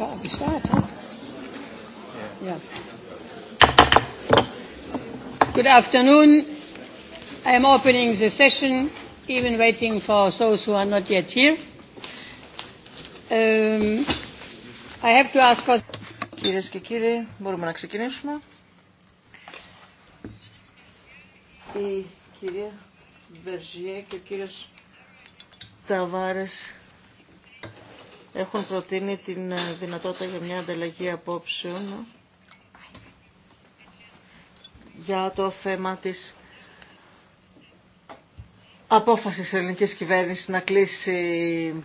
start, we start, huh? Yeah. Good afternoon. I am opening the session, even waiting for those who are not yet here. Um, I have to ask for... Κυρίες και κύριοι, μπορούμε να ξεκινήσουμε. Η κυρία Βεργιέ και ο κύριος Ταβάρες έχουν προτείνει την ε, δυνατότητα για μια ανταλλαγή απόψεων για το θέμα της απόφαση της ελληνικής κυβέρνησης να κλείσει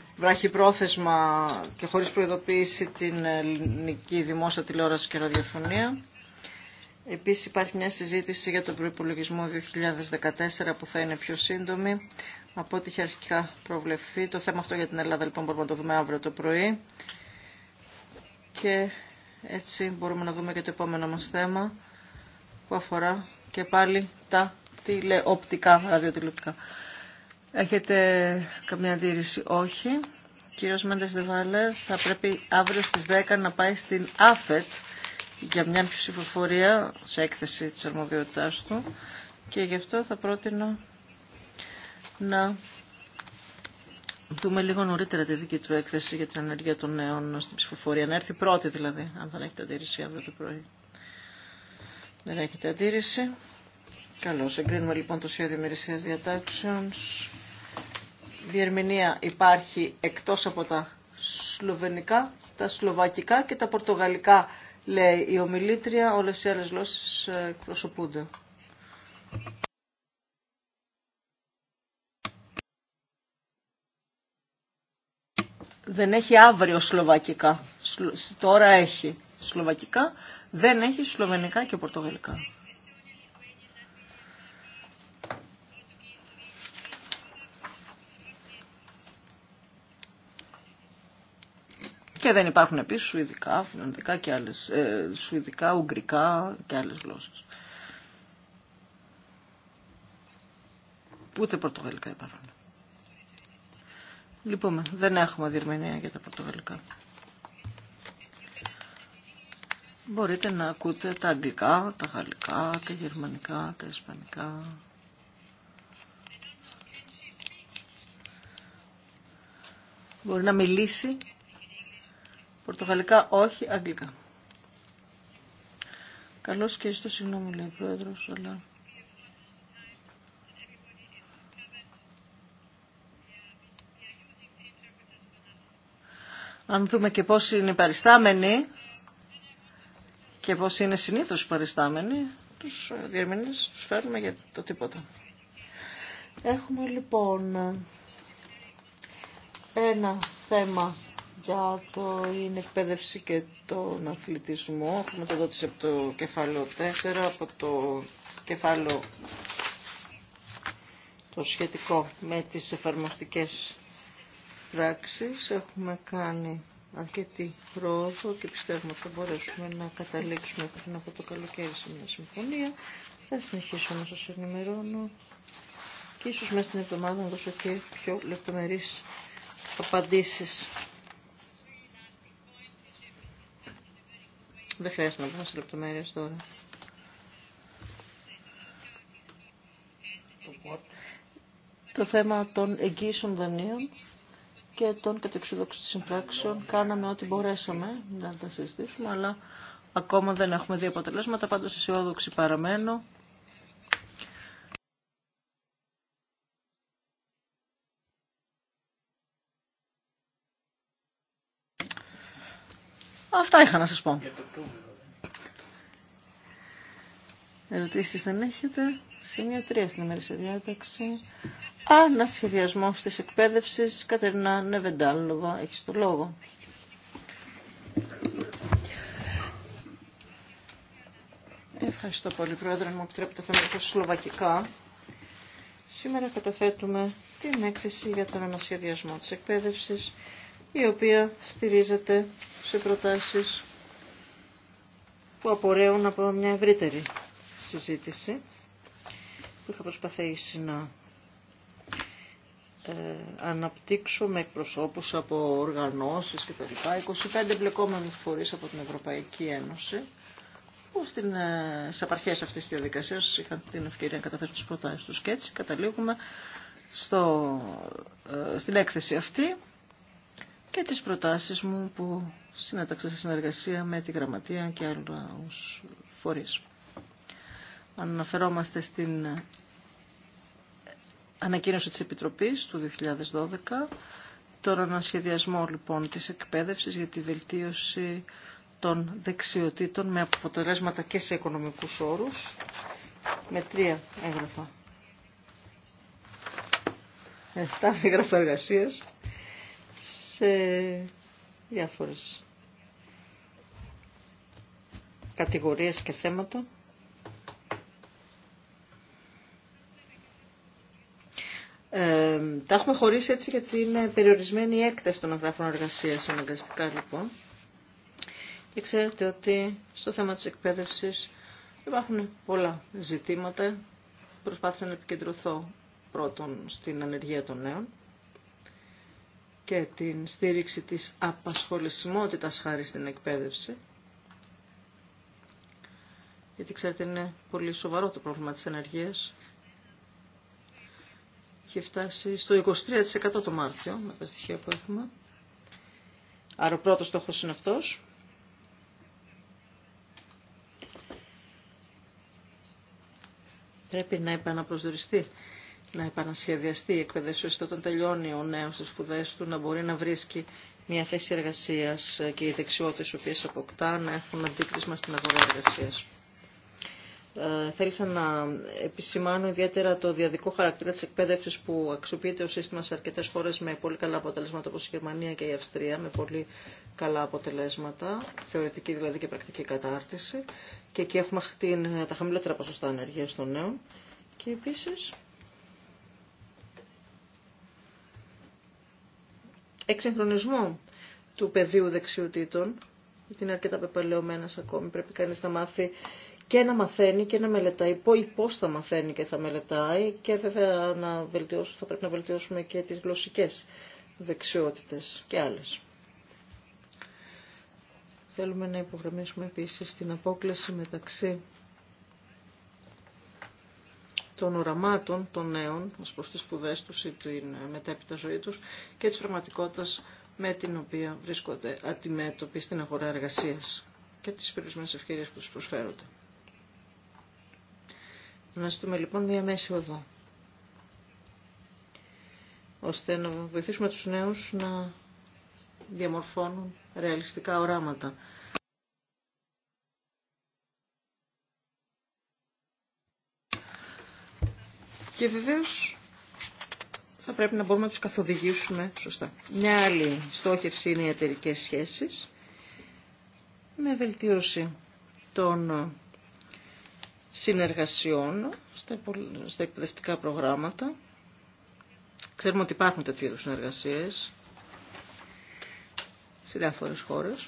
πρόθεσμα και χωρίς προειδοποίηση την ελληνική δημόσια τηλεόραση και ραδιοφωνία. Επίσης υπάρχει μια συζήτηση για τον προϋπολογισμό 2014 που θα είναι πιο σύντομη από ό,τι είχε αρχικά προβλεφθεί. Το θέμα αυτό για την Ελλάδα λοιπόν μπορούμε να το δούμε αύριο το πρωί και έτσι μπορούμε να δούμε και το επόμενο μας θέμα που αφορά και πάλι τα τηλεοπτικά, ραδιοτηλεοπτικά. Έχετε καμία αντίρρηση, όχι. Κύριος Μέντες Δεβάλε θα πρέπει αύριο στις 10 να πάει στην ΑΦΕΤ για μια ψηφοφορία σε έκθεση της αρμοδιότητάς του και γι' αυτό θα πρότεινα να δούμε λίγο νωρίτερα τη δική του έκθεση για την ενέργεια των νέων στην ψηφοφορία. Να έρθει πρώτη δηλαδή, αν δεν έχετε αντίρρηση αύριο το πρωί. Δεν έχετε αντίρρηση. Καλώ. Εγκρίνουμε λοιπόν το σχέδιο ημερησίας διατάξεων. Διερμηνία υπάρχει εκτός από τα σλοβενικά, τα σλοβακικά και τα πορτογαλικά λέει η ομιλήτρια, όλες οι άλλες γλώσσες ε, εκπροσωπούνται. Δεν έχει αύριο σλοβακικά. Τώρα έχει σλοβακικά, δεν έχει σλοβενικά και πορτογαλικά. Και δεν υπάρχουν επίσης σουηδικά, φιλανδικά και άλλες, ε, σουηδικά, ουγγρικά και άλλες γλώσσες. Ούτε πορτογαλικά υπάρχουν. Λοιπόν, δεν έχουμε διερμηνία για τα πορτογαλικά. Μπορείτε να ακούτε τα αγγλικά, τα γαλλικά, τα γερμανικά, τα ισπανικά. Μπορεί να μιλήσει Πορτογαλικά όχι, αγγλικά. Καλώς και στο συγγνώμη λέει ο Πρόεδρος, αλλά... Αν δούμε και πώς είναι οι παριστάμενοι και πώς είναι συνήθως οι παριστάμενοι, τους ε, διερμηνείς τους φέρνουμε για το τίποτα. Έχουμε λοιπόν ένα θέμα για είναι εκπαίδευση και τον αθλητισμό. έχουμε το δότηση από το κεφάλαιο 4, από το κεφάλαιο το σχετικό με τις εφαρμοστικές πράξεις. Έχουμε κάνει αρκετή πρόοδο και πιστεύουμε ότι θα μπορέσουμε να καταλήξουμε πριν από το καλοκαίρι σε μια συμφωνία. Θα συνεχίσω να σας ενημερώνω και ίσως μέσα στην εβδομάδα να δώσω και πιο λεπτομερείς απαντήσεις. Δεν χρειάζεται να πούμε σε λεπτομέρειες τώρα. Το θέμα των εγγύσεων δανείων και των κατεξουδόξεων συμπράξεων κάναμε ό,τι μπορέσαμε να τα συζητήσουμε, αλλά ακόμα δεν έχουμε δει αποτελέσματα, πάντως αισιόδοξη παραμένω. Αυτά είχα να σας πω. Ερωτήσεις δεν έχετε. Σημείο 3 στην ημερήσια διάταξη. Ανασχεδιασμός της εκπαίδευσης. κατερνά Νεβεντάλοβα, έχεις το λόγο. Ευχαριστώ πολύ, Πρόεδρε. Μου επιτρέπετε να μιλήσω σλοβακικά. Σήμερα καταθέτουμε την έκθεση για τον ανασχεδιασμό της εκπαίδευσης η οποία στηρίζεται σε προτάσεις που απορρέουν από μια ευρύτερη συζήτηση που είχα προσπαθήσει να ε, αναπτύξω με εκπροσώπους από οργανώσεις και τα 25 μπλεκόμενους φορείς από την Ευρωπαϊκή Ένωση, που στην, ε, στις απαρχές αυτής της διαδικασίας είχαν την ευκαιρία να καταθέσουν τις προτάσεις τους και έτσι καταλήγουμε στο, ε, στην έκθεση αυτή και τις προτάσεις μου που συνέταξα σε συνεργασία με τη Γραμματεία και άλλους φορείς. Αν αναφερόμαστε στην ανακοίνωση της Επιτροπής του 2012, ένα σχεδιασμό λοιπόν της εκπαίδευσης για τη βελτίωση των δεξιοτήτων με αποτελέσματα και σε οικονομικούς όρους, με τρία έγγραφα. Εφτά έγγραφα εργασίας σε διάφορες κατηγορίες και θέματα. Ε, τα έχουμε χωρίσει έτσι γιατί είναι περιορισμένη η έκταση των εγγράφων εργασία αναγκαστικά λοιπόν. Και ξέρετε ότι στο θέμα της εκπαίδευσης υπάρχουν πολλά ζητήματα. Προσπάθησα να επικεντρωθώ πρώτον στην ανεργία των νέων και την στήριξη της απασχολησιμότητας χάρη στην εκπαίδευση. Γιατί ξέρετε είναι πολύ σοβαρό το πρόβλημα της ενεργείας. Έχει φτάσει στο 23% το Μάρτιο με τα στοιχεία που έχουμε. Άρα ο πρώτος στόχος είναι αυτός. Πρέπει να επαναπροσδιοριστεί να επανασχεδιαστεί η εκπαίδευση ώστε όταν τελειώνει ο νέος στις σπουδές του να μπορεί να βρίσκει μια θέση εργασίας και οι δεξιότητες οι οποίες αποκτά να έχουν αντίκρισμα στην αγορά εργασίας. Ε, θέλησα να επισημάνω ιδιαίτερα το διαδικό χαρακτήρα της εκπαίδευσης που αξιοποιείται ο σύστημα σε αρκετές χώρες με πολύ καλά αποτελέσματα όπως η Γερμανία και η Αυστρία, με πολύ καλά αποτελέσματα, θεωρητική δηλαδή και πρακτική κατάρτιση και εκεί έχουμε τα χαμηλότερα ποσοστά ανεργίας των νέων και επίσης εξυγχρονισμό του πεδίου δεξιοτήτων, γιατί είναι αρκετά πεπαλαιωμένα ακόμη, πρέπει κανείς να μάθει και να μαθαίνει και να μελετάει, πώς θα μαθαίνει και θα μελετάει και βέβαια να βελτιώσουμε, θα πρέπει να βελτιώσουμε και τις γλωσσικές δεξιότητες και άλλες. Θέλουμε να υπογραμμίσουμε επίσης την απόκληση μεταξύ των οραμάτων των νέων ως προς τις σπουδέ τους ή την μετέπειτα ζωή τους και της πραγματικότητας με την οποία βρίσκονται αντιμέτωποι στην αγορά εργασίας και τις περιορισμένες ευκαιρίες που τους προσφέρονται. Να ζητούμε λοιπόν μία μέση οδό, ώστε να βοηθήσουμε τους νέους να διαμορφώνουν ρεαλιστικά οράματα. Και βεβαίως θα πρέπει να μπορούμε να τους καθοδηγήσουμε σωστά. Μια άλλη στόχευση είναι οι εταιρικέ σχέσεις με βελτίωση των συνεργασιών στα εκπαιδευτικά προγράμματα. Ξέρουμε ότι υπάρχουν τέτοιου είδους συνεργασίες σε διάφορες χώρες.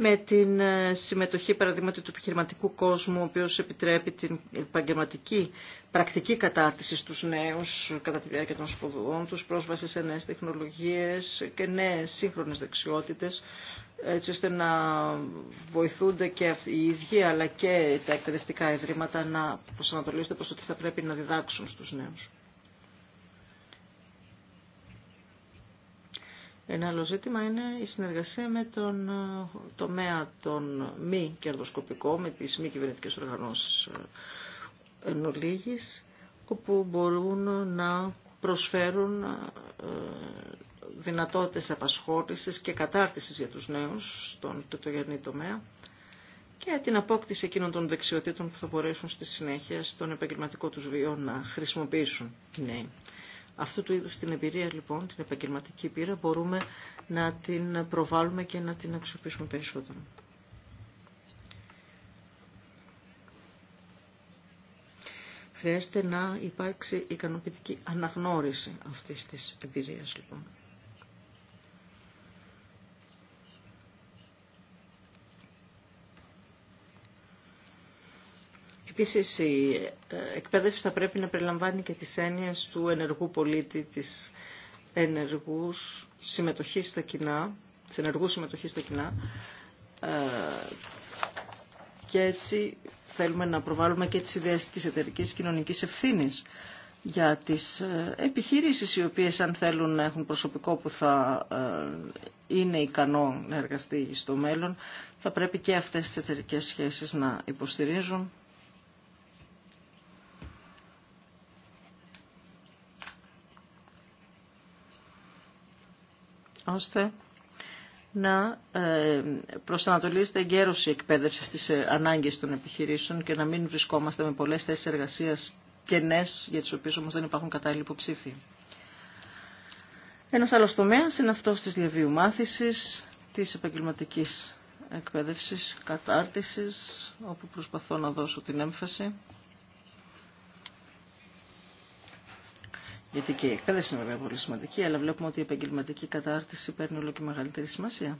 με την ε, συμμετοχή παραδείγματι του επιχειρηματικού κόσμου, ο οποίος επιτρέπει την επαγγελματική πρακτική κατάρτιση στους νέους κατά τη διάρκεια των σπουδών τους, πρόσβαση σε νέες τεχνολογίες και νέες σύγχρονες δεξιότητες, έτσι ώστε να βοηθούνται και οι ίδιοι αλλά και τα εκπαιδευτικά ιδρύματα να προσανατολίσουν πως ότι θα πρέπει να διδάξουν στους νέους. Ένα άλλο ζήτημα είναι η συνεργασία με τον ε, τομέα των μη κερδοσκοπικών, με τις μη κυβερνητικές οργανώσεις ε, εν ολίγης, όπου μπορούν να προσφέρουν ε, δυνατότητες απασχόλησης και κατάρτισης για τους νέους στον τετογενή τομέα και την απόκτηση εκείνων των δεξιοτήτων που θα μπορέσουν στη συνέχεια στον επαγγελματικό τους βίο να χρησιμοποιήσουν οι νέοι. Αυτού του είδους την εμπειρία λοιπόν, την επαγγελματική εμπειρία, μπορούμε να την προβάλλουμε και να την αξιοποιήσουμε περισσότερο. Χρειάζεται να υπάρξει ικανοποιητική αναγνώριση αυτής της εμπειρίας λοιπόν. Επίσης η ε, εκπαίδευση θα πρέπει να περιλαμβάνει και τις έννοιες του ενεργού πολίτη, της ενεργούς συμμετοχής στα κοινά, της ενεργού συμμετοχής στα κοινά ε, και έτσι θέλουμε να προβάλλουμε και τις ιδέες της εταιρική κοινωνικής ευθύνης για τις ε, επιχειρήσεις οι οποίες αν θέλουν να έχουν προσωπικό που θα είναι ικανό να εργαστεί στο μέλλον θα πρέπει και αυτές τις εταιρικές σχέσεις να υποστηρίζουν ώστε να ε, προσανατολίζεται εγκαίρως η εκπαίδευση στις ε, ανάγκες των επιχειρήσεων και να μην βρισκόμαστε με πολλές θέσεις εργασίας κενές για τις οποίες όμως δεν υπάρχουν κατάλληλοι υποψήφοι. Ένας άλλος τομέας είναι αυτός της διαβίου μάθησης, της επαγγελματικής εκπαίδευσης, κατάρτισης, όπου προσπαθώ να δώσω την έμφαση. Γιατί και η εκπαίδευση είναι βέβαια πολύ σημαντική, αλλά βλέπουμε ότι η επαγγελματική κατάρτιση παίρνει όλο και μεγαλύτερη σημασία.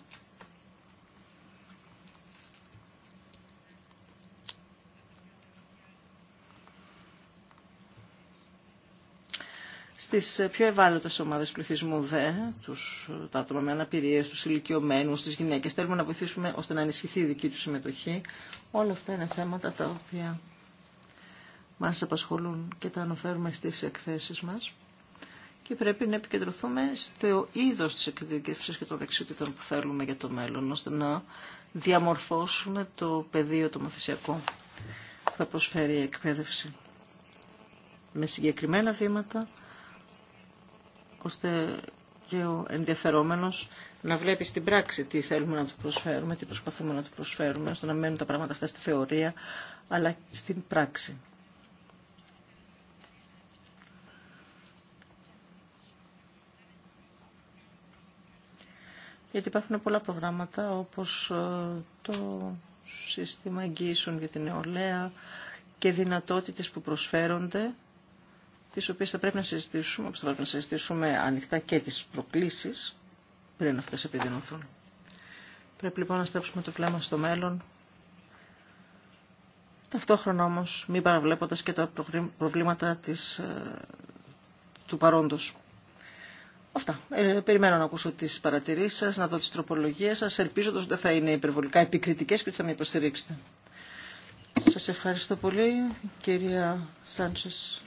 στις πιο ευάλωτες ομάδες πληθυσμού δε, τους, τα άτομα με αναπηρίε, του ηλικιωμένους, τι γυναίκες, θέλουμε να βοηθήσουμε ώστε να ενισχυθεί η δική τους συμμετοχή. Όλα αυτά είναι θέματα τα οποία μας απασχολούν και τα αναφέρουμε στις εκθέσεις μας. Και πρέπει να επικεντρωθούμε στο είδος της εκδίκευσης και των δεξιότητων που θέλουμε για το μέλλον, ώστε να διαμορφώσουμε το πεδίο το μαθησιακό που θα προσφέρει η εκπαίδευση. Με συγκεκριμένα βήματα, ώστε και ο ενδιαφερόμενος να βλέπει στην πράξη τι θέλουμε να του προσφέρουμε, τι προσπαθούμε να του προσφέρουμε, ώστε να μένουν τα πράγματα αυτά στη θεωρία, αλλά στην πράξη. γιατί υπάρχουν πολλά προγράμματα όπως ε, το σύστημα εγγύησεων για την νεολαία και δυνατότητες που προσφέρονται, τις οποίες θα πρέπει να συζητήσουμε, πρέπει να συζητήσουμε ανοιχτά και τις προκλήσεις πριν αυτές επιδεινωθούν. Πρέπει λοιπόν να στρέψουμε το κλέμα στο μέλλον, ταυτόχρονα όμως μην παραβλέποντας και τα προβλήματα της, ε, του παρόντος. Αυτά. Ε, περιμένω να ακούσω τι παρατηρήσεις σα, να δω τι τροπολογίες σας, Ελπίζω ότι δεν θα είναι υπερβολικά επικριτικές και θα με υποστηρίξετε. Σας ευχαριστώ πολύ, κυρία Σάντσες.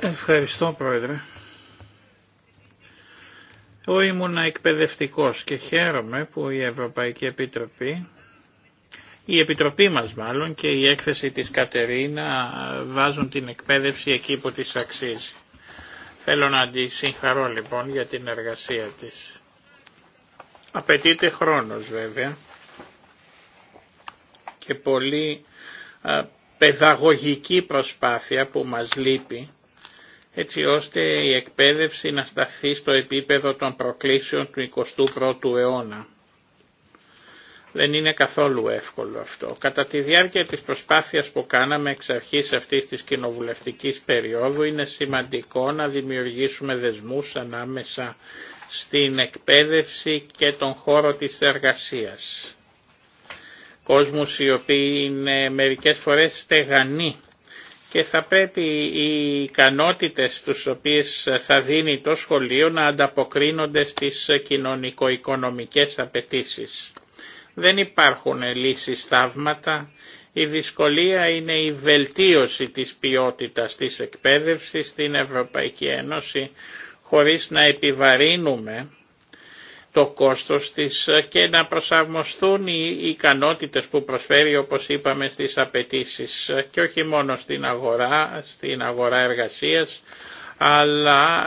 Ευχαριστώ, Πρόεδρε. Εγώ ήμουν εκπαιδευτικό και χαίρομαι που η Ευρωπαϊκή Επιτροπή, η Επιτροπή μας μάλλον και η έκθεση της Κατερίνα βάζουν την εκπαίδευση εκεί που της αξίζει. Θέλω να τη συγχαρώ λοιπόν για την εργασία της. Απαιτείται χρόνος βέβαια και πολύ παιδαγωγική προσπάθεια που μας λείπει έτσι ώστε η εκπαίδευση να σταθεί στο επίπεδο των προκλήσεων του 21ου αιώνα. Δεν είναι καθόλου εύκολο αυτό. Κατά τη διάρκεια της προσπάθειας που κάναμε εξ αρχής αυτής της κοινοβουλευτικής περίοδου είναι σημαντικό να δημιουργήσουμε δεσμούς ανάμεσα στην εκπαίδευση και τον χώρο της εργασίας. Κόσμους οι οποίοι είναι μερικές φορές στεγανοί και θα πρέπει οι ικανότητες τους οποίες θα δίνει το σχολείο να ανταποκρίνονται στις κοινωνικο-οικονομικές απαιτήσεις. Δεν υπάρχουν λύσεις σταύματα. Η δυσκολία είναι η βελτίωση της ποιότητας της εκπαίδευσης στην Ευρωπαϊκή Ένωση χωρίς να επιβαρύνουμε το κόστος της και να προσαρμοστούν οι ικανότητες που προσφέρει όπως είπαμε στις απαιτήσεις και όχι μόνο στην αγορά, στην αγορά εργασίας αλλά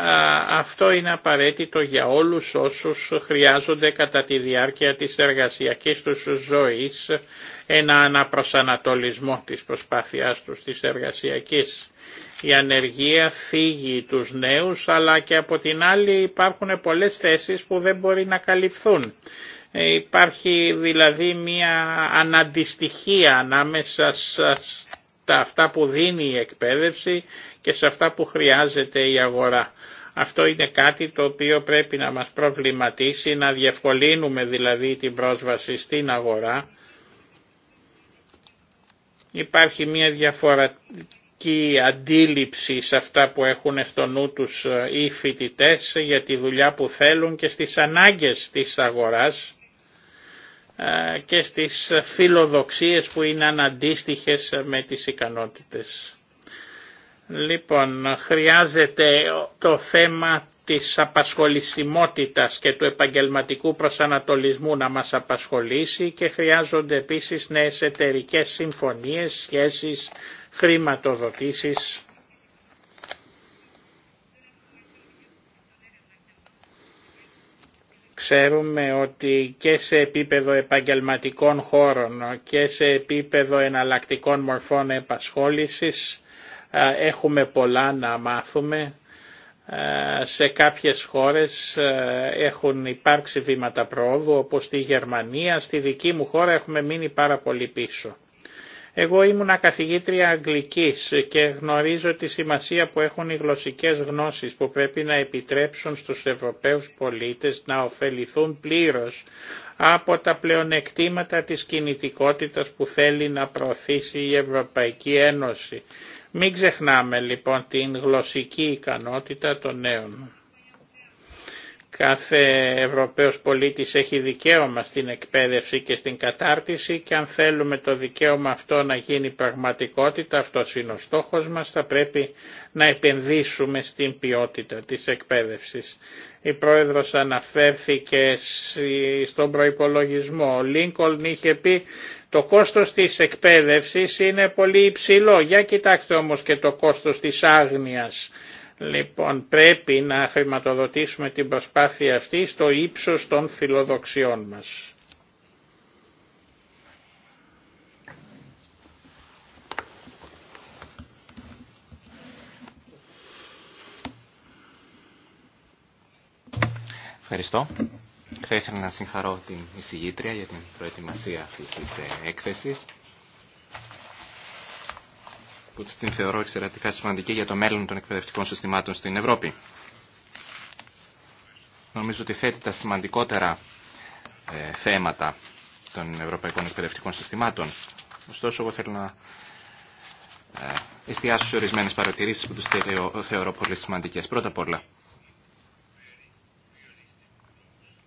αυτό είναι απαραίτητο για όλους όσους χρειάζονται κατά τη διάρκεια της εργασιακής τους ζωής ένα αναπροσανατολισμό της προσπάθειάς τους της εργασιακής. Η ανεργία θίγει τους νέους αλλά και από την άλλη υπάρχουν πολλές θέσεις που δεν μπορεί να καλυφθούν. Ε, υπάρχει δηλαδή μια αναντιστοιχία ανάμεσα τα αυτά που δίνει η εκπαίδευση και σε αυτά που χρειάζεται η αγορά. Αυτό είναι κάτι το οποίο πρέπει να μας προβληματίσει, να διευκολύνουμε δηλαδή την πρόσβαση στην αγορά. Υπάρχει μια διαφορετική αντίληψη σε αυτά που έχουν στο νου τους ε, οι φοιτητές για τη δουλειά που θέλουν και στις ανάγκες της αγοράς ε, και στις φιλοδοξίες που είναι αναντίστοιχες με τις ικανότητες. Λοιπόν, χρειάζεται το θέμα της απασχολησιμότητας και του επαγγελματικού προσανατολισμού να μας απασχολήσει και χρειάζονται επίσης νέες εταιρικές συμφωνίες, σχέσεις, χρηματοδοτήσεις Ξέρουμε ότι και σε επίπεδο επαγγελματικών χώρων και σε επίπεδο εναλλακτικών μορφών επασχόλησης έχουμε πολλά να μάθουμε. Σε κάποιες χώρες έχουν υπάρξει βήματα προόδου όπως στη Γερμανία, στη δική μου χώρα έχουμε μείνει πάρα πολύ πίσω. Εγώ ήμουνα καθηγήτρια Αγγλικής και γνωρίζω τη σημασία που έχουν οι γλωσσικές γνώσεις που πρέπει να επιτρέψουν στους Ευρωπαίους πολίτες να ωφεληθούν πλήρως από τα πλεονεκτήματα της κινητικότητας που θέλει να προωθήσει η Ευρωπαϊκή Ένωση. Μην ξεχνάμε λοιπόν την γλωσσική ικανότητα των νέων. Κάθε Ευρωπαίος πολίτης έχει δικαίωμα στην εκπαίδευση και στην κατάρτιση και αν θέλουμε το δικαίωμα αυτό να γίνει πραγματικότητα, αυτό είναι ο στόχος μας, θα πρέπει να επενδύσουμε στην ποιότητα της εκπαίδευσης. Η πρόεδρος αναφέρθηκε στον προϋπολογισμό. Ο Λίνκολν είχε πει το κόστος της εκπαίδευσης είναι πολύ υψηλό. Για κοιτάξτε όμως και το κόστος της άγνοιας Λοιπόν, πρέπει να χρηματοδοτήσουμε την προσπάθεια αυτή στο ύψος των φιλοδοξιών μας. Ευχαριστώ. Θα ήθελα να συγχαρώ την εισηγήτρια για την προετοιμασία αυτής της ε, έκθεσης που την θεωρώ εξαιρετικά σημαντική για το μέλλον των εκπαιδευτικών συστημάτων στην Ευρώπη. Νομίζω ότι θέτει τα σημαντικότερα ε, θέματα των ευρωπαϊκών εκπαιδευτικών συστημάτων. Ωστόσο, εγώ θέλω να ε, εστιάσω σε ορισμένε παρατηρήσεις που τους θεωρώ πολύ σημαντικέ. Πρώτα απ' όλα,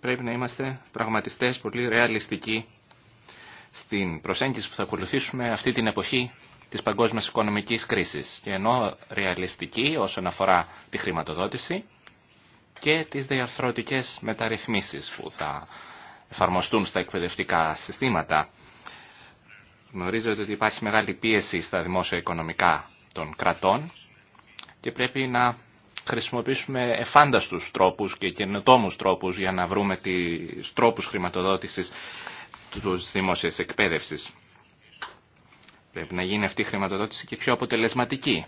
πρέπει να είμαστε πραγματιστές, πολύ ρεαλιστικοί στην προσέγγιση που θα ακολουθήσουμε αυτή την εποχή της παγκόσμιας οικονομικής κρίσης και ενώ ρεαλιστική όσον αφορά τη χρηματοδότηση και τις διαρθρωτικές μεταρρυθμίσεις που θα εφαρμοστούν στα εκπαιδευτικά συστήματα. Γνωρίζετε ότι υπάρχει μεγάλη πίεση στα δημόσια οικονομικά των κρατών και πρέπει να χρησιμοποιήσουμε εφάνταστους τρόπους και καινοτόμους τρόπους για να βρούμε τις τρόπους χρηματοδότησης της δημόσιας εκπαίδευσης. Πρέπει να γίνει αυτή η χρηματοδότηση και πιο αποτελεσματική.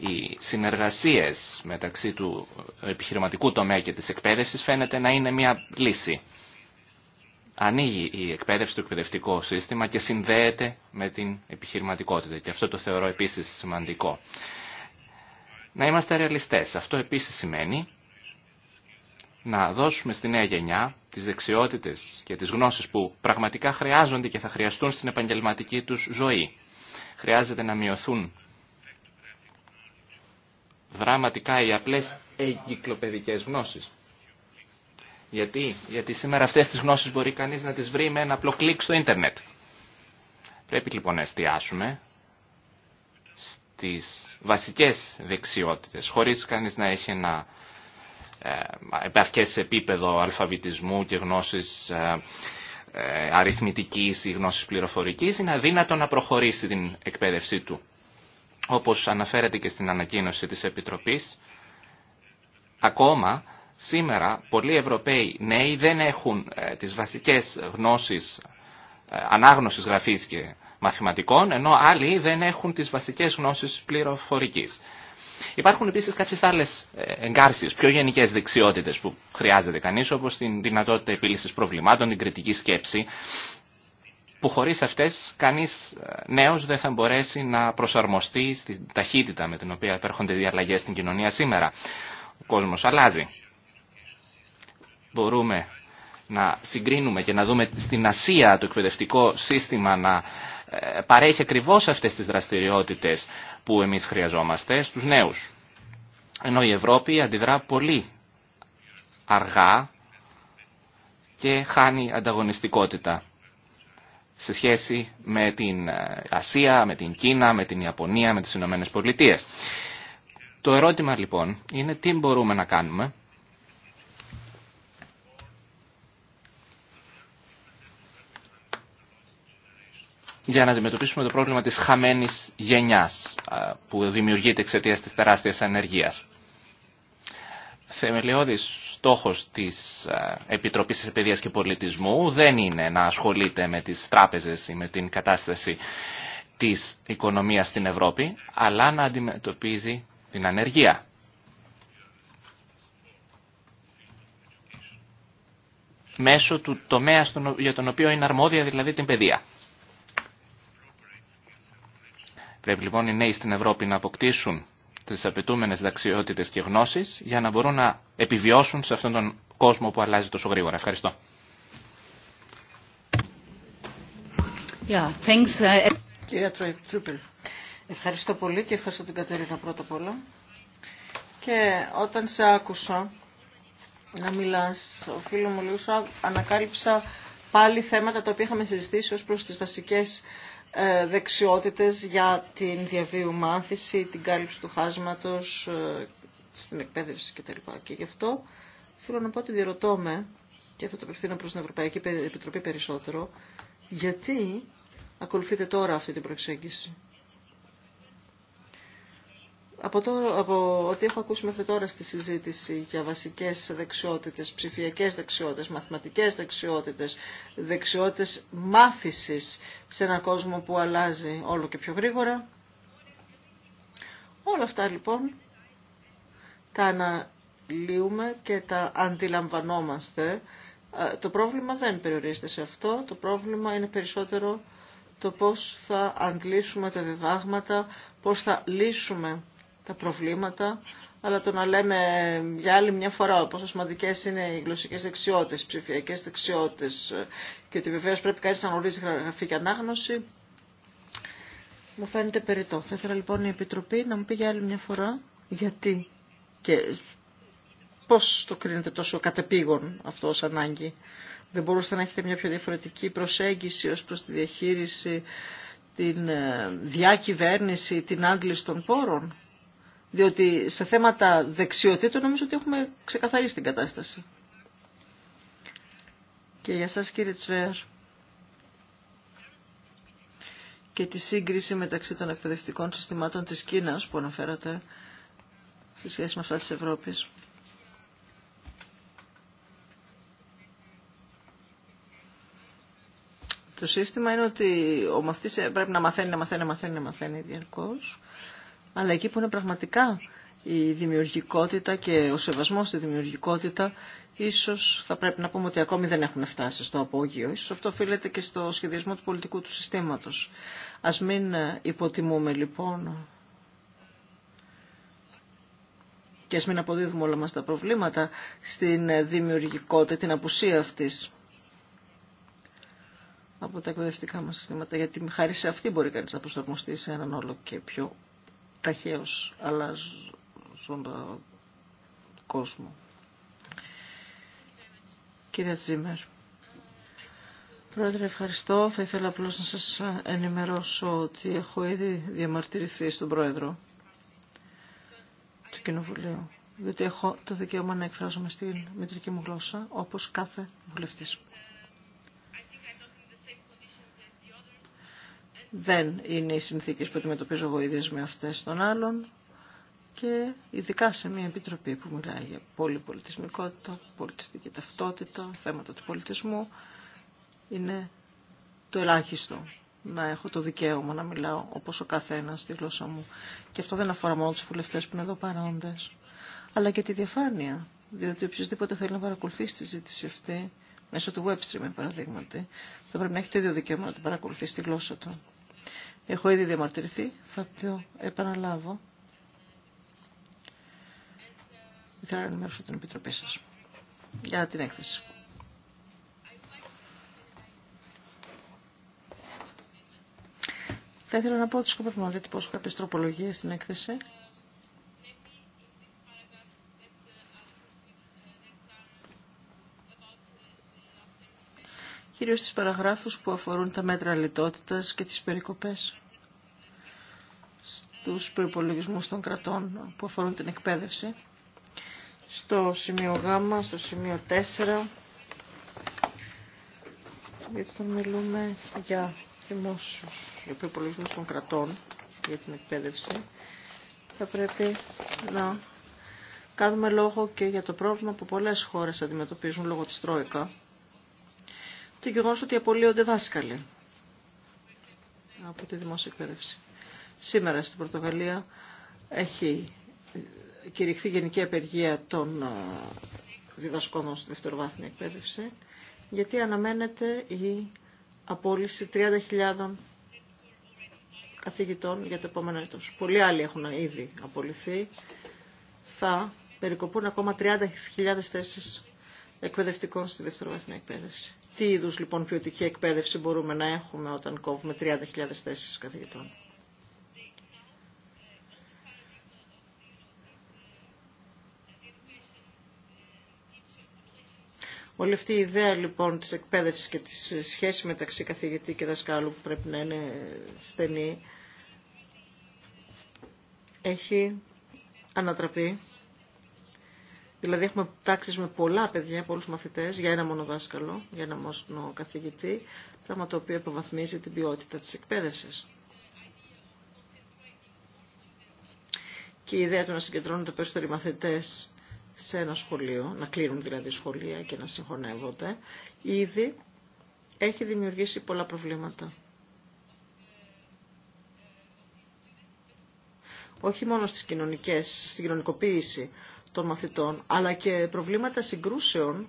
Οι συνεργασίες μεταξύ του επιχειρηματικού τομέα και της εκπαίδευσης φαίνεται να είναι μια λύση. Ανοίγει η εκπαίδευση του εκπαιδευτικό σύστημα και συνδέεται με την επιχειρηματικότητα και αυτό το θεωρώ επίσης σημαντικό. Να είμαστε ρεαλιστές. Αυτό επίσης σημαίνει να δώσουμε στη νέα γενιά τις δεξιότητες και τις γνώσεις που πραγματικά χρειάζονται και θα χρειαστούν στην επαγγελματική τους ζωή. Χρειάζεται να μειωθούν δραματικά οι απλές εγκυκλοπαιδικές γνώσεις. Γιατί, Γιατί σήμερα αυτές τις γνώσεις μπορεί κανείς να τις βρει με ένα απλό κλικ στο ίντερνετ. Πρέπει λοιπόν να εστιάσουμε στις βασικές δεξιότητες, χωρίς κανείς να έχει ένα ε, επαρκές επίπεδο αλφαβητισμού και γνώσης ε, ε, αριθμητικής ή γνώσης πληροφορικής, είναι αδύνατο να προχωρήσει την εκπαίδευσή του. Όπως αναφέρεται και στην ανακοίνωση της Επιτροπής, ακόμα σήμερα πολλοί Ευρωπαίοι νέοι δεν έχουν τις βασικές γνώσεις ανάγνωσης γραφής και μαθηματικών, ενώ άλλοι δεν έχουν τις βασικές γνώσεις πληροφορικής. Υπάρχουν επίση κάποιε άλλε εγκάρσει, πιο γενικέ δεξιότητες που χρειάζεται κανείς, όπως την δυνατότητα επίλυση προβλημάτων, την κριτική σκέψη, που χωρίς αυτές κανείς ε, νέος δεν θα μπορέσει να προσαρμοστεί στην ταχύτητα με την οποία υπέρχονται διαλλαγέ στην κοινωνία σήμερα. Ο κόσμος αλλάζει. Μπορούμε να συγκρίνουμε και να δούμε στην Ασία το εκπαιδευτικό σύστημα να παρέχει ακριβώς αυτές τις δραστηριότητες που εμείς χρειαζόμαστε στους νέους. Ενώ η Ευρώπη αντιδρά πολύ αργά και χάνει ανταγωνιστικότητα σε σχέση με την Ασία, με την Κίνα, με την Ιαπωνία, με τις Ηνωμένες Πολιτείε. Το ερώτημα λοιπόν είναι τι μπορούμε να κάνουμε για να αντιμετωπίσουμε το πρόβλημα της χαμένης γενιάς που δημιουργείται εξαιτία της τεράστιας ανεργίας. Θεμελιώδης στόχος της Επιτροπής Επιδείας και Πολιτισμού δεν είναι να ασχολείται με τις τράπεζες ή με την κατάσταση της οικονομίας στην Ευρώπη, αλλά να αντιμετωπίζει την ανεργία. Μέσω του τομέα για τον οποίο είναι αρμόδια, δηλαδή την παιδεία. Πρέπει λοιπόν οι νέοι στην Ευρώπη να αποκτήσουν τις απαιτούμενες δαξιότητες και γνώσεις για να μπορούν να επιβιώσουν σε αυτόν τον κόσμο που αλλάζει τόσο γρήγορα. Ευχαριστώ. Yeah, thanks. Ε, ε. Κυρία Τρούπελ, ευχαριστώ πολύ και ευχαριστώ την Κατερίνα πρώτα απ' όλα. Και όταν σε άκουσα να μιλάς, ο φίλο μου λίγο ανακάλυψα πάλι θέματα τα οποία είχαμε συζητήσει ως προς τις βασικές ε, δεξιότητες για την διαβίου μάθηση, την κάλυψη του χάσματος, ε, στην εκπαίδευση κτλ. Και γι' αυτό θέλω να πω ότι διερωτώ με, και αυτό το απευθύνω προς την Ευρωπαϊκή Επιτροπή περισσότερο, γιατί ακολουθείτε τώρα αυτή την προεξέγγιση από, το, από ό,τι έχω ακούσει μέχρι τώρα στη συζήτηση για βασικές δεξιότητες, ψηφιακές δεξιότητες, μαθηματικές δεξιότητες, δεξιότητες μάθησης σε έναν κόσμο που αλλάζει όλο και πιο γρήγορα. Όλα αυτά λοιπόν τα αναλύουμε και τα αντιλαμβανόμαστε. Ε, το πρόβλημα δεν περιορίζεται σε αυτό, το πρόβλημα είναι περισσότερο το πώς θα αντλήσουμε τα διδάγματα, πώς θα λύσουμε τα προβλήματα, αλλά το να λέμε για άλλη μια φορά πόσο σημαντικέ είναι οι γλωσσικέ δεξιότητε, οι ψηφιακέ δεξιότητε και ότι βεβαίω πρέπει κανεί να γνωρίζει γραφή και ανάγνωση, μου φαίνεται περιττό. Θα ήθελα λοιπόν η Επιτροπή να μου πει για άλλη μια φορά γιατί και πώ το κρίνετε τόσο κατεπήγον αυτό ω ανάγκη. Δεν μπορούσατε να έχετε μια πιο διαφορετική προσέγγιση ως προς τη διαχείριση, την ε, διακυβέρνηση, την άντληση των πόρων. Διότι σε θέματα δεξιοτήτων νομίζω ότι έχουμε ξεκαθαρίσει την κατάσταση. Και για σας κύριε Τσβέαρ και τη σύγκριση μεταξύ των εκπαιδευτικών συστημάτων της Κίνας που αναφέρατε σε σχέση με αυτά της Ευρώπης. Το σύστημα είναι ότι ο μαθητής πρέπει να μαθαίνει, να μαθαίνει, να μαθαίνει, να μαθαίνει διαρκώς αλλά εκεί που είναι πραγματικά η δημιουργικότητα και ο σεβασμός στη δημιουργικότητα ίσως θα πρέπει να πούμε ότι ακόμη δεν έχουν φτάσει στο απόγειο. Ίσως αυτό οφείλεται και στο σχεδιασμό του πολιτικού του συστήματος. Ας μην ε, υποτιμούμε λοιπόν και ας μην αποδίδουμε όλα μας τα προβλήματα στην ε, δημιουργικότητα, την απουσία αυτής από τα εκπαιδευτικά μας συστήματα, γιατί χάρη σε αυτή μπορεί κανείς να προσαρμοστεί σε έναν όλο και πιο ταχαίως αλλάζοντα κόσμο. Κύριε Τζίμερ. Πρόεδρε, ευχαριστώ. Θα ήθελα απλώς να σας ενημερώσω ότι έχω ήδη διαμαρτυρηθεί στον Πρόεδρο του Κοινοβουλίου, διότι έχω το δικαίωμα να εκφράζομαι στην μητρική μου γλώσσα, όπως κάθε βουλευτής. δεν είναι οι συνθήκες που αντιμετωπίζω εγώ ίδιες με αυτές των άλλων και ειδικά σε μια επιτροπή που μιλάει για πολυπολιτισμικότητα, πολιτιστική ταυτότητα, θέματα του πολιτισμού, είναι το ελάχιστο να έχω το δικαίωμα να μιλάω όπως ο καθένας στη γλώσσα μου. Και αυτό δεν αφορά μόνο τους βουλευτές που είναι εδώ παρόντες, αλλά και τη διαφάνεια, διότι οποιοδήποτε θέλει να παρακολουθήσει τη ζήτηση αυτή, μέσω του webstream παραδείγματι, θα πρέπει να έχει το ίδιο δικαίωμα να την παρακολουθεί στη γλώσσα του. Έχω ήδη διαμαρτυρηθεί, θα το επαναλάβω. Θα να ενημερώσω την Επιτροπή σας για την έκθεση. Θα ήθελα να πω ότι σκοπεύουμε να διατυπώσω κάποιες τροπολογίες στην έκθεση κυρίως στις παραγράφους που αφορούν τα μέτρα λιτότητας και τις περικοπές στους προϋπολογισμούς των κρατών που αφορούν την εκπαίδευση. Στο σημείο Γ, στο σημείο 4, γιατί θα μιλούμε για δημόσιους προϋπολογισμούς των κρατών για την εκπαίδευση, θα πρέπει να κάνουμε λόγο και για το πρόβλημα που πολλές χώρες αντιμετωπίζουν λόγω της Τρόικα, το γεγονό ότι απολύονται δάσκαλοι από τη δημόσια εκπαίδευση. Σήμερα στην Πορτογαλία έχει κηρυχθεί γενική απεργία των ε, διδασκόντων στη δευτεροβάθμια εκπαίδευση, γιατί αναμένεται η απόλυση 30.000 καθηγητών για το επόμενο έτος. Πολλοί άλλοι έχουν ήδη απολυθεί. Θα περικοπούν ακόμα 30.000 θέσεις εκπαιδευτικών στη δευτεροβάθμια εκπαίδευση. Τι είδους λοιπόν ποιοτική εκπαίδευση μπορούμε να έχουμε όταν κόβουμε 30.000 θέσεις καθηγητών. Όλη αυτή η ιδέα λοιπόν της εκπαίδευσης και της σχέσης μεταξύ καθηγητή και δασκάλου που πρέπει να είναι στενή έχει ανατραπεί Δηλαδή έχουμε τάξεις με πολλά παιδιά, πολλούς μαθητές, για ένα μόνο δάσκαλο, για ένα μόνο καθηγητή, πράγμα το οποίο υποβαθμίζει την ποιότητα της εκπαίδευσης. Και η ιδέα του να συγκεντρώνονται περισσότεροι μαθητές σε ένα σχολείο, να κλείνουν δηλαδή σχολεία και να συγχωνεύονται, ήδη έχει δημιουργήσει πολλά προβλήματα. Όχι μόνο στις κοινωνικές, στην κοινωνικοποίηση των μαθητών, αλλά και προβλήματα συγκρούσεων,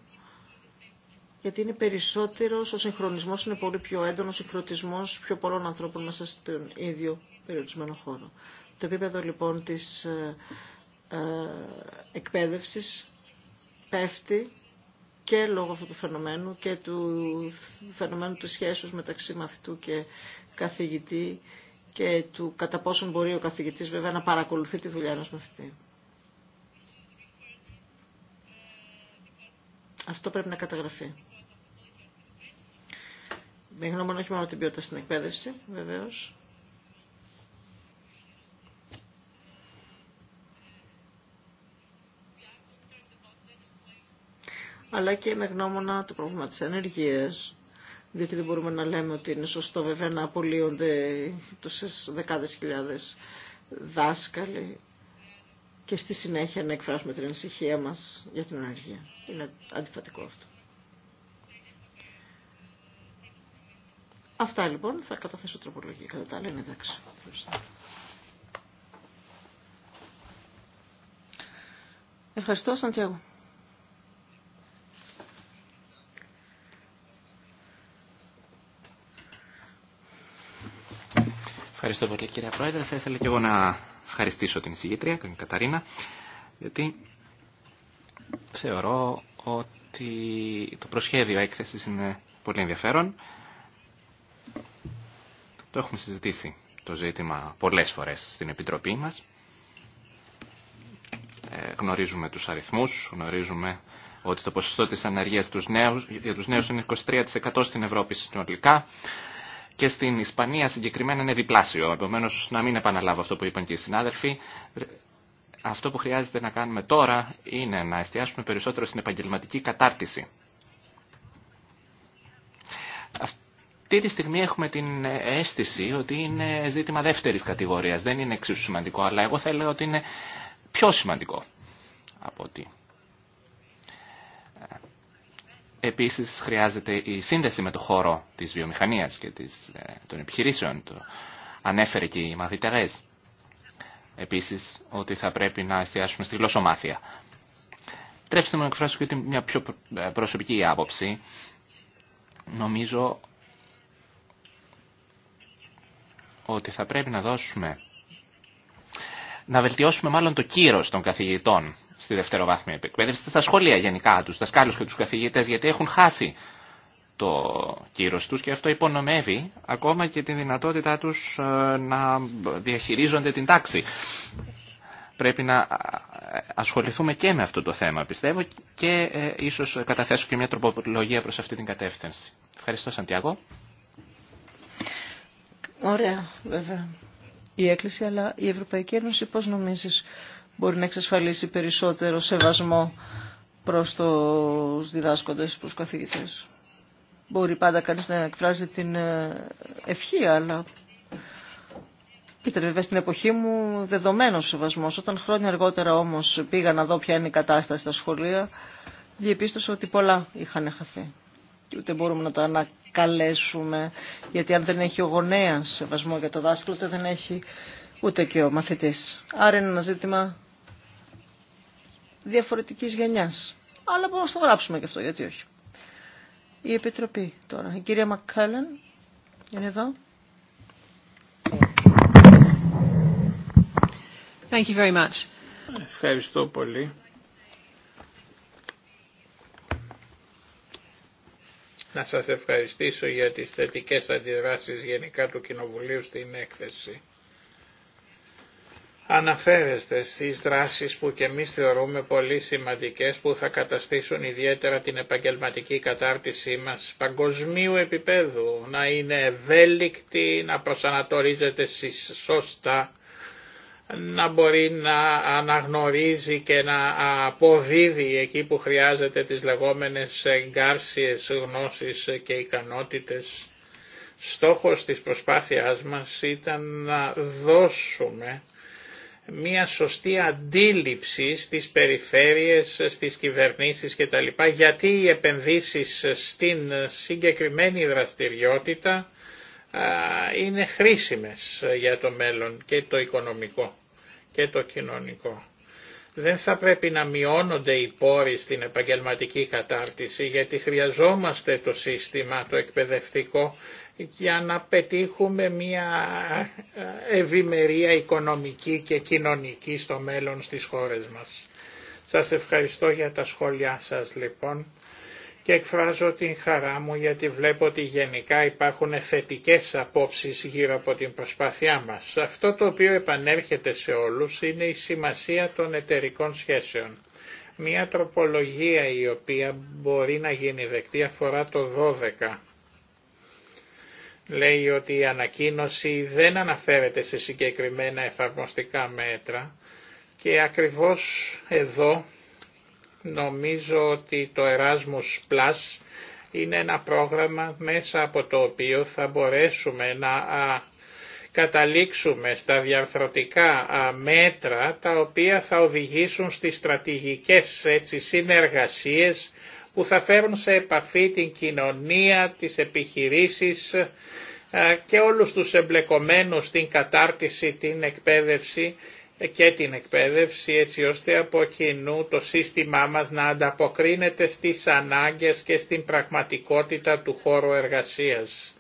γιατί είναι περισσότερο ο συγχρονισμό είναι πολύ πιο έντονο, ο συγχρονισμό πιο πολλών ανθρώπων μέσα στον ίδιο περιορισμένο χώρο. Το επίπεδο λοιπόν της ε, ε, εκπαίδευσης πέφτει και λόγω αυτού του φαινομένου και του φαινομένου της σχέσης μεταξύ μαθητού και καθηγητή και του κατά πόσον μπορεί ο καθηγητής βέβαια να παρακολουθεί τη δουλειά ενός μαθητή. Αυτό πρέπει να καταγραφεί. Με γνώμη όχι μόνο την ποιότητα στην εκπαίδευση, βεβαίως, αλλά και με γνώμονα το πρόβλημα της ενεργείας, διότι δεν μπορούμε να λέμε ότι είναι σωστό βέβαια να απολύονται τόσες δεκάδες χιλιάδες δάσκαλοι και στη συνέχεια να εκφράσουμε την ανησυχία μας για την ανεργία. Είναι αντιφατικό αυτό. Αυτά λοιπόν θα καταθέσω τροπολογία. Κατά τα άλλα είναι εντάξει. Ευχαριστώ, Σαντιάγο. Ευχαριστώ πολύ κύριε Πρόεδρε. Θα ήθελα και εγώ να ευχαριστήσω την εισηγήτρια, την Καταρίνα, γιατί θεωρώ ότι το προσχέδιο έκθεσης είναι πολύ ενδιαφέρον. Το έχουμε συζητήσει το ζήτημα πολλές φορές στην Επιτροπή μας. Ε, γνωρίζουμε τους αριθμούς, γνωρίζουμε ότι το ποσοστό της ανεργίας για τους νέους είναι 23% στην Ευρώπη συνολικά και στην Ισπανία συγκεκριμένα είναι διπλάσιο. Επομένω, να μην επαναλάβω αυτό που είπαν και οι συνάδελφοι. Αυτό που χρειάζεται να κάνουμε τώρα είναι να εστιάσουμε περισσότερο στην επαγγελματική κατάρτιση. Αυτή τη στιγμή έχουμε την αίσθηση ότι είναι ζήτημα δεύτερης κατηγορίας. Δεν είναι εξίσου σημαντικό, αλλά εγώ θα έλεγα ότι είναι πιο σημαντικό από ότι Επίσης χρειάζεται η σύνδεση με το χώρο της βιομηχανίας και της, ε, των επιχειρήσεων. Το ανέφερε και η μαθηταρές. Επίσης ότι θα πρέπει να εστιάσουμε στη γλωσσομάθεια. Τρέψτε μου να εκφράσω και μια πιο ε, προσωπική άποψη. Νομίζω ότι θα πρέπει να δώσουμε, να βελτιώσουμε μάλλον το κύρος των καθηγητών στη δευτεροβάθμια επεκπαίδευση στα σχολεία γενικά, τους δασκάλους και τους καθηγητές, γιατί έχουν χάσει το κύρος τους και αυτό υπονομεύει ακόμα και τη δυνατότητά τους ε, να διαχειρίζονται την τάξη. Πρέπει να ε, ασχοληθούμε και με αυτό το θέμα, πιστεύω, και ε, ίσως καταθέσω και μια τροπολογία προς αυτή την κατεύθυνση. Ευχαριστώ, Σαντιάκο. Ωραία, βέβαια η έκκληση, αλλά η Ευρωπαϊκή Ένωση πώς νομίζεις μπορεί να εξασφαλίσει περισσότερο σεβασμό προς τους διδάσκοντες, προς τους καθηγητές. Μπορεί πάντα κανείς να εκφράζει την ε, ευχή, αλλά ήταν βέβαια στην εποχή μου δεδομένος σεβασμός. Όταν χρόνια αργότερα όμως πήγα να δω ποια είναι η κατάσταση στα σχολεία, διεπίστωσα ότι πολλά είχαν χαθεί. Και ούτε μπορούμε να τα ανακαλέσουμε, γιατί αν δεν έχει ο γονέας σεβασμό για το δάσκαλο, τότε δεν έχει ούτε και ο μαθητής. Άρα είναι ένα ζήτημα Διαφορετική γενιάς. Αλλά μπορούμε να το γράψουμε και αυτό, γιατί όχι. Η Επιτροπή τώρα. Η κυρία Μακκέλεν είναι εδώ. Thank you very much. Ευχαριστώ πολύ. Να σας ευχαριστήσω για τις θετικές αντιδράσεις γενικά του Κοινοβουλίου στην έκθεση αναφέρεστε στις δράσεις που και εμείς θεωρούμε πολύ σημαντικές που θα καταστήσουν ιδιαίτερα την επαγγελματική κατάρτισή μας παγκοσμίου επίπεδου, να είναι ευέλικτη, να προσανατορίζεται σωστά, να μπορεί να αναγνωρίζει και να αποδίδει εκεί που χρειάζεται τις λεγόμενες εγκάρσιες γνώσεις και ικανότητες. Στόχος της προσπάθειάς μας ήταν να δώσουμε μια σωστή αντίληψη στις περιφέρειες, στις κυβερνήσεις κτλ. Γιατί οι επενδύσεις στην συγκεκριμένη δραστηριότητα είναι χρήσιμες για το μέλλον και το οικονομικό και το κοινωνικό δεν θα πρέπει να μειώνονται οι πόροι στην επαγγελματική κατάρτιση γιατί χρειαζόμαστε το σύστημα, το εκπαιδευτικό για να πετύχουμε μια ε, ευημερία οικονομική και κοινωνική στο μέλλον στις χώρες μας. Σας ευχαριστώ για τα σχόλιά σας λοιπόν και εκφράζω την χαρά μου γιατί βλέπω ότι γενικά υπάρχουν θετικές απόψεις γύρω από την προσπάθειά μας. Αυτό το οποίο επανέρχεται σε όλους είναι η σημασία των εταιρικών σχέσεων. Μία τροπολογία η οποία μπορεί να γίνει δεκτή αφορά το 12. Λέει ότι η ανακοίνωση δεν αναφέρεται σε συγκεκριμένα εφαρμοστικά μέτρα και ακριβώς εδώ Νομίζω ότι το Erasmus Plus είναι ένα πρόγραμμα μέσα από το οποίο θα μπορέσουμε να καταλήξουμε στα διαρθρωτικά μέτρα τα οποία θα οδηγήσουν στις στρατηγικές έτσι, συνεργασίες που θα φέρουν σε επαφή την κοινωνία, τις επιχειρήσεις και όλους τους εμπλεκομένους στην κατάρτιση, την εκπαίδευση και την εκπαίδευση έτσι ώστε από κοινού το σύστημά μας να ανταποκρίνεται στις ανάγκες και στην πραγματικότητα του χώρου εργασίας.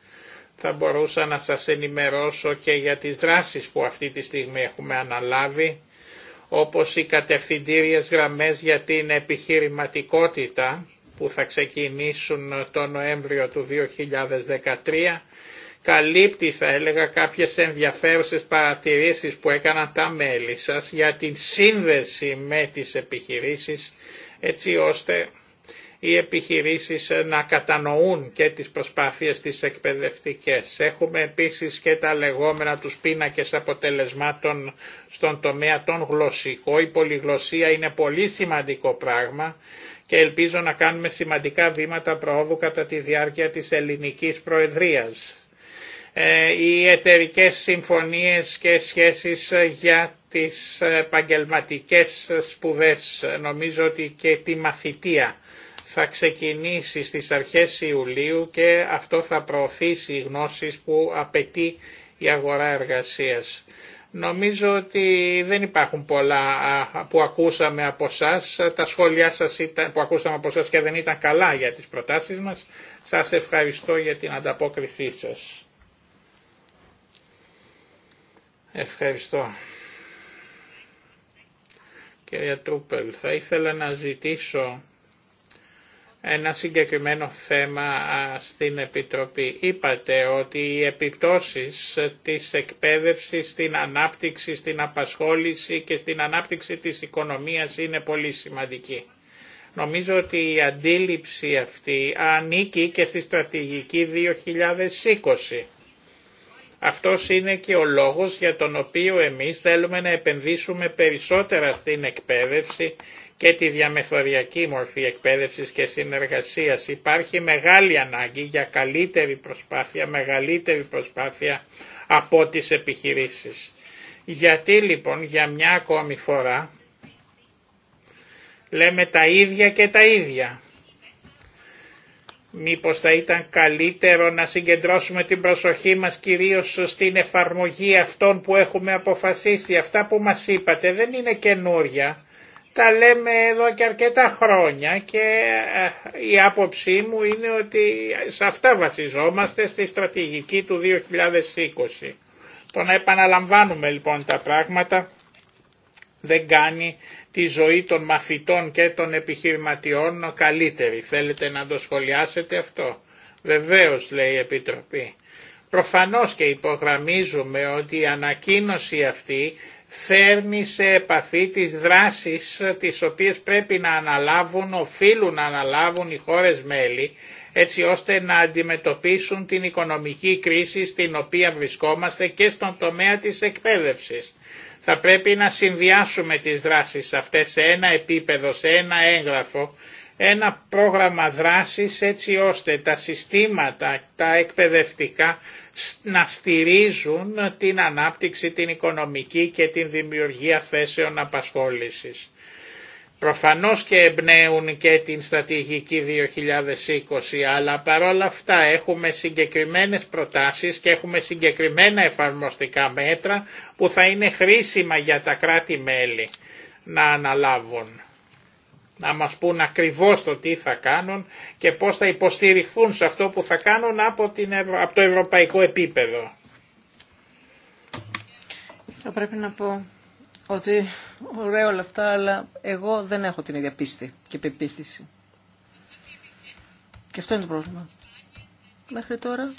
Θα μπορούσα να σας ενημερώσω και για τις δράσεις που αυτή τη στιγμή έχουμε αναλάβει, όπως οι κατευθυντήριες γραμμές για την επιχειρηματικότητα που θα ξεκινήσουν το Νοέμβριο του 2013 καλύπτει θα έλεγα κάποιες ενδιαφέρουσες παρατηρήσεις που έκαναν τα μέλη σας για την σύνδεση με τις επιχειρήσεις έτσι ώστε οι επιχειρήσεις να κατανοούν και τις προσπάθειες τις εκπαιδευτικές. Έχουμε επίσης και τα λεγόμενα τους πίνακες αποτελεσμάτων στον τομέα των γλωσσικών. Η πολυγλωσσία είναι πολύ σημαντικό πράγμα και ελπίζω να κάνουμε σημαντικά βήματα προόδου κατά τη διάρκεια της ελληνικής προεδρίας. Ε, οι εταιρικέ συμφωνίες και σχέσεις για τις επαγγελματικέ σπουδές. Νομίζω ότι και τη μαθητεία θα ξεκινήσει στις αρχές Ιουλίου και αυτό θα προωθήσει οι γνώσεις που απαιτεί η αγορά εργασίας. Νομίζω ότι δεν υπάρχουν πολλά που ακούσαμε από εσά. Τα σχόλιά σας ήταν, που ακούσαμε από εσά και δεν ήταν καλά για τις προτάσεις μας. Σας ευχαριστώ για την ανταπόκρισή σας. Ευχαριστώ. Κύριε Τούπελ, θα ήθελα να ζητήσω ένα συγκεκριμένο θέμα στην Επιτροπή. Είπατε ότι οι επιπτώσεις της εκπαίδευσης στην ανάπτυξη, στην απασχόληση και στην ανάπτυξη της οικονομίας είναι πολύ σημαντική. Νομίζω ότι η αντίληψη αυτή ανήκει και στη στρατηγική 2020 αυτός είναι και ο λόγος για τον οποίο εμείς θέλουμε να επενδύσουμε περισσότερα στην εκπαίδευση και τη διαμεθοριακή μορφή εκπαίδευσης και συνεργασίας. Υπάρχει μεγάλη ανάγκη για καλύτερη προσπάθεια, μεγαλύτερη προσπάθεια από τις επιχειρήσεις. Γιατί λοιπόν για μια ακόμη φορά λέμε τα ίδια και τα ίδια. Μήπως θα ήταν καλύτερο να συγκεντρώσουμε την προσοχή μας κυρίως στην εφαρμογή αυτών που έχουμε αποφασίσει. Αυτά που μας είπατε δεν είναι καινούρια. Τα λέμε εδώ και αρκετά χρόνια και ε, η άποψή μου είναι ότι σε αυτά βασιζόμαστε στη στρατηγική του 2020. Το να επαναλαμβάνουμε λοιπόν τα πράγματα δεν κάνει τη ζωή των μαθητών και των επιχειρηματιών καλύτερη. Θέλετε να το σχολιάσετε αυτό. Βεβαίως λέει η Επιτροπή. Προφανώς και υπογραμμίζουμε ότι η ανακοίνωση αυτή φέρνει σε επαφή τις δράσεις τις οποίες πρέπει να αναλάβουν, οφείλουν να αναλάβουν οι χώρες μέλη έτσι ώστε να αντιμετωπίσουν την οικονομική κρίση στην οποία βρισκόμαστε και στον τομέα της εκπαίδευσης. Θα πρέπει να συνδυάσουμε τις δράσεις αυτές σε ένα επίπεδο, σε ένα έγγραφο, ένα πρόγραμμα δράσης έτσι ώστε τα συστήματα, τα εκπαιδευτικά να στηρίζουν την ανάπτυξη, την οικονομική και την δημιουργία θέσεων απασχόλησης. Προφανώς και εμπνέουν και την στρατηγική 2020, αλλά παρόλα αυτά έχουμε συγκεκριμένες προτάσεις και έχουμε συγκεκριμένα εφαρμοστικά μέτρα που θα είναι χρήσιμα για τα κράτη-μέλη να αναλάβουν. Να μας πούν ακριβώς το τι θα κάνουν και πώς θα υποστηριχθούν σε αυτό που θα κάνουν από, την, από το ευρωπαϊκό επίπεδο. Θα πρέπει να ότι ωραία όλα αυτά, αλλά εγώ δεν έχω την ίδια πίστη και πεποίθηση. Και αυτό είναι το πρόβλημα. Μέχρι τώρα,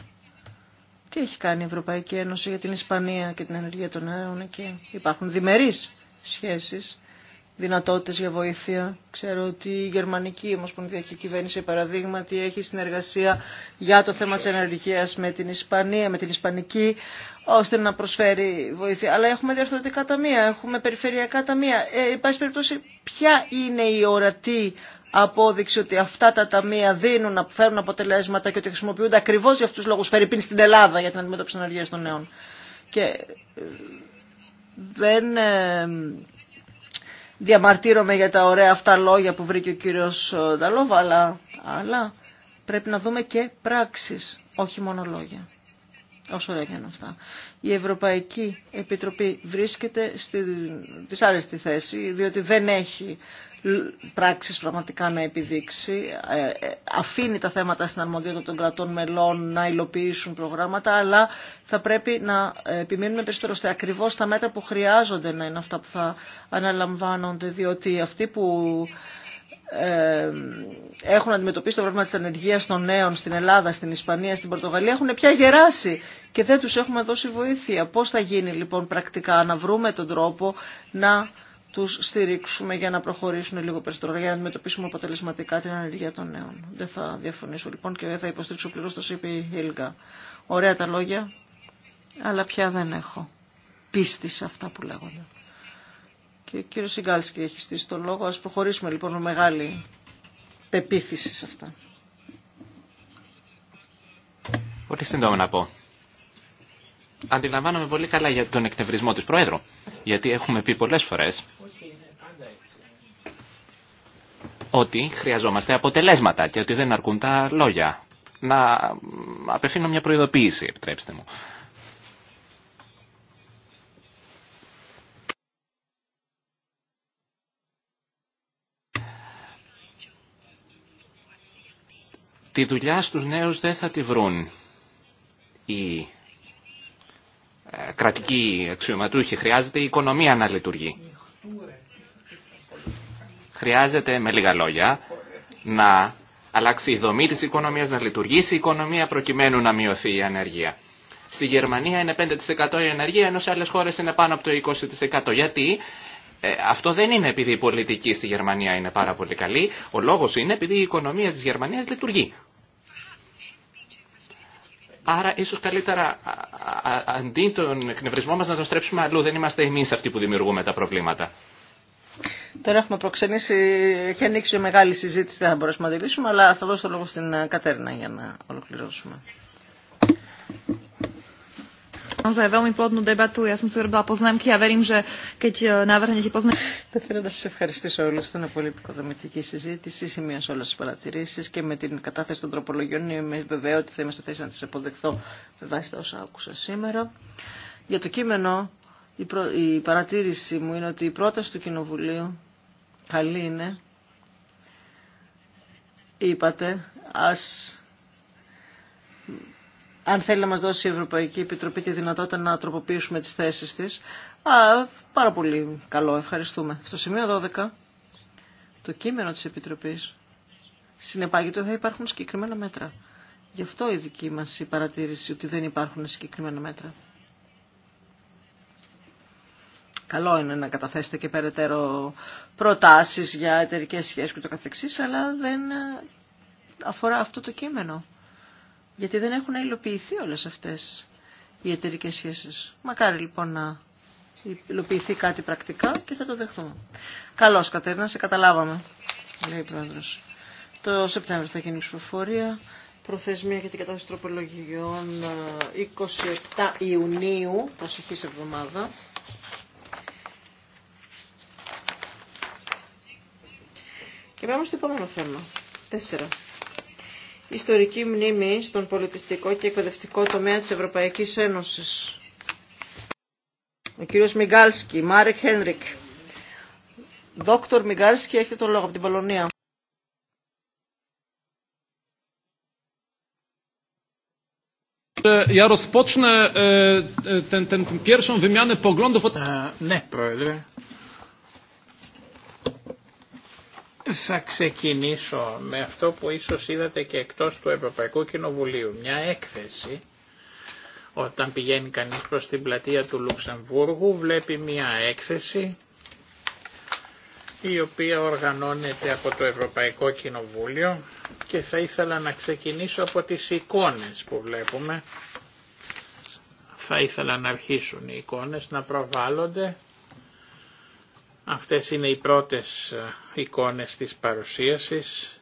τι έχει κάνει η Ευρωπαϊκή Ένωση για την Ισπανία και την ενεργεία των νέων εκεί. Υπάρχουν διμερείς σχέσεις δυνατότητες για βοήθεια. Ξέρω ότι η γερμανική ομοσπονδιακή κυβέρνηση, παραδείγματι, έχει συνεργασία για το θέμα της ενεργείας με την Ισπανία, με την Ισπανική, ώστε να προσφέρει βοήθεια. Αλλά έχουμε διαρθρωτικά ταμεία, έχουμε περιφερειακά ταμεία. Ε, υπάρχει περιπτώσει, ποια είναι η ορατή απόδειξη ότι αυτά τα ταμεία δίνουν, φέρουν αποτελέσματα και ότι χρησιμοποιούνται ακριβώς για αυτούς τους λόγους, φερειπίν στην Ελλάδα για την αντιμετώπιση ενεργείας των νέων. Και ε, δεν ε, διαμαρτύρομαι για τα ωραία αυτά λόγια που βρήκε ο κύριος ε, Νταλόβα, αλλά, αλλά πρέπει να δούμε και πράξεις, όχι μόνο λόγια όσο έγιναν αυτά. Η Ευρωπαϊκή Επιτροπή βρίσκεται στη δυσάρεστη θέση, διότι δεν έχει πράξεις πραγματικά να επιδείξει, ε, ε, αφήνει τα θέματα στην αρμοδιότητα των κρατών μελών να υλοποιήσουν προγράμματα, αλλά θα πρέπει να ε, επιμείνουμε περισσότερο στα ακριβώς τα μέτρα που χρειάζονται να είναι αυτά που θα αναλαμβάνονται, διότι αυτοί που ε, έχουν αντιμετωπίσει το πρόβλημα της ανεργίας των νέων στην Ελλάδα, στην Ισπανία, στην Πορτογαλία έχουν πια γεράσει και δεν τους έχουμε δώσει βοήθεια. Πώς θα γίνει λοιπόν πρακτικά να βρούμε τον τρόπο να τους στηρίξουμε για να προχωρήσουν λίγο περισσότερο, για να αντιμετωπίσουμε αποτελεσματικά την ανεργία των νέων. Δεν θα διαφωνήσω λοιπόν και θα υποστήριξω πλήρω, το είπε η Ήλγα. Ωραία τα λόγια, αλλά πια δεν έχω πίστη σε αυτά που λέγονται. Και ο κύριος Σιγκάλσκι έχει στήσει τον λόγο. Ας προχωρήσουμε λοιπόν με μεγάλη πεποίθηση σε αυτά. Πολύ σύντομα να πω. Αντιλαμβάνομαι πολύ καλά για τον εκτευρισμό της Προέδρου. Γιατί έχουμε πει πολλές φορές ότι χρειαζόμαστε αποτελέσματα και ότι δεν αρκούν τα λόγια. Να απευθύνω μια προειδοποίηση, επιτρέψτε μου. τη δουλειά στους νέους δεν θα τη βρουν οι ε, κρατικοί αξιωματούχοι. Χρειάζεται η οικονομία να λειτουργεί. Χρειάζεται, με λίγα λόγια, να αλλάξει η δομή της οικονομίας, να λειτουργήσει η οικονομία προκειμένου να μειωθεί η ανεργία. Στη Γερμανία είναι 5% η ανεργία, ενώ σε άλλες χώρες είναι πάνω από το 20%. Γιατί, ε, αυτό δεν είναι επειδή η πολιτική στη Γερμανία είναι πάρα πολύ καλή. Ο λόγος είναι επειδή η οικονομία της Γερμανίας λειτουργεί. Άρα ίσως καλύτερα αντί τον εκνευρισμό μας να τον στρέψουμε αλλού. Δεν είμαστε εμείς αυτοί που δημιουργούμε τα προβλήματα. Τώρα έχουμε προξενήσει, και ανοίξει μεγάλη συζήτηση, δεν θα μπορέσουμε να τη λύσουμε, αλλά θα δώσω το λόγο στην Κατέρνα για να ολοκληρώσουμε. Naozaj veľmi plodnú debatu. Ja som si poznámky a verím, že keď e, navrhnete poznámky... Θα ήθελα να σα ευχαριστήσω όλου Ήταν πολύ επικοδομητική συζήτηση. Σημείωσα όλε τι παρατηρήσει και με την κατάθεση των τροπολογιών είμαι βέβαια ότι θα είμαστε θέση να τι αποδεχθώ με βάση τα όσα άκουσα σήμερα. Για το κείμενο η, προ... η παρατήρηση μου είναι ότι η πρόταση του Κοινοβουλίου καλή είναι. Είπατε, ας αν θέλει να μας δώσει η Ευρωπαϊκή Επιτροπή τη δυνατότητα να τροποποιήσουμε τις θέσεις της. πάρα πολύ καλό, ευχαριστούμε. Στο σημείο 12, το κείμενο της Επιτροπής συνεπάγεται ότι θα υπάρχουν συγκεκριμένα μέτρα. Γι' αυτό η δική μας η παρατήρηση ότι δεν υπάρχουν συγκεκριμένα μέτρα. Καλό είναι να καταθέσετε και περαιτέρω προτάσεις για εταιρικές σχέσεις και το καθεξής, αλλά δεν ε, αφορά αυτό το κείμενο γιατί δεν έχουν υλοποιηθεί όλες αυτές οι εταιρικέ σχέσεις. Μακάρι λοιπόν να υλοποιηθεί κάτι πρακτικά και θα το δεχθούμε. Καλώς Κατέρνα, σε καταλάβαμε, λέει η Πρόεδρος. Το Σεπτέμβριο θα γίνει η ψηφοφορία. Προθεσμία για την κατάσταση τροπολογιών 27 ε, Ιουνίου, προσεχή εβδομάδα. Και πάμε στο επόμενο θέμα. Τέσσερα ιστορική μνήμη στον πολιτιστικό και εκπαιδευτικό τομέα της Ευρωπαϊκής Ένωσης. Ο κύριος Μιγκάλσκι, Μάρικ Χένρικ. Δόκτωρ Μιγκάλσκι, έχετε τον λόγο από την Πολωνία. Ja rozpocznę ten, pierwszą wymianę poglądów. Ναι, Πρόεδρε, Θα ξεκινήσω με αυτό που ίσως είδατε και εκτός του Ευρωπαϊκού Κοινοβουλίου. Μια έκθεση, όταν πηγαίνει κανείς προς την πλατεία του Λουξεμβούργου, βλέπει μια έκθεση η οποία οργανώνεται από το Ευρωπαϊκό Κοινοβούλιο και θα ήθελα να ξεκινήσω από τις εικόνες που βλέπουμε. Θα ήθελα να αρχίσουν οι εικόνες να προβάλλονται Αυτές είναι οι πρώτες ε, εικόνες της παρουσίασης.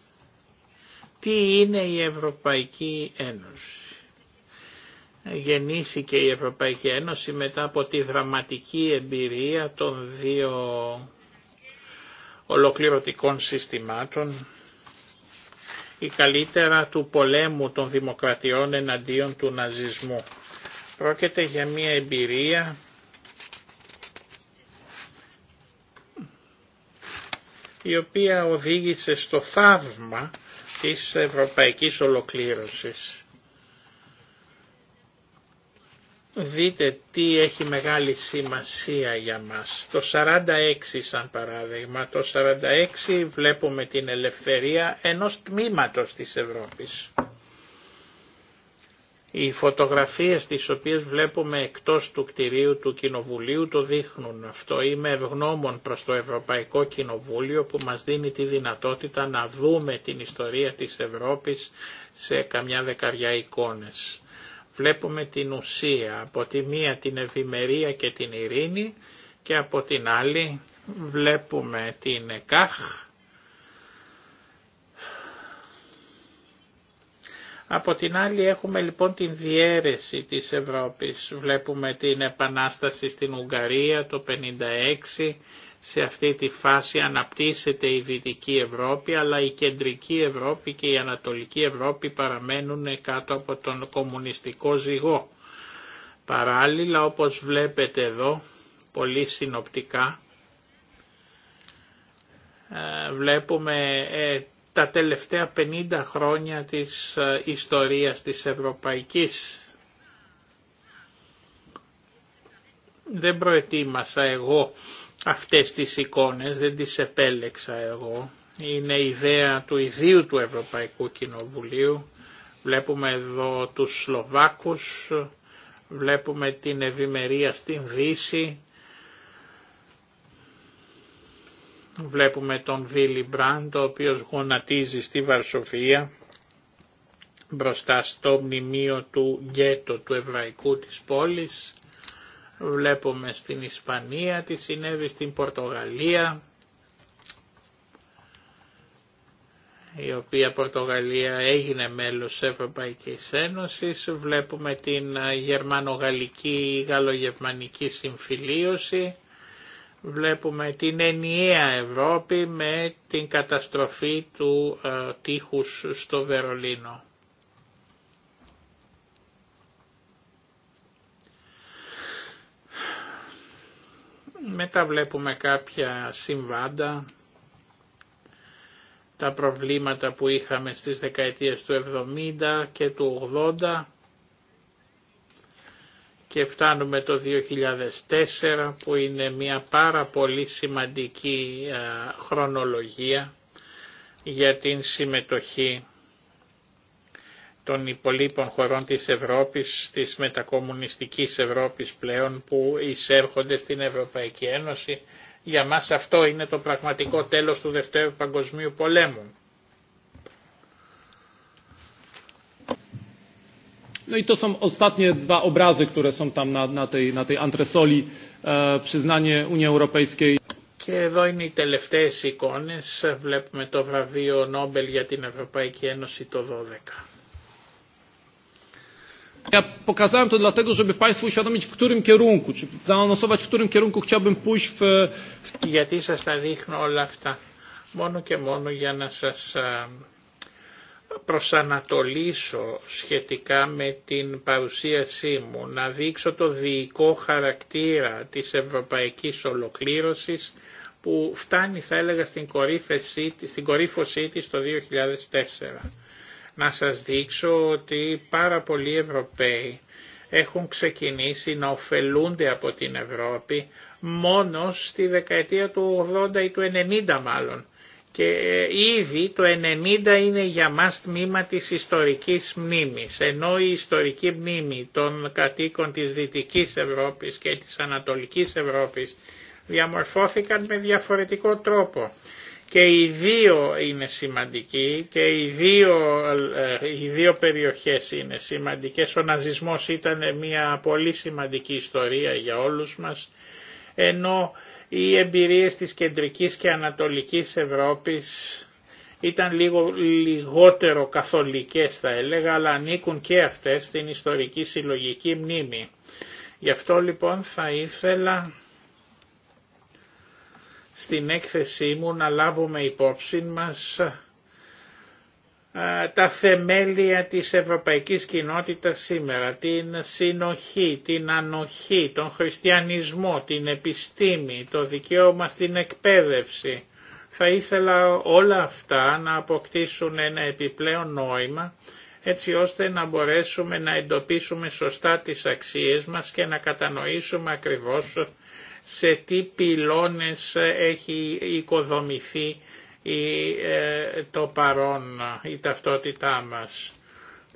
Τι είναι η Ευρωπαϊκή Ένωση. Γεννήθηκε η Ευρωπαϊκή Ένωση μετά από τη δραματική εμπειρία των δύο ολοκληρωτικών συστημάτων ή καλύτερα του πολέμου των δημοκρατιών εναντίον του ναζισμού. Πρόκειται για μια εμπειρία η οποία οδήγησε στο θαύμα της ευρωπαϊκής ολοκλήρωσης. Δείτε τι έχει μεγάλη σημασία για μας. Το 46 σαν παράδειγμα, το 46 βλέπουμε την ελευθερία ενός τμήματος της Ευρώπης. Οι φωτογραφίες τις οποίες βλέπουμε εκτός του κτηρίου του Κοινοβουλίου το δείχνουν αυτό. Είμαι ευγνώμων προς το Ευρωπαϊκό Κοινοβούλιο που μας δίνει τη δυνατότητα να δούμε την ιστορία της Ευρώπης σε καμιά δεκαριά εικόνες. Βλέπουμε την ουσία, από τη μία την ευημερία και την ειρήνη και από την άλλη βλέπουμε την ΕΚΑΧ Από την άλλη έχουμε λοιπόν την διέρεση της Ευρώπης. Βλέπουμε την επανάσταση στην Ουγγαρία το 1956. σε αυτή τη φάση αναπτύσσεται η Δυτική Ευρώπη, αλλά η Κεντρική Ευρώπη και η Ανατολική Ευρώπη παραμένουν κάτω από τον κομμουνιστικό ζυγό. Παράλληλα, όπως βλέπετε εδώ, πολύ συνοπτικά, ε, βλέπουμε ε, τα τελευταία 50 χρόνια της ε, ιστορίας της Ευρωπαϊκής. Δεν προετοίμασα εγώ αυτές τις εικόνες, δεν τις επέλεξα εγώ. Είναι ιδέα του ιδίου του Ευρωπαϊκού Κοινοβουλίου. Βλέπουμε εδώ τους Σλοβάκους, βλέπουμε την ευημερία στην Δύση, Βλέπουμε τον Βίλι Μπραντ, ο οποίος γονατίζει στη Βαρσοφία μπροστά στο μνημείο του γκέτο του εβραϊκού της πόλης. Βλέπουμε στην Ισπανία, τι συνέβη στην Πορτογαλία, η οποία Πορτογαλία έγινε μέλος της Ευρωπαϊκής Ένωσης. Βλέπουμε την γερμανογαλλική ή γαλλογερμανική συμφιλίωση βλέπουμε την ενιαία Ευρώπη με την καταστροφή του ε, τείχους στο Βερολίνο. Μετά βλέπουμε κάποια συμβάντα, τα προβλήματα που είχαμε στις δεκαετίες του 70 και του 80 και φτάνουμε το 2004 που είναι μια πάρα πολύ σημαντική χρονολογία για την συμμετοχή των υπολείπων χωρών της Ευρώπης, της μετακομμουνιστικής Ευρώπης πλέον που εισέρχονται στην Ευρωπαϊκή Ένωση. Για μας αυτό είναι το πραγματικό τέλος του Δευτέρου Παγκοσμίου Πολέμου. No i to są ostatnie dwa obrazy, które są tam na, na, tej, na tej antresoli przyznanie Unii Europejskiej. Και εδώ είναι οι τελευταίες εικόνες. Βλέπουμε το βραβείο Νόμπελ για την Ευρωπαϊκή Ένωση το 12. Ja pokazałem to dlatego, żeby Państwu uświadomić, w którym kierunku, czy zaanonsować, w którym kierunku chciałbym pójść w... Γιατί σας τα δείχνω όλα αυτά. Μόνο και μόνο για να σας προσανατολίσω σχετικά με την παρουσίασή μου, να δείξω το διοικό χαρακτήρα της ευρωπαϊκής ολοκλήρωσης που φτάνει θα έλεγα στην, κορύφωσή, στην κορύφωσή της το 2004. Να σας δείξω ότι πάρα πολλοί Ευρωπαίοι έχουν ξεκινήσει να ωφελούνται από την Ευρώπη μόνο στη δεκαετία του 80 ή του 90 μάλλον και ε, ήδη το 90 είναι για μας τμήμα της ιστορικής μνήμης, ενώ η ιστορική μνήμη των κατοίκων της Δυτικής Ευρώπης και της Ανατολικής Ευρώπης διαμορφώθηκαν με διαφορετικό τρόπο. Και οι δύο είναι σημαντικοί και οι δύο, ε, οι δύο περιοχές είναι σημαντικές. Ο ναζισμός ήταν μια πολύ σημαντική ιστορία για όλους μας, ενώ οι εμπειρίες της κεντρικής και ανατολικής Ευρώπης ήταν λίγο λιγότερο καθολικές θα έλεγα, αλλά ανήκουν και αυτές στην ιστορική συλλογική μνήμη. Γι' αυτό λοιπόν θα ήθελα στην έκθεσή μου να λάβουμε υπόψη μας τα θεμέλια της ευρωπαϊκής κοινότητας σήμερα, την συνοχή, την ανοχή, τον χριστιανισμό, την επιστήμη, το δικαίωμα στην εκπαίδευση. Θα ήθελα όλα αυτά να αποκτήσουν ένα επιπλέον νόημα έτσι ώστε να μπορέσουμε να εντοπίσουμε σωστά τις αξίες μας και να κατανοήσουμε ακριβώς σε τι πυλώνες έχει οικοδομηθεί ή ε, το παρόν, η ταυτότητά μας.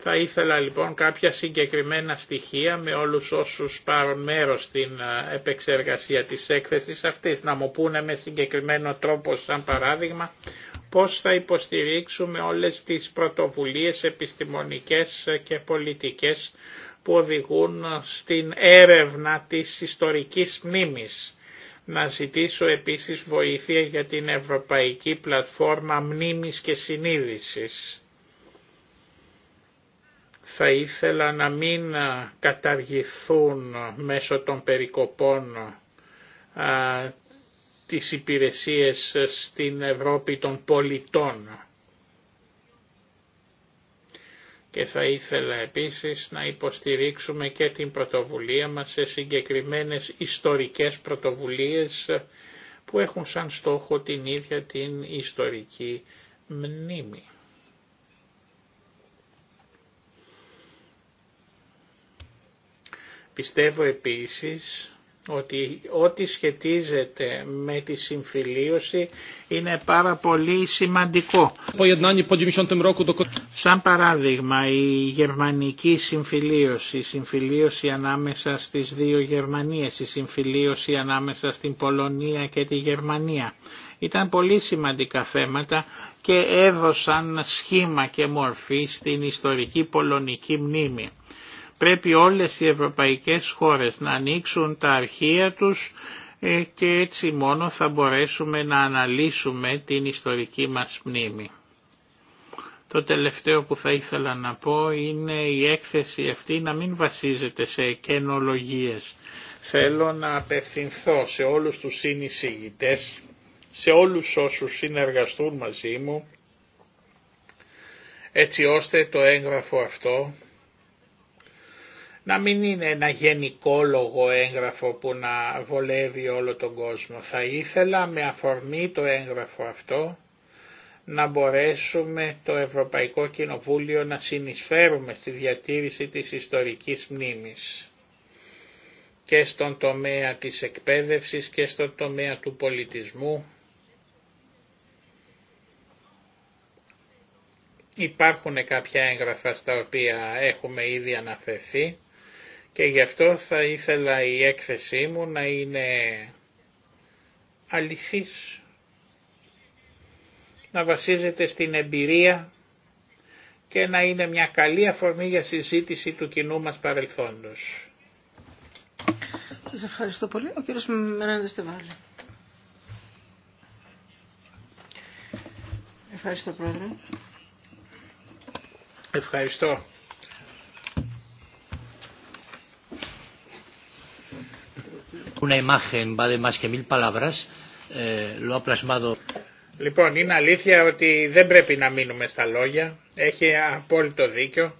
Θα ήθελα λοιπόν κάποια συγκεκριμένα στοιχεία με όλους όσους πάρουν μέρος στην ε, επεξεργασία της έκθεσης αυτής. Να μου πούνε με συγκεκριμένο τρόπο σαν παράδειγμα πώς θα υποστηρίξουμε όλες τις πρωτοβουλίες επιστημονικές ε, και πολιτικές που οδηγούν στην έρευνα της ιστορικής μνήμης να ζητήσω επίσης βοήθεια για την Ευρωπαϊκή Πλατφόρμα Μνήμης και Συνείδησης. Θα ήθελα να μην καταργηθούν μέσω των περικοπών α, τις υπηρεσίες στην Ευρώπη των πολιτών και θα ήθελα επίσης να υποστηρίξουμε και την πρωτοβουλία μας σε συγκεκριμένες ιστορικές πρωτοβουλίες που έχουν σαν στόχο την ίδια την ιστορική μνήμη. Πιστεύω επίσης ότι ό,τι σχετίζεται με τη συμφιλίωση είναι πάρα πολύ σημαντικό. Σαν παράδειγμα η γερμανική συμφιλίωση, η συμφιλίωση ανάμεσα στις δύο Γερμανίες, η συμφιλίωση ανάμεσα στην Πολωνία και τη Γερμανία. Ήταν πολύ σημαντικά θέματα και έδωσαν σχήμα και μορφή στην ιστορική πολωνική μνήμη. Πρέπει όλες οι ευρωπαϊκές χώρες να ανοίξουν τα αρχεία τους ε, και έτσι μόνο θα μπορέσουμε να αναλύσουμε την ιστορική μας μνήμη. Το τελευταίο που θα ήθελα να πω είναι η έκθεση αυτή να μην βασίζεται σε καινολογίες. Θέλω να απευθυνθώ σε όλους τους συνεισηγητές, σε όλους όσους συνεργαστούν μαζί μου, έτσι ώστε το έγγραφο αυτό να μην είναι ένα γενικόλογο έγγραφο που να βολεύει όλο τον κόσμο. Θα ήθελα με αφορμή το έγγραφο αυτό να μπορέσουμε το Ευρωπαϊκό Κοινοβούλιο να συνεισφέρουμε στη διατήρηση της ιστορικής μνήμης και στον τομέα της εκπαίδευσης και στον τομέα του πολιτισμού. Υπάρχουν κάποια έγγραφα στα οποία έχουμε ήδη αναφερθεί και γι' αυτό θα ήθελα η έκθεσή μου να είναι αληθής, να βασίζεται στην εμπειρία και να είναι μια καλή αφορμή για συζήτηση του κοινού μας παρελθόντος. Σας ευχαριστώ πολύ. Ο κύριος Μεράντα Τεβάλη. Ευχαριστώ, Πρόεδρε. Ευχαριστώ. Λοιπόν, είναι αλήθεια ότι δεν πρέπει να μείνουμε στα λόγια. Έχει απόλυτο δίκιο.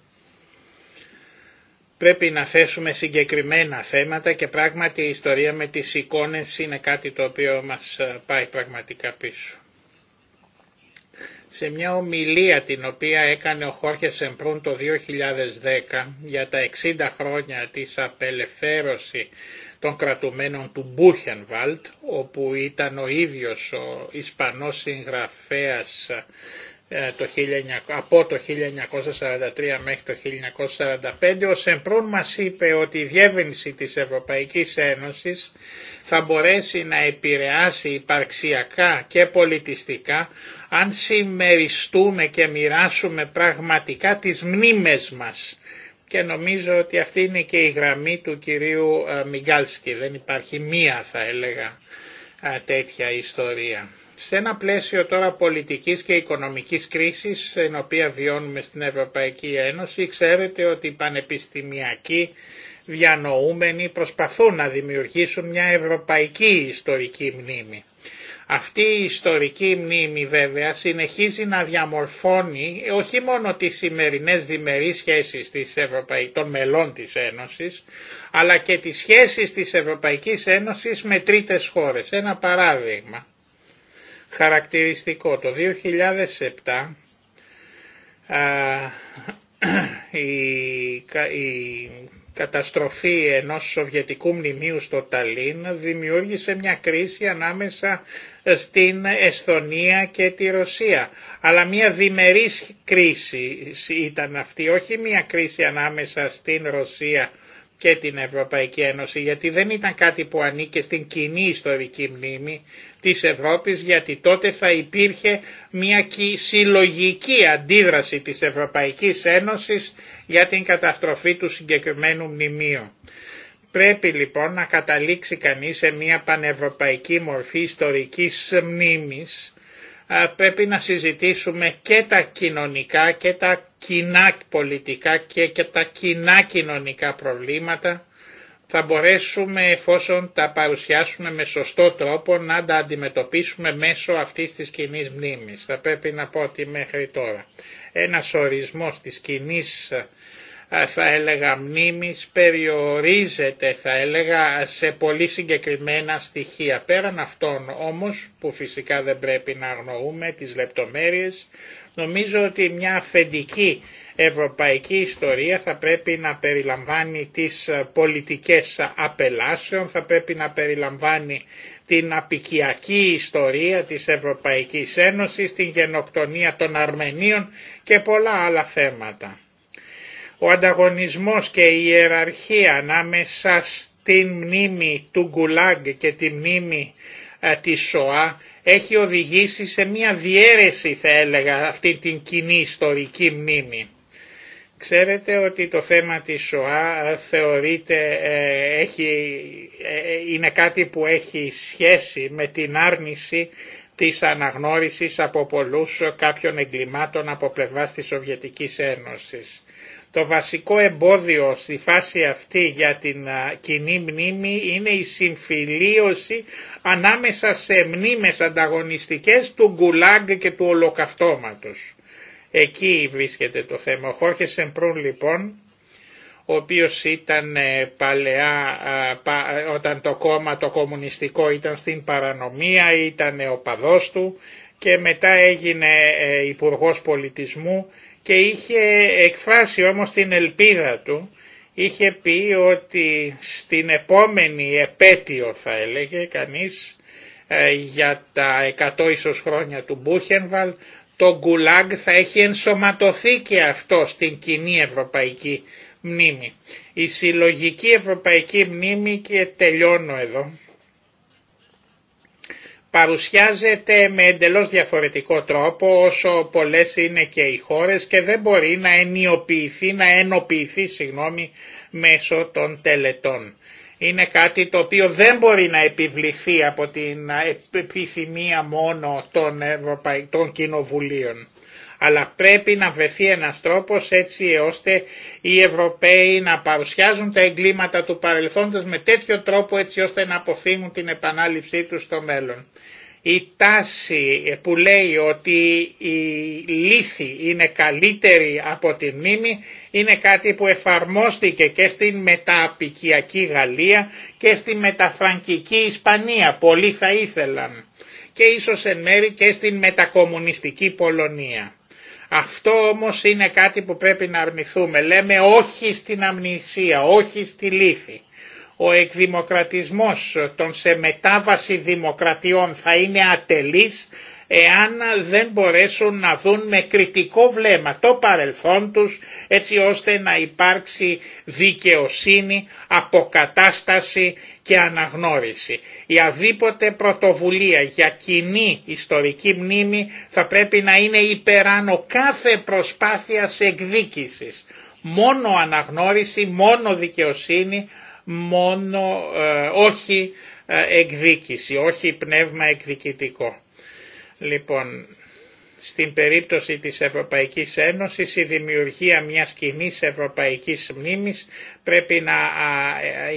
Πρέπει να θέσουμε συγκεκριμένα θέματα και πράγματι η ιστορία με τις εικόνες είναι κάτι το οποίο μας ε, πάει πραγματικά πίσω. Σε μια ομιλία την οποία έκανε ο Χόρχε Σεμπρούν το 2010 για τα 60 χρόνια της απελευθέρωση των κρατουμένων του Μπούχενβαλτ, όπου ήταν ο ίδιος ο Ισπανός συγγραφέας ε, από το 1943 μέχρι το 1945, ο Σεμπρούν μας είπε ότι η διεύρυνση της Ευρωπαϊκής Ένωσης θα μπορέσει να επηρεάσει υπαρξιακά και πολιτιστικά αν συμμεριστούμε και μοιράσουμε πραγματικά τις μνήμες μας και νομίζω ότι αυτή είναι και η γραμμή του κυρίου ε, Μιγκάλσκι. Δεν υπάρχει μία θα έλεγα ε, τέτοια ιστορία. Σε ένα πλαίσιο τώρα πολιτικής και οικονομικής κρίσης, στην οποία βιώνουμε στην Ευρωπαϊκή Ένωση, ξέρετε ότι οι πανεπιστημιακοί διανοούμενοι προσπαθούν να δημιουργήσουν μια ευρωπαϊκή οικονομικης κρισης την οποια βιωνουμε στην ευρωπαικη ενωση ξερετε οτι μνήμη. Αυτή η ιστορική μνήμη βέβαια συνεχίζει να διαμορφώνει όχι μόνο τις σημερινές διμερείς σχέσεις της Ευρωπαϊ... των μελών της Ένωσης, αλλά και τις σχέσεις της Ευρωπαϊκής Ένωσης με τρίτες χώρες. Ένα παράδειγμα χαρακτηριστικό. Το 2007 η καταστροφή ενός σοβιετικού μνημείου στο Ταλίν δημιούργησε μια κρίση ανάμεσα στην Εσθονία και τη Ρωσία. Αλλά μια διμερής κρίση ήταν αυτή, όχι μια κρίση ανάμεσα στην Ρωσία και την Ευρωπαϊκή Ένωση, γιατί δεν ήταν κάτι που ανήκε στην κοινή ιστορική μνήμη της Ευρώπης, γιατί τότε θα υπήρχε μια συλλογική αντίδραση της Ευρωπαϊκής Ένωσης για την καταστροφή του συγκεκριμένου μνημείου. Πρέπει λοιπόν να καταλήξει κανείς σε μια πανευρωπαϊκή μορφή ιστορικής μνήμης. Πρέπει να συζητήσουμε και τα κοινωνικά και τα κοινά πολιτικά και, και τα κοινά κοινωνικά προβλήματα. Θα μπορέσουμε εφόσον τα παρουσιάσουμε με σωστό τρόπο να τα αντιμετωπίσουμε μέσω αυτής της κοινή μνήμης. Θα πρέπει να πω ότι μέχρι τώρα ένας ορισμός της κοινής θα έλεγα μνήμης περιορίζεται θα έλεγα σε πολύ συγκεκριμένα στοιχεία. Πέραν αυτών όμως που φυσικά δεν πρέπει να αγνοούμε τις λεπτομέρειες νομίζω ότι μια αφεντική ευρωπαϊκή ιστορία θα πρέπει να περιλαμβάνει τις πολιτικές απελάσεων, θα πρέπει να περιλαμβάνει την απικιακή ιστορία της Ευρωπαϊκής Ένωσης, την γενοκτονία των Αρμενίων και πολλά άλλα θέματα. Ο ανταγωνισμός και η ιεραρχία ανάμεσα στην μνήμη του Γκουλάγκ και τη μνήμη ε, της ΣΟΑ έχει οδηγήσει σε μια διέρεση θα έλεγα αυτή την κοινή ιστορική μνήμη. Ξέρετε ότι το θέμα της ΣΟΑ ε, θεωρείται, ε, έχει, είναι κάτι που έχει σχέση με την άρνηση της αναγνώρισης από πολλούς κάποιων εγκλημάτων από πλευράς της Σοβιετικής Ένωσης. Το βασικό εμπόδιο στη φάση αυτή για την κοινή μνήμη είναι η συμφιλίωση ανάμεσα σε μνήμες ανταγωνιστικές του Γκουλάγκ και του Ολοκαυτώματος. Εκεί βρίσκεται το θέμα. Ο Χόρχε λοιπόν, ο οποίος ήταν ε, παλαιά ε, όταν το κόμμα το κομμουνιστικό ήταν στην παρανομία, ήταν ο του και μετά έγινε ε, υπουργός πολιτισμού και είχε εκφράσει όμως την ελπίδα του, είχε πει ότι στην επόμενη επέτειο θα έλεγε κανείς ε, για τα 100 ίσως χρόνια του Μπούχενβαλ, το Γκουλάγκ θα έχει ενσωματωθεί και αυτό στην κοινή ευρωπαϊκή μνήμη. Η συλλογική ευρωπαϊκή μνήμη και τελειώνω εδώ παρουσιάζεται με εντελώς διαφορετικό τρόπο όσο πολλές είναι και οι χώρες και δεν μπορεί να ενιοποιηθεί, να ενοποιηθεί συγγνώμη, μέσω των τελετών. Είναι κάτι το οποίο δεν μπορεί να επιβληθεί από την επιθυμία μόνο των κοινοβουλίων αλλά πρέπει να βρεθεί ένας τρόπος έτσι ώστε οι Ευρωπαίοι να παρουσιάζουν τα εγκλήματα του παρελθόντος με τέτοιο τρόπο έτσι ώστε να αποφύγουν την επανάληψή τους στο μέλλον. Η τάση που λέει ότι η λύθη είναι καλύτερη από τη μνήμη είναι κάτι που εφαρμόστηκε και στην μεταπικιακή Γαλλία και στη μεταφραγκική Ισπανία, πολλοί θα ήθελαν, και ίσως εν μέρη και στην μετακομμουνιστική Πολωνία. Αυτό όμως είναι κάτι που πρέπει να αρνηθούμε. Λέμε όχι στην αμνησία, όχι στη λύθη. Ο εκδημοκρατισμός των σε μετάβαση δημοκρατιών θα είναι ατελής εάν δεν μπορέσουν να δουν με κριτικό βλέμμα το παρελθόν τους έτσι ώστε να υπάρξει δικαιοσύνη, αποκατάσταση και αναγνώριση. Η αδίποτε πρωτοβουλία για κοινή ιστορική μνήμη θα πρέπει να είναι υπεράνω κάθε προσπάθειας εκδίκησης. Μόνο αναγνώριση, μόνο δικαιοσύνη, μόνο ε, όχι ε, εκδίκηση, όχι πνεύμα εκδικητικό. Λοιπόν, στην περίπτωση της Ευρωπαϊκής Ένωσης η δημιουργία μιας κοινή ευρωπαϊκής μνήμης πρέπει να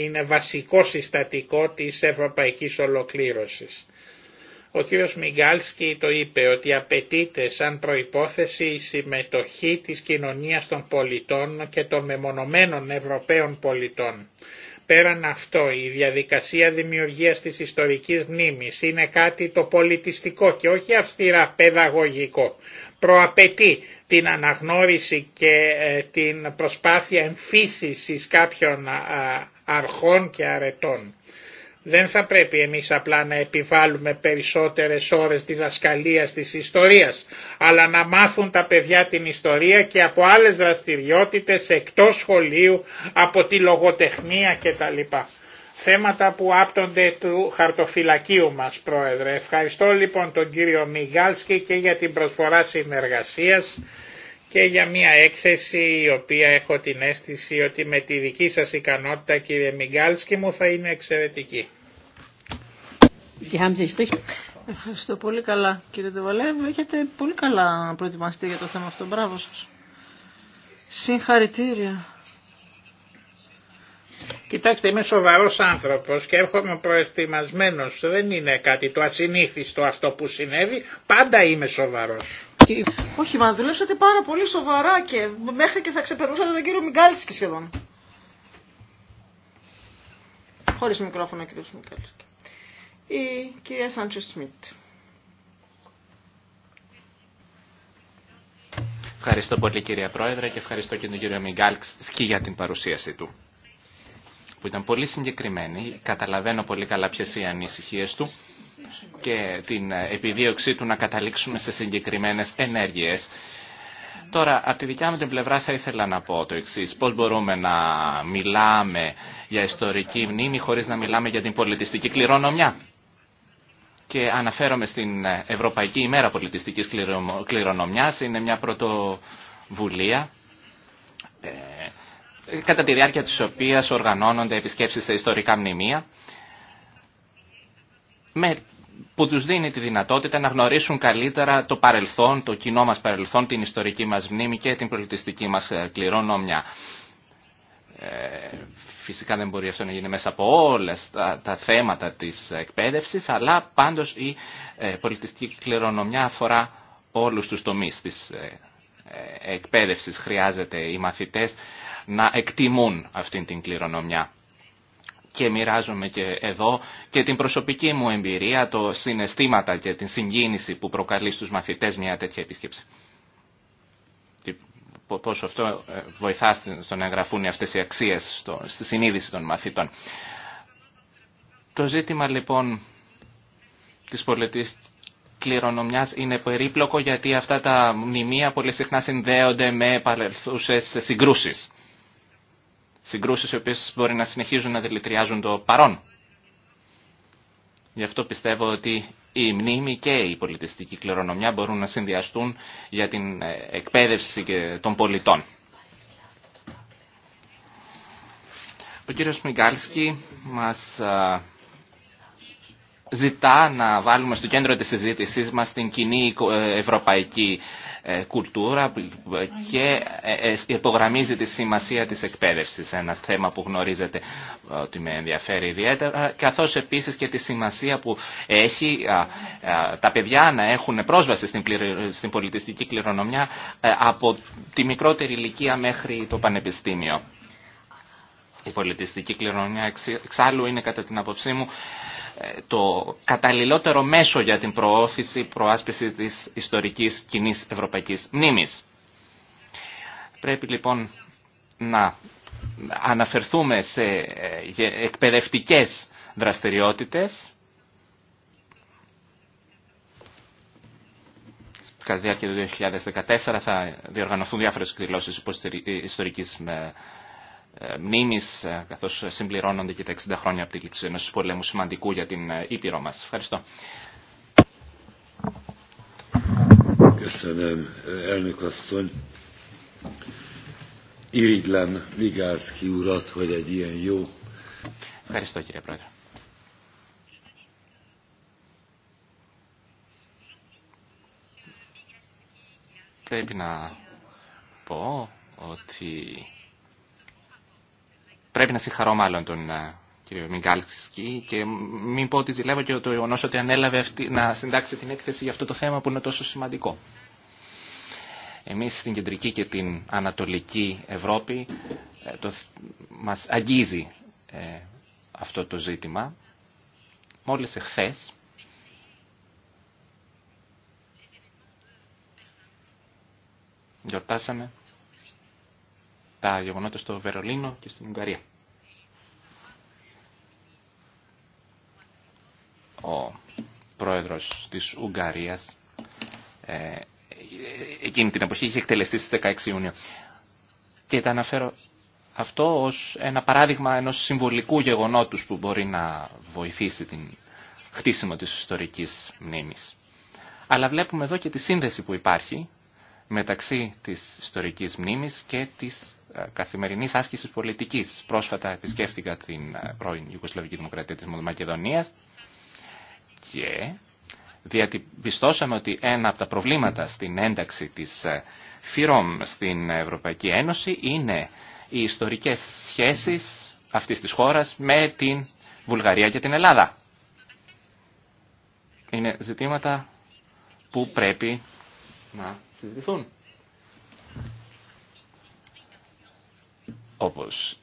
είναι βασικό συστατικό της ευρωπαϊκής ολοκλήρωσης. Ο κύριος Μιγκάλσκι το είπε ότι απαιτείται σαν προϋπόθεση η συμμετοχή της κοινωνίας των πολιτών και των μεμονωμένων Ευρωπαίων πολιτών. Πέραν αυτό, η διαδικασία δημιουργίας της ιστορικής μνήμης είναι κάτι το πολιτιστικό και όχι αυστηρά παιδαγωγικό. Προαπαιτεί την αναγνώριση και ε, την προσπάθεια εμφύσισης κάποιων αρχών και αρετών. Δεν θα πρέπει εμείς απλά να επιβάλλουμε περισσότερες ώρες διδασκαλίας της ιστορίας, αλλά να μάθουν τα παιδιά την ιστορία και από άλλες δραστηριότητες εκτός σχολείου, από τη λογοτεχνία κτλ. Θέματα που άπτονται του χαρτοφυλακίου μας, Πρόεδρε. Ευχαριστώ λοιπόν τον κύριο Μιγάλσκι και για την προσφορά συνεργασίας και για μια έκθεση η οποία έχω την αίσθηση ότι με τη δική σας ικανότητα κύριε Μιγκάλσκι μου θα είναι εξαιρετική. Ευχαριστώ πολύ καλά κύριε Ντεβαλέβ. Έχετε πολύ καλά προετοιμαστεί για το θέμα αυτό. Μπράβο σας. Συγχαρητήρια. Κοιτάξτε, είμαι σοβαρό άνθρωπο και έρχομαι προετοιμασμένο. Δεν είναι κάτι το ασυνήθιστο αυτό που συνέβη. Πάντα είμαι σοβαρός. Όχι, μα δουλέψατε πάρα πολύ σοβαρά και μέχρι και θα ξεπερνούσατε τον κύριο Μιγκάλσκι σχεδόν. Χωρί μικρόφωνο κύριο Μιγκάλσκι η κυρία Σάντσο Σμιτ. Ευχαριστώ πολύ κυρία Πρόεδρε και ευχαριστώ και τον κύριο και για την παρουσίαση του που ήταν πολύ συγκεκριμένη. Καταλαβαίνω πολύ καλά ποιες οι ανησυχίες του και την ε, επιδίωξή του να καταλήξουμε σε συγκεκριμένες ενέργειες. Τώρα, από τη δικιά μου την πλευρά θα ήθελα να πω το εξή. Πώς μπορούμε να μιλάμε για ιστορική μνήμη χωρίς να μιλάμε για την πολιτιστική κληρονομιά και αναφέρομαι στην ε, Ευρωπαϊκή ημέρα πολιτιστικής κληρονομιάς. Είναι μια πρωτοβουλία ε, κατά τη διάρκεια της οποίας οργανώνονται επισκέψεις σε ιστορικά μνημεία με, που τους δίνει τη δυνατότητα να γνωρίσουν καλύτερα το παρελθόν, το κοινό μας παρελθόν, την ιστορική μας μνήμη και την πολιτιστική μας ε, κληρονομιά. Φυσικά δεν μπορεί αυτό να γίνει μέσα από όλα τα, τα θέματα της εκπαίδευσης, αλλά πάντως η ε, πολιτιστική κληρονομιά αφορά όλους τους τομείς της ε, ε, εκπαίδευσης. Χρειάζεται οι μαθητές να εκτιμούν αυτήν την κληρονομιά. Και μοιράζομαι και εδώ και την προσωπική μου εμπειρία, το συναισθήματα και την συγκίνηση που προκαλεί στους μαθητές μια τέτοια επίσκεψη πόσο αυτό ε, βοηθά στο να εγγραφούν αυτές οι αξίες στο, στη συνείδηση των μαθητών. Το ζήτημα λοιπόν της πολιτικής κληρονομιάς είναι περίπλοκο γιατί αυτά τα μνημεία πολύ συχνά συνδέονται με παρελθούσες συγκρούσεις. Συγκρούσεις οι οποίες μπορεί να συνεχίζουν να δηλητριάζουν το παρόν. Γι' αυτό πιστεύω ότι η μνήμη και η πολιτιστική κληρονομιά μπορούν να συνδυαστούν για την ε, εκπαίδευση των πολιτών. Ο κύριος μας ζητά να βάλουμε στο κέντρο της συζήτησής μας την κοινή ε, ευρωπαϊκή ε, κουλτούρα και ε, υπογραμμίζει τη σημασία της εκπαίδευσης, ένα θέμα που γνωρίζετε ότι με ενδιαφέρει ιδιαίτερα, καθώς επίσης και τη σημασία που έχει τα παιδιά να έχουν πρόσβαση στην πολιτιστική κληρονομιά από τη μικρότερη ηλικία μέχρι το πανεπιστήμιο η πολιτιστική κληρονομιά εξάλλου είναι κατά την απόψή μου ε, το καταλληλότερο μέσο για την προώθηση, προάσπιση της ιστορικής κοινή ευρωπαϊκής μνήμης. Πρέπει λοιπόν να αναφερθούμε σε ε, εκπαιδευτικές δραστηριότητες Κατά τη διάρκεια του 2014 θα διοργανωθούν διάφορες εκδηλώσεις ε, ιστορικής ε, μνήμης, ε, καθώς συμπληρώνονται και τα 60 χρόνια από τη λήξη ενός πολέμου σημαντικού για την ε, Ήπειρο μας. Ευχαριστώ. Ευχαριστώ κύριε Πρόεδρε. Πρέπει να πω ότι Πρέπει να συγχαρώ μάλλον τον ε, κύριο Μιγκάλξη και μην πω ότι ζηλεύω και το γεγονό ότι ανέλαβε να συντάξει την έκθεση για αυτό το θέμα που είναι τόσο σημαντικό. Εμείς στην κεντρική και την ανατολική Ευρώπη ε, το, μας αγγίζει ε, αυτό το ζήτημα. Μόλις εχθές γιορτάσαμε τα γεγονότα στο Βερολίνο και στην Ουγγαρία. Ο πρόεδρος της Ουγγαρίας ε, εκείνη την εποχή είχε εκτελεστεί στις 16 Ιουνίου. Και τα αναφέρω αυτό ως ένα παράδειγμα ενός συμβολικού γεγονότους που μπορεί να βοηθήσει την χτίσιμο της ιστορικής μνήμης. Αλλά βλέπουμε εδώ και τη σύνδεση που υπάρχει μεταξύ της ιστορικής μνήμης και της ε, καθημερινής άσκησης πολιτικής. Πρόσφατα επισκέφτηκα την ε, πρώην Ιουγκοσλαβική Δημοκρατία της Μακεδονίας και διατυπιστώσαμε ότι ένα από τα προβλήματα στην ένταξη της ε, ΦΥΡΟΜ στην Ευρωπαϊκή Ένωση είναι οι ιστορικές σχέσεις αυτής της χώρας με την Βουλγαρία και την Ελλάδα. Είναι ζητήματα που πρέπει να συζητηθούν. Όπως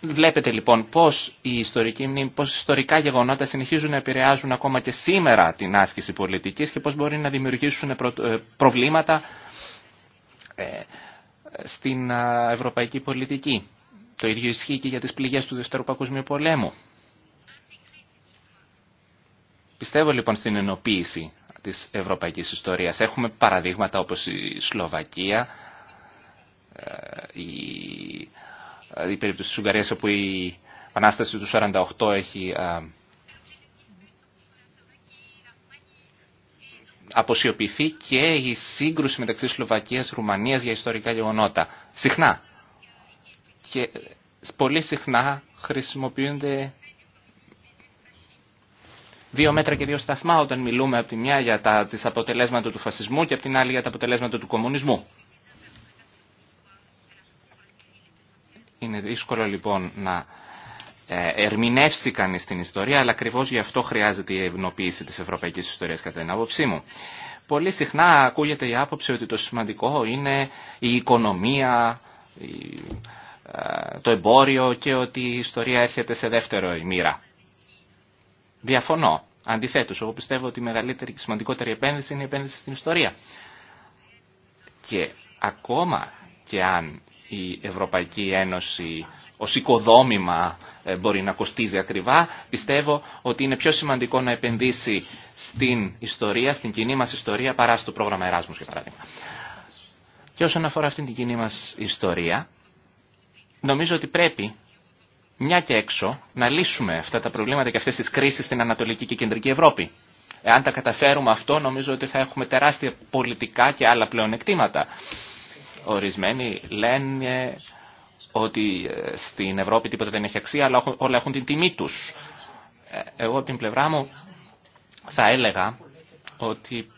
βλέπετε λοιπόν πώς οι ιστορικοί πώς ιστορικά γεγονότα συνεχίζουν να επηρεάζουν ακόμα και σήμερα την άσκηση πολιτικής και πώς μπορεί να δημιουργήσουν ε, ε, προβλήματα ε, στην ευρωπαϊκή πολιτική. Το ίδιο ισχύει και για τις πληγές του Δεύτερου Παγκοσμίου Πολέμου. Πιστεύω λοιπόν στην ενοποίηση της ευρωπαϊκής ιστορίας. Έχουμε παραδείγματα όπως η Σλοβακία, ε, η, η περίπτωση της Ουγγαρίας όπου η Ανάσταση του 1948 έχει ε, αποσιωπηθεί και η σύγκρουση μεταξύ Σλοβακίας και Ρουμανίας για ιστορικά γεγονότα. Συχνά. Και πολύ συχνά χρησιμοποιούνται δύο μέτρα και δύο σταθμά όταν μιλούμε από τη μια για τα τις αποτελέσματα του φασισμού και από την άλλη για τα αποτελέσματα του κομμουνισμού. Είναι δύσκολο λοιπόν να ε, ερμηνεύσει κανεί την ιστορία, αλλά ακριβώ γι' αυτό χρειάζεται η ευνοποίηση τη ευρωπαϊκή ιστορία, κατά την άποψή μου. Πολύ συχνά ακούγεται η άποψη ότι το σημαντικό είναι η οικονομία, ε, το εμπόριο και ότι η ιστορία έρχεται σε δεύτερο μοίρα. Διαφωνώ. Αντιθέτως, εγώ πιστεύω ότι η μεγαλύτερη και σημαντικότερη επένδυση είναι η επένδυση στην ιστορία. Και ακόμα και αν η Ευρωπαϊκή Ένωση ω οικοδόμημα ε, μπορεί να κοστίζει ακριβά, πιστεύω ότι είναι πιο σημαντικό να επενδύσει στην ιστορία, στην κοινή μα ιστορία, παρά στο πρόγραμμα Εράσμους, για παράδειγμα. Και όσον αφορά αυτήν την κοινή μα ιστορία, νομίζω ότι πρέπει μια και έξω να λύσουμε αυτά τα προβλήματα και αυτές τις κρίσεις στην Ανατολική και Κεντρική Ευρώπη. Εάν τα καταφέρουμε αυτό νομίζω ότι θα έχουμε τεράστια πολιτικά και άλλα πλεονεκτήματα. Ορισμένοι λένε ότι ε, στην Ευρώπη τίποτα δεν έχει αξία αλλά όλα έχουν την τιμή τους. Ε, εγώ από την πλευρά μου θα έλεγα ότι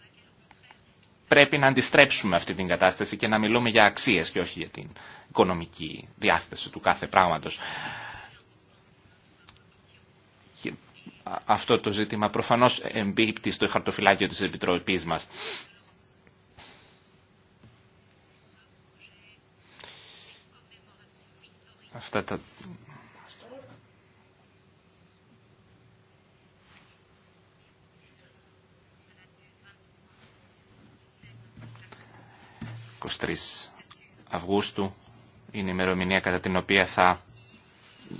πρέπει να αντιστρέψουμε αυτή την κατάσταση και να μιλούμε για αξίες και όχι για την οικονομική διάσταση του κάθε πράγματος. αυτό το ζήτημα προφανώς εμπίπτει στο χαρτοφυλάκιο της Επιτροπής μας. Αυτά τα... Αυγούστου είναι η ημερομηνία κατά την οποία θα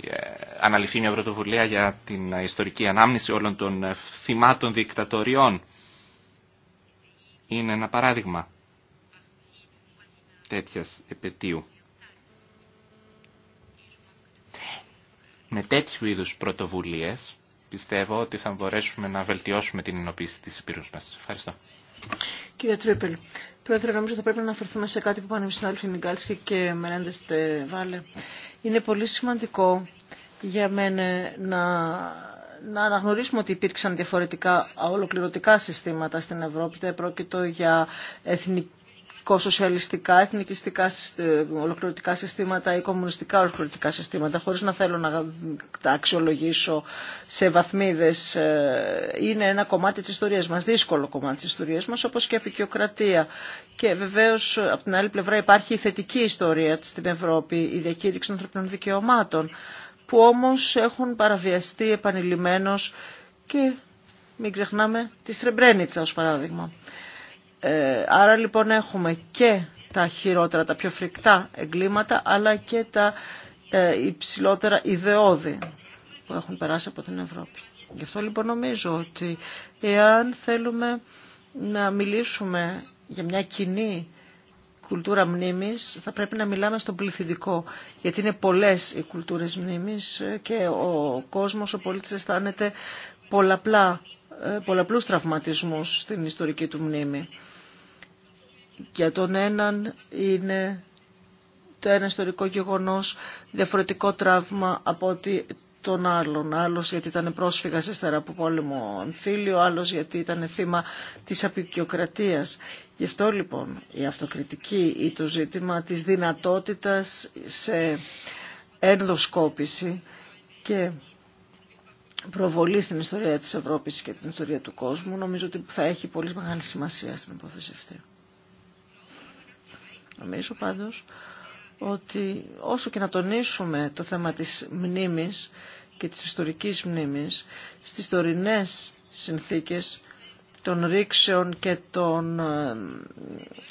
ε, αναλυθεί μια πρωτοβουλία για την ιστορική ανάμνηση όλων των ε, θυμάτων δικτατοριών. Είναι ένα παράδειγμα τέτοιας επαιτίου. Με τέτοιου είδους πρωτοβουλίες πιστεύω ότι θα μπορέσουμε να βελτιώσουμε την ενοποίηση της υπήρους μας. Ευχαριστώ. Κύριε Τρίπελ, πρόεδρε, νομίζω θα πρέπει να αναφερθούμε σε κάτι που πάνε οι συνάδελφοι Μιγκάλσκι και Μερέντε Βάλε. Είναι πολύ σημαντικό για μένα να, να αναγνωρίσουμε ότι υπήρξαν διαφορετικά ολοκληρωτικά συστήματα στην Ευρώπη. Τα επρόκειτο για εθνική κοσοσιαλιστικά, εθνικιστικά ε, ολοκληρωτικά συστήματα ή κομμουνιστικά ολοκληρωτικά συστήματα, χωρίς να θέλω να τα αξιολογήσω σε βαθμίδες. Ε, είναι ένα κομμάτι της ιστορίας μας, δύσκολο κομμάτι της ιστορίας μας, όπως και η επικοιοκρατία. Και βεβαίως, από την άλλη πλευρά, υπάρχει η θετική ιστορία στην Ευρώπη, η διακήρυξη των ανθρωπινών δικαιωμάτων, που όμως έχουν παραβιαστεί επανειλημμένως και μην ξεχνάμε τη Σρεμπρένιτσα ως παράδειγμα. Ε, άρα λοιπόν έχουμε και τα χειρότερα, τα πιο φρικτά εγκλήματα, αλλά και τα ε, υψηλότερα ιδεώδη που έχουν περάσει από την Ευρώπη. Γι' αυτό λοιπόν νομίζω ότι εάν θέλουμε να μιλήσουμε για μια κοινή κουλτούρα μνήμης θα πρέπει να μιλάμε στον πληθυντικό γιατί είναι πολλές οι κουλτούρες μνήμης και ο κόσμος, ο πολίτης αισθάνεται πολλαπλά, ε, πολλαπλούς τραυματισμούς στην ιστορική του μνήμη για τον έναν είναι το ένα ιστορικό γεγονός διαφορετικό τραύμα από ότι τον άλλον. Άλλος γιατί ήταν πρόσφυγας ύστερα από πόλεμο εμφύλιο, άλλος γιατί ήταν θύμα της απεικιοκρατίας. Γι' αυτό λοιπόν η αυτοκριτική ή το ζήτημα της δυνατότητας σε ενδοσκόπηση και προβολή στην ιστορία της Ευρώπης και την ιστορία του κόσμου νομίζω ότι θα έχει πολύ μεγάλη σημασία στην υπόθεση αυτή. Νομίζω πάντως ότι όσο και να τονίσουμε το θέμα της μνήμης και της ιστορικής μνήμης, στις τωρινές συνθήκες των ρήξεων και των ε,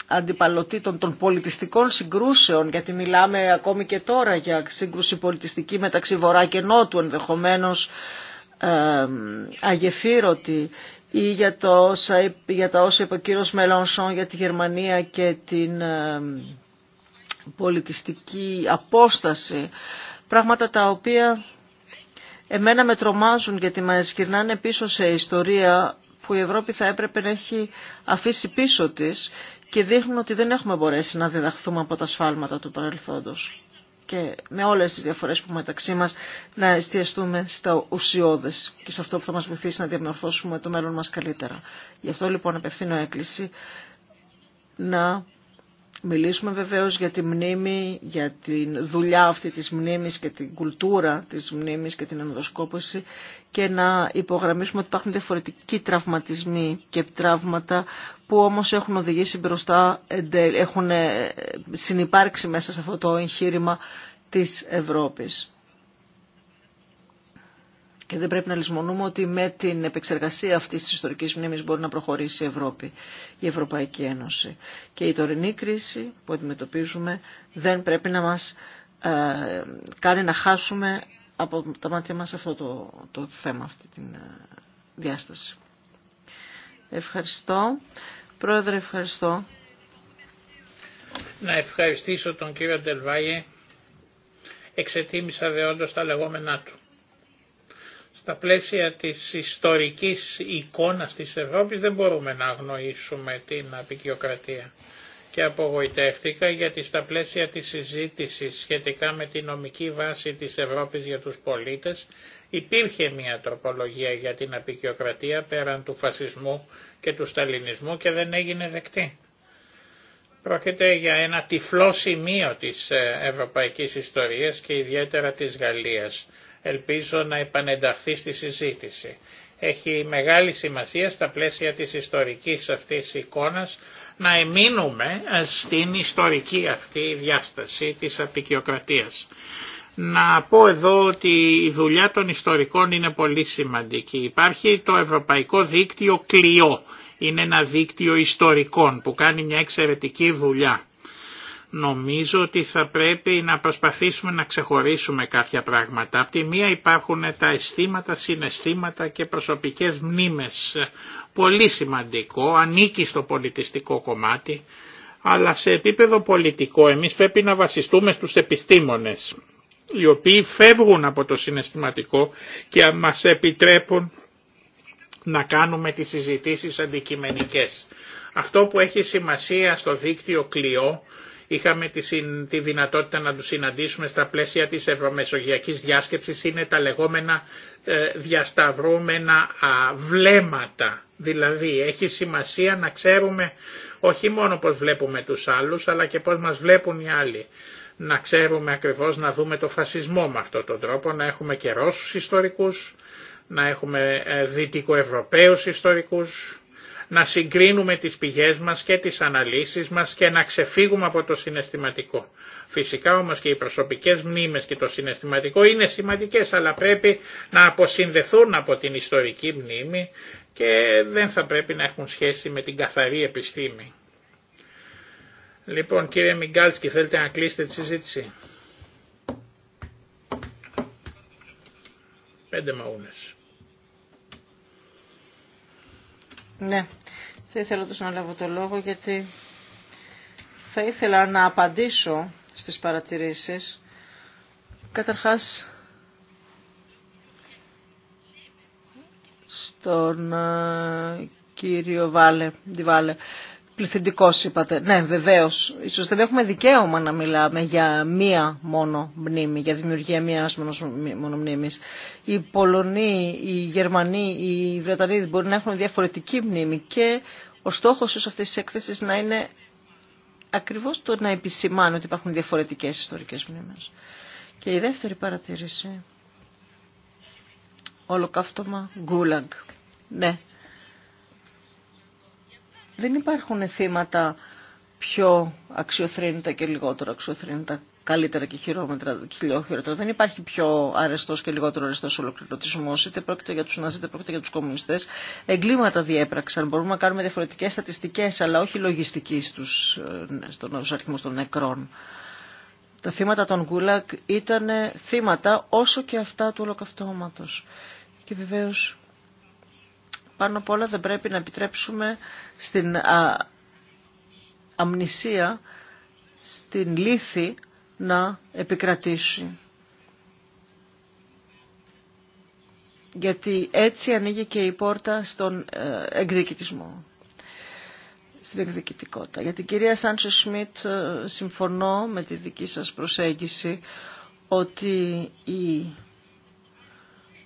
αντιπαλωτήτων, των πολιτιστικών συγκρούσεων, γιατί μιλάμε ακόμη και τώρα για σύγκρουση πολιτιστική μεταξύ Βορρά και Νότου ενδεχομένως, ε, αγεφύρωτη ή για, το για τα όσα είπε ο κύριος Μελανσόν για τη Γερμανία και την ε, πολιτιστική απόσταση. Πράγματα τα οποία εμένα με τρομάζουν γιατί μας γυρνάνε πίσω σε ιστορία που η Ευρώπη θα έπρεπε να έχει αφήσει πίσω της και δείχνουν ότι δεν έχουμε μπορέσει να διδαχθούμε από τα σφάλματα του παρελθόντος και με όλες τις διαφορές που μεταξύ μας να εστιαστούμε στα ουσιώδες και σε αυτό που θα μας βοηθήσει να διαμορφώσουμε το μέλλον μας καλύτερα. Γι' αυτό λοιπόν απευθύνω έκκληση να μιλήσουμε βεβαίως για τη μνήμη, για τη δουλειά αυτή της μνήμης και την κουλτούρα της μνήμης και την ενδοσκόπωση και να υπογραμμίσουμε ότι υπάρχουν διαφορετικοί τραυματισμοί και τραύματα που όμως έχουν οδηγήσει μπροστά, έχουν ε, συνυπάρξει μέσα σε αυτό το εγχείρημα της Ευρώπης. Και δεν πρέπει να λησμονούμε ότι με την επεξεργασία αυτή τη ιστορική μνήμη μπορεί να προχωρήσει η Ευρώπη, η Ευρωπαϊκή Ένωση. Και η τωρινή κρίση που αντιμετωπίζουμε δεν πρέπει να μα ε, κάνει να χάσουμε από τα μάτια μα αυτό το, το θέμα, αυτή τη ε, διάσταση. Ευχαριστώ. Πρόεδρε, ευχαριστώ. Να ευχαριστήσω τον κύριο Ντελβάγε. Εξετίμησα δεόντως τα λεγόμενά του στα πλαίσια της ιστορικής εικόνας της Ευρώπης δεν μπορούμε να αγνοήσουμε την απεικιοκρατία. Και απογοητεύτηκα γιατί στα πλαίσια της συζήτησης σχετικά με τη νομική βάση της Ευρώπης για τους πολίτες υπήρχε μια τροπολογία για την απεικιοκρατία πέραν του φασισμού και του σταλινισμού και δεν έγινε δεκτή. Πρόκειται για ένα τυφλό σημείο της ε, ευρωπαϊκής ιστορίας και ιδιαίτερα της Γαλλίας ελπίζω να επανενταχθεί στη συζήτηση. Έχει μεγάλη σημασία στα πλαίσια της ιστορικής αυτής εικόνας να εμείνουμε ε, στην ιστορική αυτή διάσταση της απεικιοκρατίας. Να πω εδώ ότι η δουλειά των ιστορικών είναι πολύ σημαντική. Υπάρχει το Ευρωπαϊκό Δίκτυο Κλειό. Είναι ένα δίκτυο ιστορικών που κάνει μια εξαιρετική δουλειά νομίζω ότι θα πρέπει να προσπαθήσουμε να ξεχωρίσουμε κάποια πράγματα. Απ' τη μία υπάρχουν τα αισθήματα, συναισθήματα και προσωπικές μνήμες. Πολύ σημαντικό, ανήκει στο πολιτιστικό κομμάτι, αλλά σε επίπεδο πολιτικό εμείς πρέπει να βασιστούμε στους επιστήμονες, οι οποίοι φεύγουν από το συναισθηματικό και μας επιτρέπουν να κάνουμε τις συζητήσεις αντικειμενικές. Αυτό που έχει σημασία στο δίκτυο κλειό Είχαμε τη δυνατότητα να τους συναντήσουμε στα πλαίσια της ευρωμεσογειακής διάσκεψης. Είναι τα λεγόμενα ε, διασταυρούμενα βλέμματα. Δηλαδή έχει σημασία να ξέρουμε όχι μόνο πώς βλέπουμε τους άλλους αλλά και πώς μας βλέπουν οι άλλοι. Να ξέρουμε ακριβώς να δούμε το φασισμό με αυτόν τον τρόπο, να έχουμε και Ρώσους ιστορικούς, να έχουμε ε, Δυτικοευρωπαίους ιστορικούς, να συγκρίνουμε τις πηγές μας και τις αναλύσεις μας και να ξεφύγουμε από το συναισθηματικό. Φυσικά όμως και οι προσωπικές μνήμες και το συναισθηματικό είναι σημαντικές αλλά πρέπει να αποσυνδεθούν από την ιστορική μνήμη και δεν θα πρέπει να έχουν σχέση με την καθαρή επιστήμη. Λοιπόν κύριε Μιγκάλτσκι θέλετε να κλείσετε τη συζήτηση. Πέντε μαούνες. Ναι, θα ήθελα να λάβω το λόγο γιατί θα ήθελα να απαντήσω στις παρατηρήσεις. Καταρχάς, στον ε, κύριο Βάλε, Διβάλε. Πληθυντικό, είπατε. Ναι, βεβαίως. Ίσως δεν έχουμε δικαίωμα να μιλάμε για μία μόνο μνήμη, για δημιουργία μία μόνο μνημη Οι Πολωνοί, οι Γερμανοί, οι Βρετανοί μπορεί να έχουν διαφορετική μνήμη και ο στόχος ίσω αυτής της έκθεσης να είναι ακριβώς το να επισημάνει ότι υπάρχουν διαφορετικές ιστορικές μνήμε Και η δεύτερη παρατήρηση. Ολοκαύτωμα Γκούλαγκ. Ναι, δεν υπάρχουν θύματα πιο αξιοθρύνητα και λιγότερο αξιοθρύνητα, καλύτερα και χειρόμετρα, χιλιόχειρότερα. Δεν υπάρχει πιο αρεστός και λιγότερο αρεστός ολοκληρωτισμός, είτε πρόκειται για τους ναζί, είτε πρόκειται για τους κομμουνιστές. Εγκλήματα διέπραξαν, μπορούμε να κάνουμε διαφορετικές στατιστικές, αλλά όχι λογιστική στους, ε, στον των νεκρών. Τα θύματα των Γκούλακ ήταν θύματα όσο και αυτά του ολοκαυτώματο Και βεβαίως πάνω απ' όλα δεν πρέπει να επιτρέψουμε στην αμνησία, στην λύθη να επικρατήσει. Γιατί έτσι ανοίγει και η πόρτα στον ε, εκδικητισμό, στην εκδικητικότητα. Για την κυρία Σάντσο Σμιτ ε, συμφωνώ με τη δική σας προσέγγιση ότι η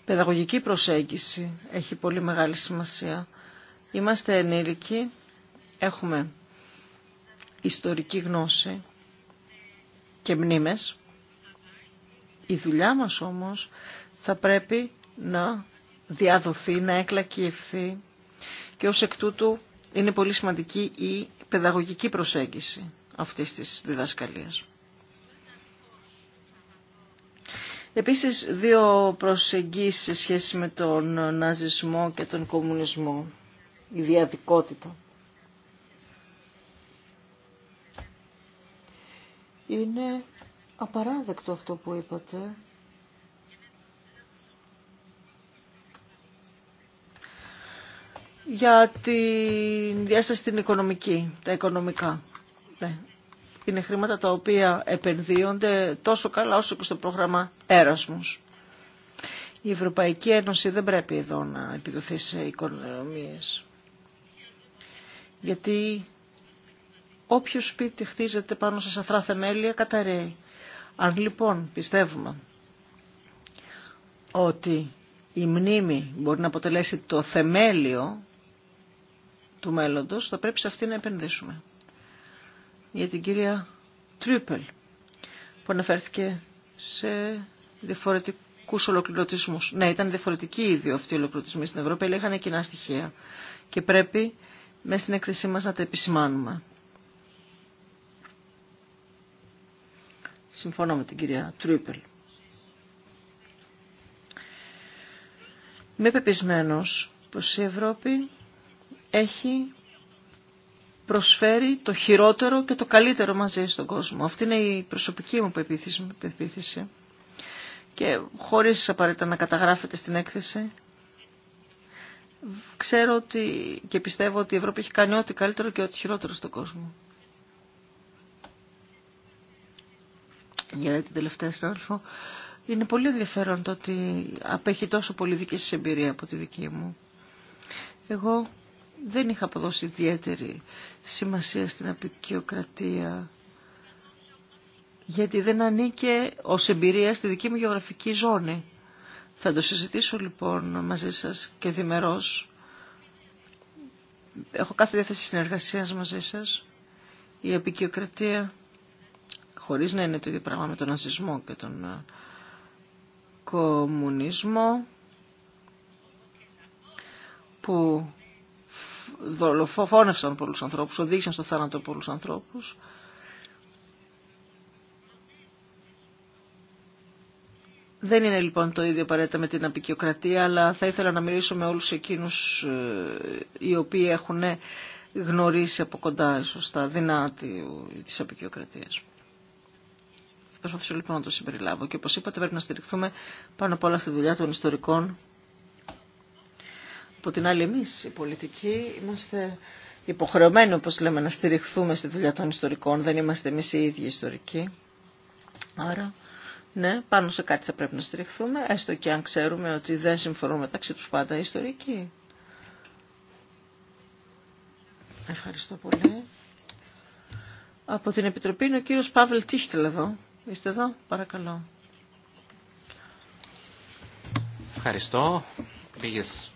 Παιδαγωγική προσέγγιση έχει πολύ μεγάλη σημασία. Είμαστε ενήλικοι, έχουμε ιστορική γνώση και μνήμες. Η δουλειά μας όμως θα πρέπει να διαδοθεί, να εκλακιευθεί και ως εκ τούτου είναι πολύ σημαντική η παιδαγωγική προσέγγιση αυτής της διδασκαλίας. Επίσης δύο προσεγγίσεις σε σχέση με τον ναζισμό και τον κομμουνισμό, η διαδικότητα. Είναι απαράδεκτο αυτό που είπατε. Για τη διάσταση την οικονομική, τα οικονομικά. Ναι είναι χρήματα τα οποία επενδύονται τόσο καλά όσο και στο πρόγραμμα Έρασμους. Η Ευρωπαϊκή Ένωση δεν πρέπει εδώ να επιδοθεί σε οικονομίες. Γιατί όποιο σπίτι χτίζεται πάνω σε σαθρά θεμέλια καταραίει. Αν λοιπόν πιστεύουμε ότι η μνήμη μπορεί να αποτελέσει το θεμέλιο του μέλλοντος, θα πρέπει σε αυτή να επενδύσουμε για την κυρία Τρίπελ που αναφέρθηκε σε διαφορετικούς ολοκληρωτισμούς. Ναι, ήταν διαφορετικοί οι αυτή αυτοί οι ολοκληρωτισμοί στην Ευρώπη, αλλά είχαν κοινά στοιχεία και πρέπει μέσα στην έκθεσή μας να τα επισημάνουμε. Συμφωνώ με την κυρία Τρίπελ. Είμαι πεπισμένος πως η Ευρώπη έχει προσφέρει το χειρότερο και το καλύτερο μαζί στον κόσμο. Αυτή είναι η προσωπική μου πεποίθηση και χωρίς απαραίτητα να καταγράφεται στην έκθεση. Ξέρω ότι και πιστεύω ότι η Ευρώπη έχει κάνει ό,τι καλύτερο και ό,τι χειρότερο στον κόσμο. Για την τελευταία συνάδελφο. Είναι πολύ ενδιαφέρον το ότι απέχει τόσο πολύ δική σας εμπειρία από τη δική μου. Εγώ δεν είχα αποδώσει ιδιαίτερη σημασία στην απεικιοκρατία γιατί δεν ανήκε ως εμπειρία στη δική μου γεωγραφική ζώνη. Θα το συζητήσω λοιπόν μαζί σας και διμερώς. Έχω κάθε διάθεση συνεργασίας μαζί σας. Η επικιοκρατία, χωρίς να είναι το ίδιο πράγμα με τον ναζισμό και τον ε, κομμουνισμό, που δολοφόνευσαν πολλούς ανθρώπους, οδήγησαν στο θάνατο πολλούς ανθρώπους. Δεν είναι λοιπόν το ίδιο απαραίτητα με την απεικιοκρατία, αλλά θα ήθελα να μιλήσω με όλους εκείνους ε, οι οποίοι έχουν γνωρίσει από κοντά ίσως τα της απεικιοκρατίας. Θα προσπαθήσω λοιπόν να το συμπεριλάβω και όπως είπατε πρέπει να στηριχθούμε πάνω απ' όλα στη δουλειά των ιστορικών από την άλλη εμείς οι πολιτικοί είμαστε υποχρεωμένοι όπως λέμε να στηριχθούμε στη δουλειά των ιστορικών. Δεν είμαστε εμείς οι ίδιοι ιστορικοί. Άρα ναι, πάνω σε κάτι θα πρέπει να στηριχθούμε, έστω και αν ξέρουμε ότι δεν συμφωνούν μεταξύ τους πάντα οι ιστορικοί. Ευχαριστώ πολύ. Από την Επιτροπή είναι ο κύριος Παύλ Τίχτελ εδώ. Είστε εδώ, παρακαλώ. Ευχαριστώ. Πήγες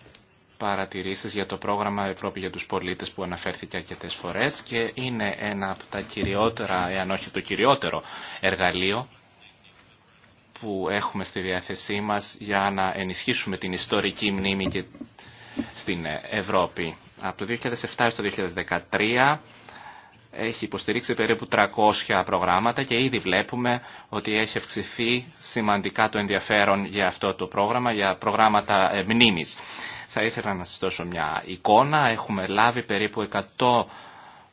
παρατηρήσεις για το πρόγραμμα Ευρώπη για τους πολίτες που αναφέρθηκε αρκετέ φορές και είναι ένα από τα κυριότερα, εάν όχι το κυριότερο εργαλείο που έχουμε στη διάθεσή μας για να ενισχύσουμε την ιστορική μνήμη και στην Ευρώπη. Από το 2007 το 2013 έχει υποστηρίξει περίπου 300 προγράμματα και ήδη βλέπουμε ότι έχει αυξηθεί σημαντικά το ενδιαφέρον για αυτό το πρόγραμμα, για προγράμματα ε, μνήμης. Θα ήθελα να σας δώσω μια εικόνα. Έχουμε λάβει περίπου 100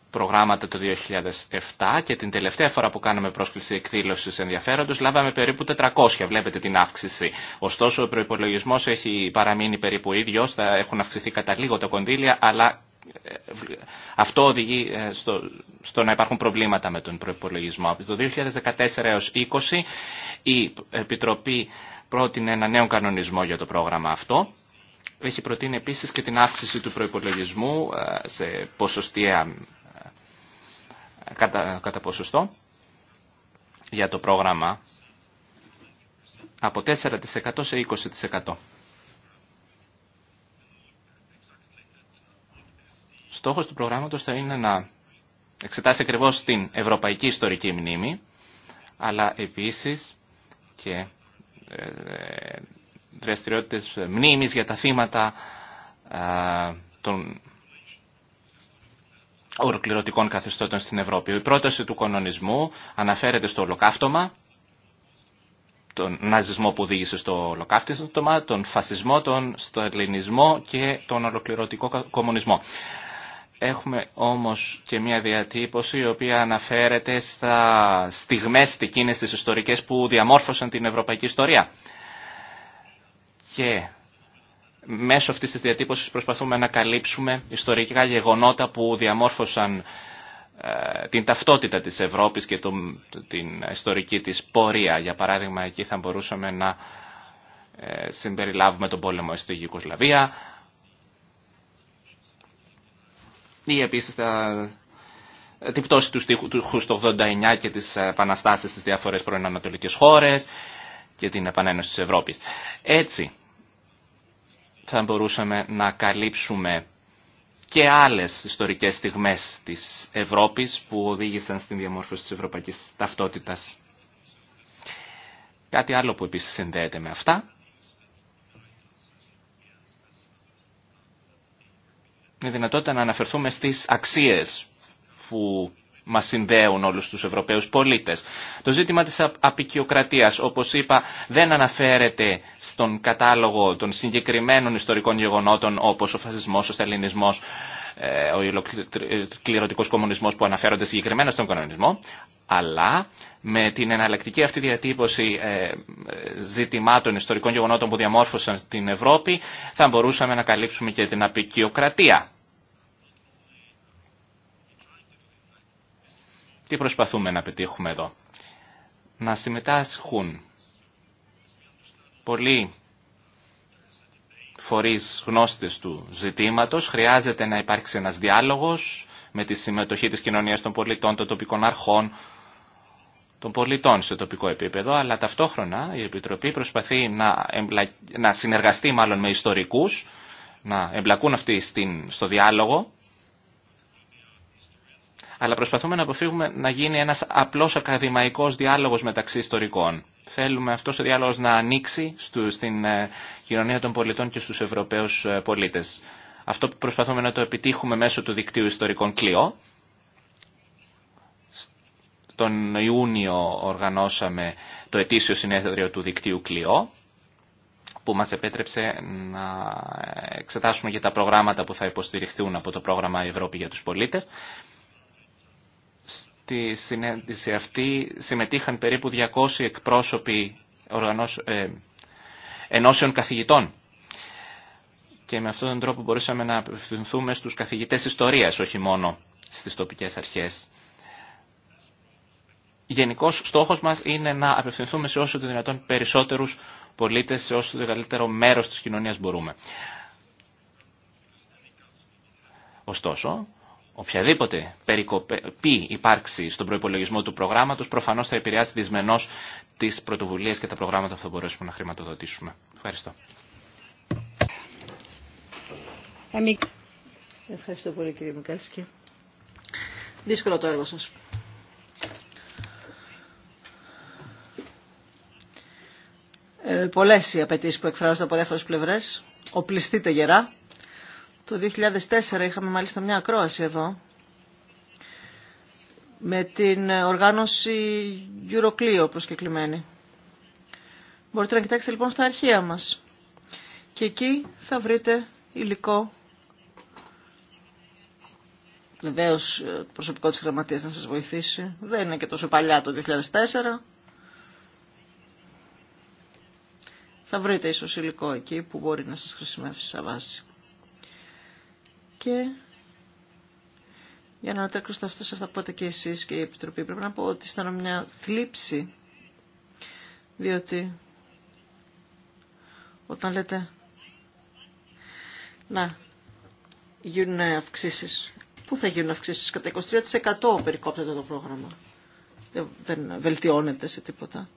προγράμματα το 2007 και την τελευταία φορά που κάναμε πρόσκληση εκδήλωσης ενδιαφέροντος λάβαμε περίπου 400, βλέπετε την αύξηση. Ωστόσο ο προϋπολογισμός έχει παραμείνει περίπου ίδιος, θα έχουν αυξηθεί κατά λίγο τα κονδύλια, αλλά ε, αυτό οδηγεί ε, στο, στο να υπάρχουν προβλήματα με τον προϋπολογισμό. Από το 2014 έως 2020 η Επιτροπή πρότεινε ένα νέο κανονισμό για το πρόγραμμα αυτό έχει προτείνει επίσης και την αύξηση του προϋπολογισμού ε, σε ποσοστία ε, κατά, ποσοστό για το πρόγραμμα από 4% σε 20%. Στόχος του προγράμματος θα είναι να εξετάσει ακριβώς την ευρωπαϊκή ιστορική μνήμη, αλλά επίσης και ε, δραστηριότητες μνήμης, για τα θύματα των ολοκληρωτικών καθεστώτων στην Ευρώπη. Η πρόταση του κανονισμού αναφέρεται στο ολοκαύτωμα, τον ναζισμό που οδήγησε στο ολοκαύτωμα, τον φασισμό, τον στο ελληνισμό και τον ολοκληρωτικό κομμουνισμό. Έχουμε όμως και μια διατύπωση η οποία αναφέρεται στα στιγμές εκείνες τις ιστορικές που διαμόρφωσαν την ευρωπαϊκή ιστορία και μέσω αυτής της διατύπωσης προσπαθούμε να καλύψουμε ιστορικά γεγονότα που διαμόρφωσαν ε, την ταυτότητα της Ευρώπης και την ιστορική της πορεία. Για παράδειγμα, εκεί θα μπορούσαμε να ε, συμπεριλάβουμε τον πόλεμο στη Γιουγκοσλαβία ή επίσης τα... Ε, την πτώση του στίχου του 89 και τις επαναστάσεις στις διάφορες προενανατολικές χώρες και την επανένωση της Ευρώπης. Έτσι, θα μπορούσαμε να καλύψουμε και άλλες ιστορικές στιγμές της Ευρώπης που οδήγησαν στην διαμόρφωση της ευρωπαϊκής ταυτότητας. Κάτι άλλο που επίσης συνδέεται με αυτά είναι η δυνατότητα να αναφερθούμε στις αξίες που μας συνδέουν όλους τους Ευρωπαίους πολίτες. Το ζήτημα της απεικιοκρατίας, όπως είπα, δεν αναφέρεται στον κατάλογο των συγκεκριμένων ιστορικών γεγονότων όπως ο φασισμός, ο σταλινισμός, ε, ο κληρωτικό κομμουνισμός που αναφέρονται συγκεκριμένα στον κανονισμό, αλλά με την εναλλακτική αυτή διατύπωση ε, ζητημάτων ιστορικών γεγονότων που διαμόρφωσαν την Ευρώπη θα μπορούσαμε να καλύψουμε και την απεικιοκρατία. Τι προσπαθούμε να πετύχουμε εδώ. Να συμμετάσχουν πολλοί φορείς γνώστες του ζητήματος. Χρειάζεται να υπάρξει ένας διάλογος με τη συμμετοχή της κοινωνίας των πολιτών, των τοπικών αρχών, των πολιτών σε τοπικό επίπεδο, αλλά ταυτόχρονα η Επιτροπή προσπαθεί να, να συνεργαστεί μάλλον με ιστορικούς, να εμπλακούν αυτοί στο διάλογο αλλά προσπαθούμε να αποφύγουμε να γίνει ένας απλός ακαδημαϊκός διάλογος μεταξύ ιστορικών. Θέλουμε αυτός ο διάλογος να ανοίξει στην ε, κοινωνία των πολιτών και στους Ευρωπαίους ε, πολίτες. Αυτό που προσπαθούμε να το επιτύχουμε μέσω του δικτύου ιστορικών κλειό. Τον Ιούνιο οργανώσαμε το ετήσιο συνέδριο του δικτύου κλειό που μας επέτρεψε να εξετάσουμε και τα προγράμματα που θα υποστηριχθούν από το πρόγραμμα Ευρώπη για τους πολίτες τη συνέντευξη αυτή συμμετείχαν περίπου 200 εκπρόσωποι ε, ενώσεων καθηγητών. Και με αυτόν τον τρόπο μπορούσαμε να απευθυνθούμε στους καθηγητές ιστορίας, όχι μόνο στις τοπικές αρχές. Γενικό, στόχος μας είναι να απευθυνθούμε σε όσο το δυνατόν περισσότερους πολίτες, σε όσο το μεγαλύτερο μέρος της κοινωνίας μπορούμε. Ωστόσο, οποιαδήποτε περικοπή υπάρξει στον προπολογισμό του προγράμματο. προφανώς θα επηρεάσει δυσμενώ τι πρωτοβουλίε και τα προγράμματα που θα μπορέσουμε να χρηματοδοτήσουμε. Ευχαριστώ. Ευχαριστώ πολύ κύριε Μικάσκη. Δύσκολο το έργο σας. Ε, πολλές οι απαιτήσει που εκφράζονται από διάφορες πλευρές. Οπλιστείτε γερά. Το 2004 είχαμε μάλιστα μια ακρόαση εδώ με την οργάνωση Euroclio προσκεκλημένη. Μπορείτε να κοιτάξετε λοιπόν στα αρχεία μας. Και εκεί θα βρείτε υλικό. Βεβαίω το ε, προσωπικό της γραμματείας να σας βοηθήσει. Δεν είναι και τόσο παλιά το 2004. Θα βρείτε ίσως υλικό εκεί που μπορεί να σας χρησιμεύσει σαν βάση. Και για να ανατέκρουστε αυτά σε αυτά που είπατε και εσείς και η Επιτροπή, πρέπει να πω ότι αισθάνομαι μια θλίψη, διότι όταν λέτε να γίνουν αυξήσεις, πού θα γίνουν αυξήσεις, κατά 23% περικόπτεται το πρόγραμμα. Ε, δεν βελτιώνεται σε τίποτα.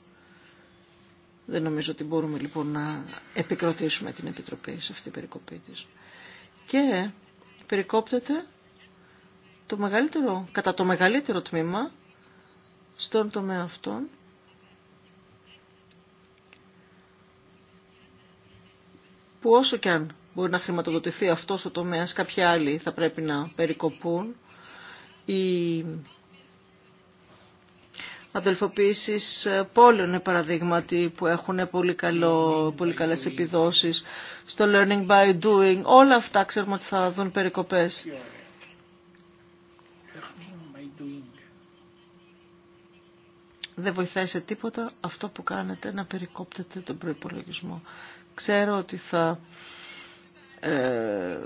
Δεν νομίζω ότι μπορούμε λοιπόν να επικροτήσουμε την Επιτροπή σε αυτή την περικοπή της. Και περικόπτεται το μεγαλύτερο, κατά το μεγαλύτερο τμήμα στον τομέα αυτόν. που όσο και αν μπορεί να χρηματοδοτηθεί αυτό ο τομέα, κάποιοι άλλοι θα πρέπει να περικοπούν. Η αδελφοποίησης ε, πόλεων, παραδείγματι, που έχουν πολύ, καλό, πολύ καλές επιδόσεις στο learning by doing. Όλα αυτά ξέρουμε ότι θα δουν περικοπές. Δεν βοηθάει σε τίποτα αυτό που κάνετε να περικόπτετε τον προϋπολογισμό. Ξέρω ότι θα... Ε,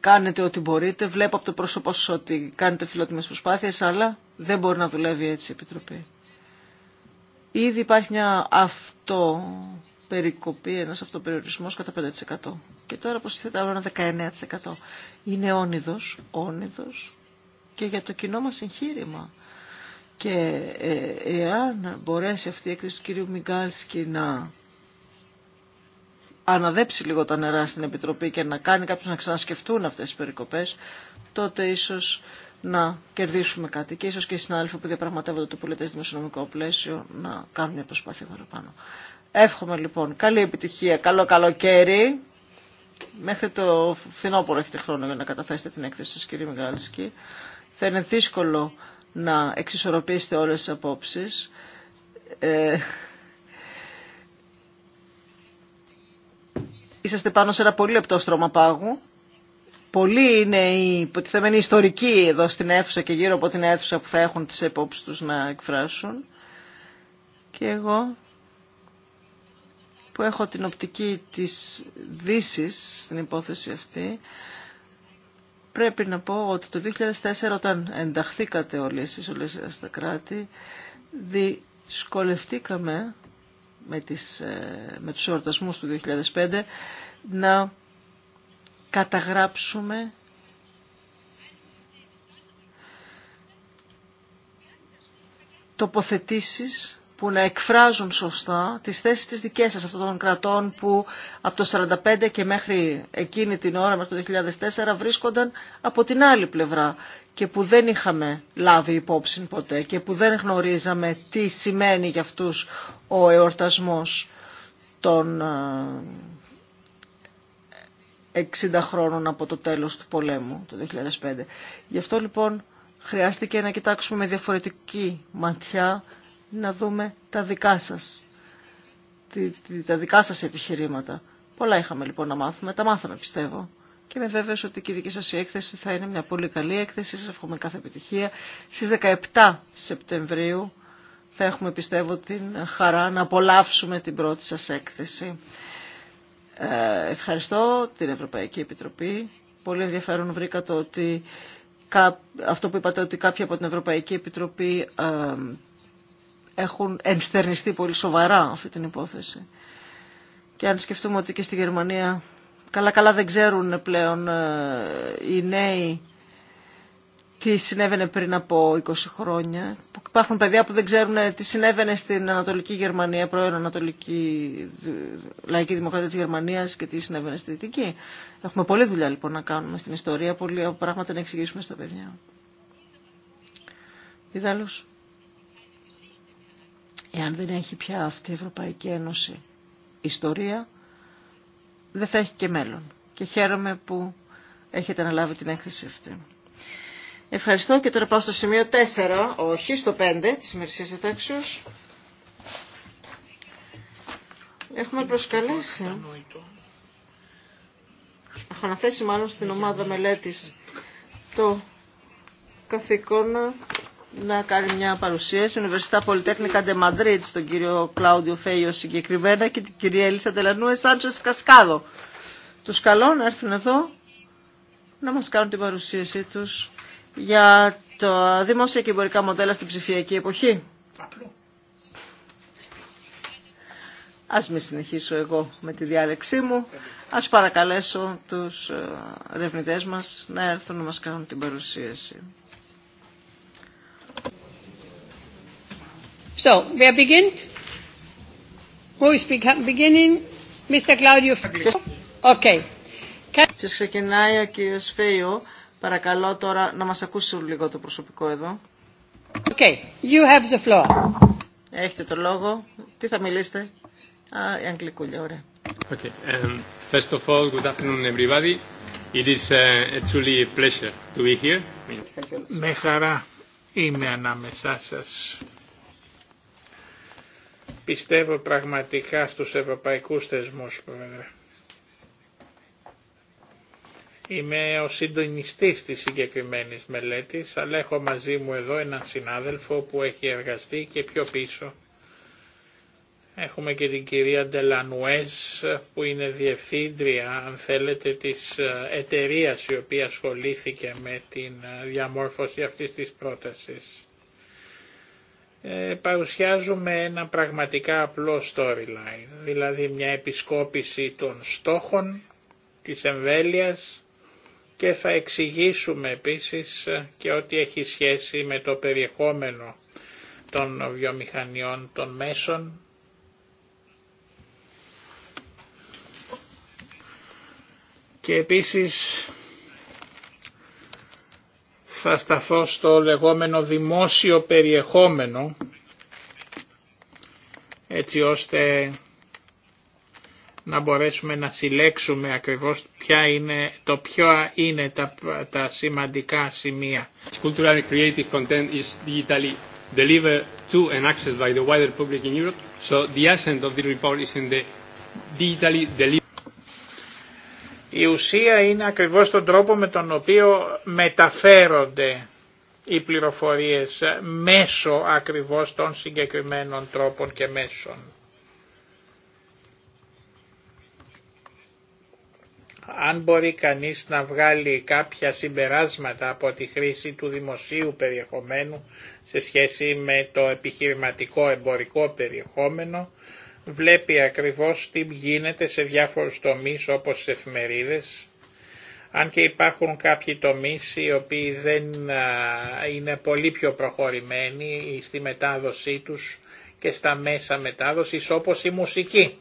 κάνετε ό,τι μπορείτε. Βλέπω από το πρόσωπό σας ότι κάνετε φιλότιμες προσπάθειες, αλλά δεν μπορεί να δουλεύει έτσι η Επιτροπή. Ήδη υπάρχει μια αυτοπερικοπή, ένας αυτοπεριορισμός κατά 5%. Και τώρα προσθέτει άλλο ένα 19%. Είναι όνειδος, όνειδος και για το κοινό μας εγχείρημα. Και ε, εάν μπορέσει αυτή η έκθεση του κυρίου Μιγκάλσκι να αναδέψει λίγο τα νερά στην Επιτροπή και να κάνει κάποιους να ξανασκεφτούν αυτές τις περικοπές, τότε ίσως να κερδίσουμε κάτι και ίσως και οι συνάδελφοι που διαπραγματεύονται το πολιτέ δημοσιονομικό πλαίσιο να κάνουν μια προσπάθεια παραπάνω. Εύχομαι λοιπόν καλή επιτυχία, καλό καλοκαίρι. Μέχρι το φθινόπωρο έχετε χρόνο για να καταθέσετε την έκθεση σας κύριε Μιγάλσκι. Θα είναι δύσκολο να εξισορροπήσετε όλες τις απόψεις. Ε, είσαστε πάνω σε ένα πολύ λεπτό στρώμα πάγου Πολλοί είναι οι υποτιθέμενοι ιστορικοί εδώ στην αίθουσα και γύρω από την αίθουσα που θα έχουν τις επόψεις τους να εκφράσουν. Και εγώ που έχω την οπτική της δύση στην υπόθεση αυτή, πρέπει να πω ότι το 2004 όταν ενταχθήκατε όλοι εσείς, όλες εσείς στα κράτη, δυσκολευτήκαμε με, τις, ε, με τους εορτασμούς του 2005 να καταγράψουμε τοποθετήσεις που να εκφράζουν σωστά τις θέσεις της δικές σας αυτών των κρατών που από το 1945 και μέχρι εκείνη την ώρα, μέχρι το 2004, βρίσκονταν από την άλλη πλευρά και που δεν είχαμε λάβει υπόψη ποτέ και που δεν γνωρίζαμε τι σημαίνει για αυτούς ο εορτασμός των ε, 60 χρόνων από το τέλος του πολέμου το 2005. Γι' αυτό λοιπόν χρειάστηκε να κοιτάξουμε με διαφορετική ματιά να δούμε τα δικά σας, τα δικά σας επιχειρήματα. Πολλά είχαμε λοιπόν να μάθουμε, τα μάθαμε πιστεύω. Και είμαι βέβαιο ότι και η δική σα έκθεση θα είναι μια πολύ καλή έκθεση. Σα εύχομαι κάθε επιτυχία. Στι 17 Σεπτεμβρίου θα έχουμε πιστεύω την χαρά να απολαύσουμε την πρώτη σας έκθεση. Ε, ευχαριστώ την Ευρωπαϊκή Επιτροπή. Πολύ ενδιαφέρον βρήκα το ότι αυτό που είπατε ότι κάποιοι από την Ευρωπαϊκή Επιτροπή ε, έχουν ενστερνιστεί πολύ σοβαρά αυτή την υπόθεση. Και αν σκεφτούμε ότι και στη Γερμανία καλά καλά δεν ξέρουν πλέον ε, οι νέοι τι συνέβαινε πριν από 20 χρόνια. Υπάρχουν παιδιά που δεν ξέρουν ε, τι συνέβαινε στην Ανατολική Γερμανία, πρώην Ανατολική Λαϊκή Δημοκρατία της Γερμανίας και τι συνέβαινε στη Δυτική. Έχουμε πολλή δουλειά λοιπόν να κάνουμε στην ιστορία, πολλή πράγματα να εξηγήσουμε στα παιδιά. Ιδάλλως, εάν δεν έχει πια αυτή η Ευρωπαϊκή Ένωση ιστορία, δεν θα έχει και μέλλον. Και χαίρομαι που έχετε αναλάβει την έκθεση αυτή. Ευχαριστώ και τώρα πάω στο σημείο 4, όχι στο 5 της ημερησίας εντάξεως. Έχουμε προσκαλέσει. Έχω αναθέσει μάλλον στην ομάδα μελέτης το καθήκον να κάνει μια παρουσίαση. Ουνιβερσιτά Πολυτέχνικα de Madrid, τον κύριο Κλάουδιο Φέιο συγκεκριμένα και την κυρία Ελίσσα Τελανούε Σάντσες Κασκάδο. Τους καλώ να έρθουν εδώ να μας κάνουν την παρουσίασή τους για το δημόσια και εμπορικά μοντέλα στην ψηφιακή εποχή. Α Ας μην συνεχίσω εγώ με τη διάλεξή μου. Ας παρακαλέσω τους ε, ερευνητέ μας να έρθουν να μας κάνουν την παρουσίαση. So, Who is beginning? Mr. Claudio Okay. ξεκινάει ο κύριος Φέιο Παρακαλώ τώρα να μας ακούσει λίγο το προσωπικό εδώ. Okay, you have the floor. Έχετε το λόγο. Τι θα μιλήσετε. Α, η Αγγλικούλια, ωραία. Okay. Um, first of all, good afternoon everybody. It is uh, truly a pleasure to be here. Με χαρά είμαι ανάμεσά σας. Πιστεύω πραγματικά στους ευρωπαϊκούς θεσμούς, Πρόεδρε. Είμαι ο συντονιστής της συγκεκριμένης μελέτης, αλλά έχω μαζί μου εδώ έναν συνάδελφο που έχει εργαστεί και πιο πίσω. Έχουμε και την κυρία Ντελανουέζ που είναι διευθύντρια, αν θέλετε, της εταιρεία η οποία ασχολήθηκε με την διαμόρφωση αυτής της πρότασης. Ε, παρουσιάζουμε ένα πραγματικά απλό storyline, δηλαδή μια επισκόπηση των στόχων της εμβέλειας, και θα εξηγήσουμε επίσης ε, και ό,τι έχει σχέση με το περιεχόμενο των βιομηχανιών των μέσων και επίσης θα σταθώ στο λεγόμενο δημόσιο περιεχόμενο έτσι ώστε να μπορέσουμε να συλλέξουμε ακριβώς ποια είναι, το ποιο είναι τα, τα σημαντικά σημεία. Cultural creative content is digitally delivered to and accessed by the wider public in Europe, so the essence of the report is in the digitally delivered. Η ουσία είναι ακριβώς τον τρόπο με τον οποίο μεταφέρονται οι πληροφορίες μέσω ακριβώς των συγκεκριμένων τρόπων και μέσων. αν μπορεί κανείς να βγάλει κάποια συμπεράσματα από τη χρήση του δημοσίου περιεχομένου σε σχέση με το επιχειρηματικό εμπορικό περιεχόμενο, βλέπει ακριβώς τι γίνεται σε διάφορους τομείς όπως σε εφημερίδες, αν και υπάρχουν κάποιοι τομείς οι οποίοι δεν είναι πολύ πιο προχωρημένοι στη μετάδοσή τους και στα μέσα μετάδοσης όπως η μουσική.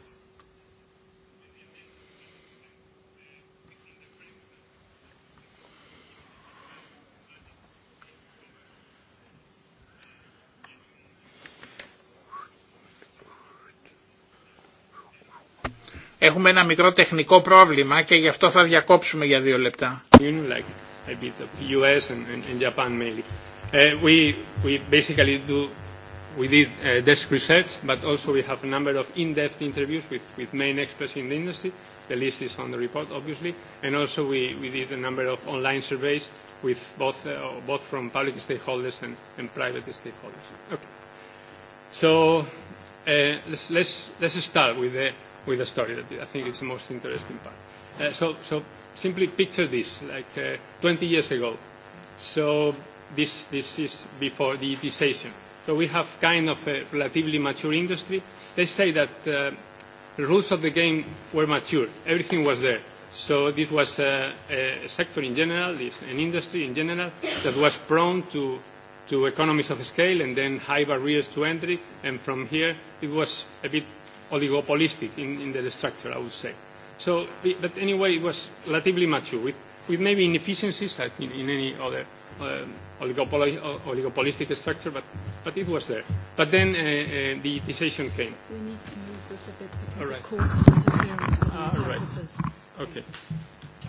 Έχουμε ένα μικρό τεχνικό πρόβλημα και γι' αυτό θα διακόψουμε για δύο λεπτά. We did uh, desk research, but also we have a number of in-depth interviews with, with main experts in the industry. The list is on the report, obviously. And also we, we did a number of online surveys with both, uh, both from public stakeholders and, and private stakeholders. Okay. So uh, let's, let's, let's start with the with a story. That I think is the most interesting part. so, so simply picture this, like 20 years ago. So this, this is before the decision. So we have kind of a relatively mature industry. Let's say that the rules of the game were mature. Everything was there. So this was a, a sector in general, this, an industry in general, that was prone to, to economies of scale and then high barriers to entry. And from here, it was a bit oligopolistic in the structure, I would say. So, but anyway, it was relatively mature, with, with maybe inefficiencies like in, in any other oligopolistic structure, but, but it was there. But then uh, the decision came. We need to move this a bit because All right. it causes Okay,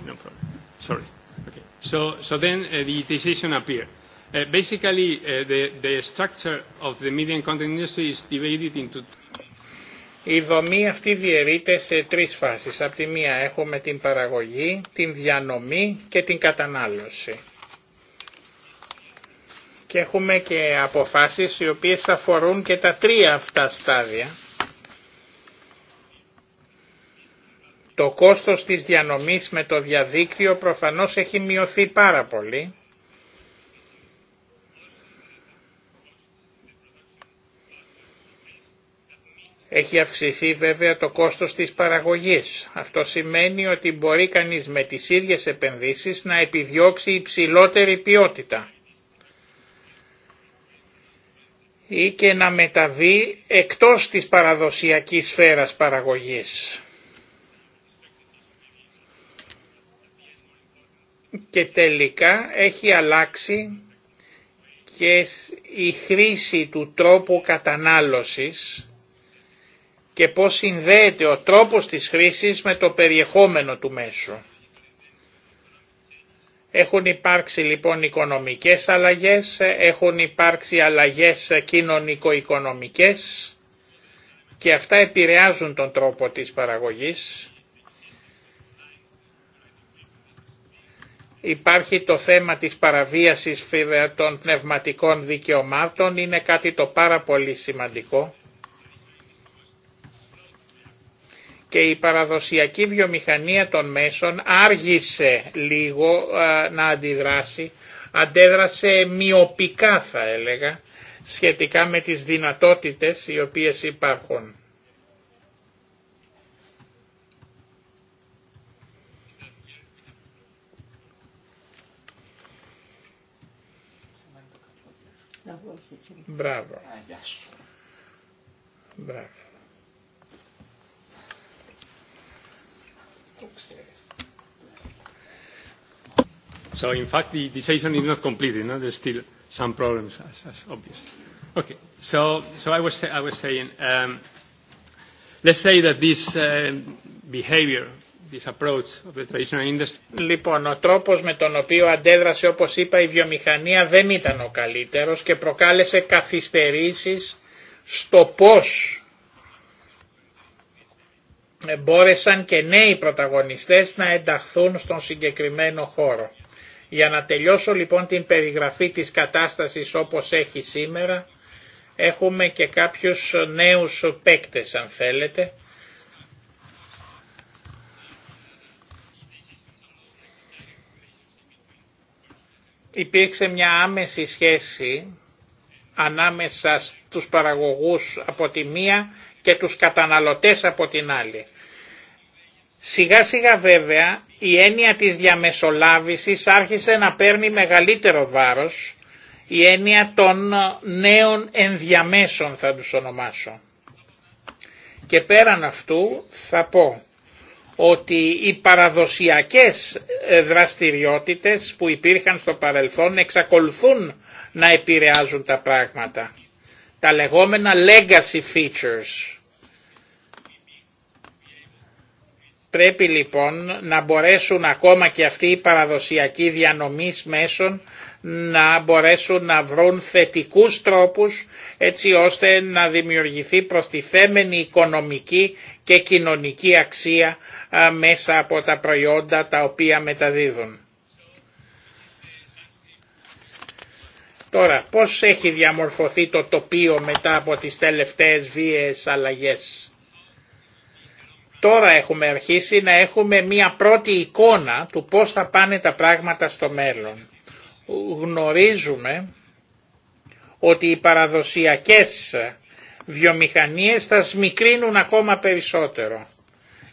no problem. Sorry. Okay. So, so then uh, the decision appeared. Basically, the, the structure of the media and content industry is divided into η δομή αυτή διαιρείται σε τρεις φάσεις. Από τη μία έχουμε την παραγωγή, την διανομή και την κατανάλωση. Και έχουμε και αποφάσεις οι οποίες αφορούν και τα τρία αυτά στάδια. Το κόστος της διανομής με το διαδίκτυο προφανώς έχει μειωθεί πάρα πολύ Έχει αυξηθεί βέβαια το κόστος της παραγωγής. Αυτό σημαίνει ότι μπορεί κανείς με τις ίδιες επενδύσεις να επιδιώξει υψηλότερη ποιότητα ή και να μεταβεί εκτός της παραδοσιακής σφαίρας παραγωγής. Και τελικά έχει αλλάξει και η χρήση του τρόπου κατανάλωσης και πώς συνδέεται ο τρόπος της χρήσης με το περιεχόμενο του μέσου. Έχουν υπάρξει λοιπόν οικονομικές αλλαγές, έχουν υπάρξει αλλαγές κοινωνικο-οικονομικές και αυτά επηρεάζουν τον τρόπο της παραγωγής. Υπάρχει το θέμα της παραβίασης των πνευματικών δικαιωμάτων, είναι κάτι το πάρα πολύ σημαντικό και η παραδοσιακή βιομηχανία των μέσων άργησε λίγο να αντιδράσει, αντέδρασε μειοπικά θα έλεγα σχετικά με τις δυνατότητες οι οποίες υπάρχουν. Μπράβο. Μπράβο. So in fact the decision is not completed, no? There's still some problems as as obvious. Okay. So so I was I was saying um let's say that this behavior this approach of the traditional industry Λοιπόν, ο τρόπος με τον οποίο αντέδρασε όπως είπα η βιομηχανία δεν ήταν ο καλύτερος και προκάλεσε καθυστερήσεις στο πώς μπόρεσαν και νέοι πρωταγωνιστές να ενταχθούν στον συγκεκριμένο χώρο. Για να τελειώσω λοιπόν την περιγραφή της κατάστασης όπως έχει σήμερα, έχουμε και κάποιους νέους παίκτες αν θέλετε, υπήρξε μια άμεση σχέση ανάμεσα στους παραγωγούς από τη μία και τους καταναλωτές από την άλλη. Σιγά σιγά βέβαια η έννοια της διαμεσολάβησης άρχισε να παίρνει μεγαλύτερο βάρος, η έννοια των νέων ενδιαμέσων θα τους ονομάσω. Και πέραν αυτού θα πω ότι οι παραδοσιακές ε, δραστηριότητες που υπήρχαν στο παρελθόν εξακολουθούν να επηρεάζουν τα πράγματα τα λεγόμενα legacy features. Πρέπει λοιπόν να μπορέσουν ακόμα και αυτοί οι παραδοσιακοί διανομής μέσων να μπορέσουν να βρουν θετικούς τρόπους έτσι ώστε να δημιουργηθεί προστιθέμενη οικονομική και κοινωνική αξία μέσα από τα προϊόντα τα οποία μεταδίδουν. Τώρα, πώς έχει διαμορφωθεί το τοπίο μετά από τις τελευταίες βίαιες αλλαγές. Τώρα έχουμε αρχίσει να έχουμε μία πρώτη εικόνα του πώς θα πάνε τα πράγματα στο μέλλον. Γνωρίζουμε ότι οι παραδοσιακές βιομηχανίες θα σμικρίνουν ακόμα περισσότερο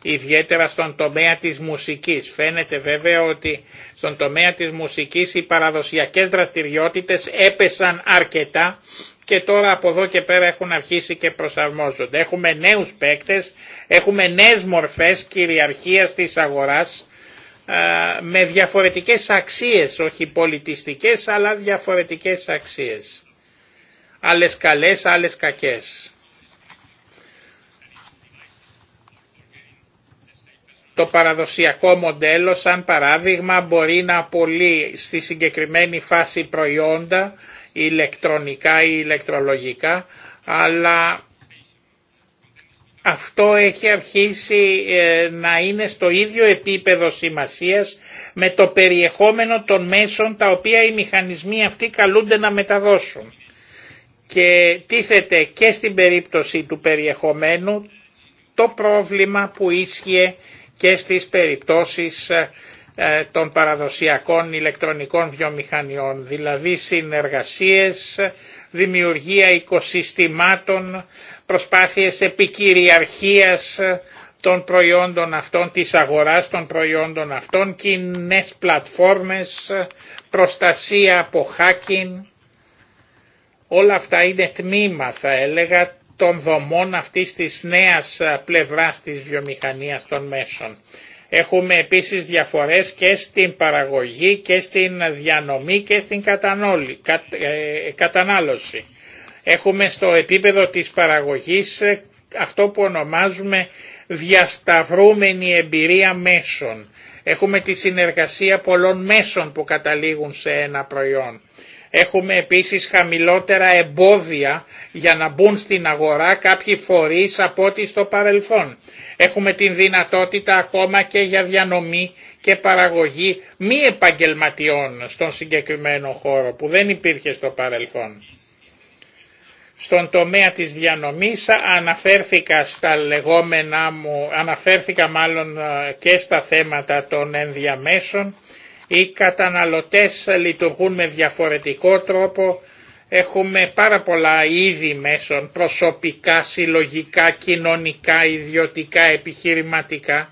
ιδιαίτερα στον τομέα της μουσικής. Φαίνεται βέβαια ότι στον τομέα της μουσικής οι παραδοσιακές δραστηριότητες έπεσαν αρκετά και τώρα από εδώ και πέρα έχουν αρχίσει και προσαρμόζονται. Έχουμε νέους παίκτες, έχουμε νέες μορφές κυριαρχίας της αγοράς με διαφορετικές αξίες, όχι πολιτιστικές αλλά διαφορετικές αξίες. Άλλες καλές, άλλες κακές. Το παραδοσιακό μοντέλο σαν παράδειγμα μπορεί να απολύει στη συγκεκριμένη φάση προϊόντα ηλεκτρονικά ή ηλεκτρολογικά αλλά αυτό έχει αρχίσει ε, να είναι στο ίδιο επίπεδο σημασίας με το περιεχόμενο των μέσων τα οποία οι μηχανισμοί αυτοί καλούνται να μεταδώσουν. Και τίθεται και στην περίπτωση του περιεχομένου το πρόβλημα που ίσχυε και στις περιπτώσεις ε, ε, των παραδοσιακών ηλεκτρονικών βιομηχανιών, δηλαδή συνεργασίες, δημιουργία οικοσυστημάτων, προσπάθειες επικυριαρχίας των προϊόντων αυτών, της αγοράς των προϊόντων αυτών, κοινέ πλατφόρμες, προστασία από hacking. Όλα αυτά είναι τμήμα θα έλεγα των δομών αυτής της νέας ε, πλευράς της βιομηχανίας των μέσων. Έχουμε επίσης διαφορές και στην παραγωγή και στην διανομή και στην ε, κατανάλωση. Έχουμε στο επίπεδο της παραγωγής ε, αυτό που ονομάζουμε διασταυρούμενη εμπειρία μέσων. Έχουμε τη συνεργασία πολλών μέσων που καταλήγουν σε ένα προϊόν. Έχουμε επίσης χαμηλότερα εμπόδια για να μπουν στην αγορά κάποιοι φορείς από ό,τι στο παρελθόν. Έχουμε την δυνατότητα ακόμα και για διανομή και παραγωγή μη επαγγελματιών στον συγκεκριμένο χώρο που δεν υπήρχε στο παρελθόν. Στον τομέα της διανομής αναφέρθηκα στα λεγόμενά μου, αναφέρθηκα μάλλον ε, και στα θέματα των ενδιαμέσων οι καταναλωτές λειτουργούν με διαφορετικό τρόπο, έχουμε πάρα πολλά είδη μέσων, προσωπικά, συλλογικά, κοινωνικά, ιδιωτικά, επιχειρηματικά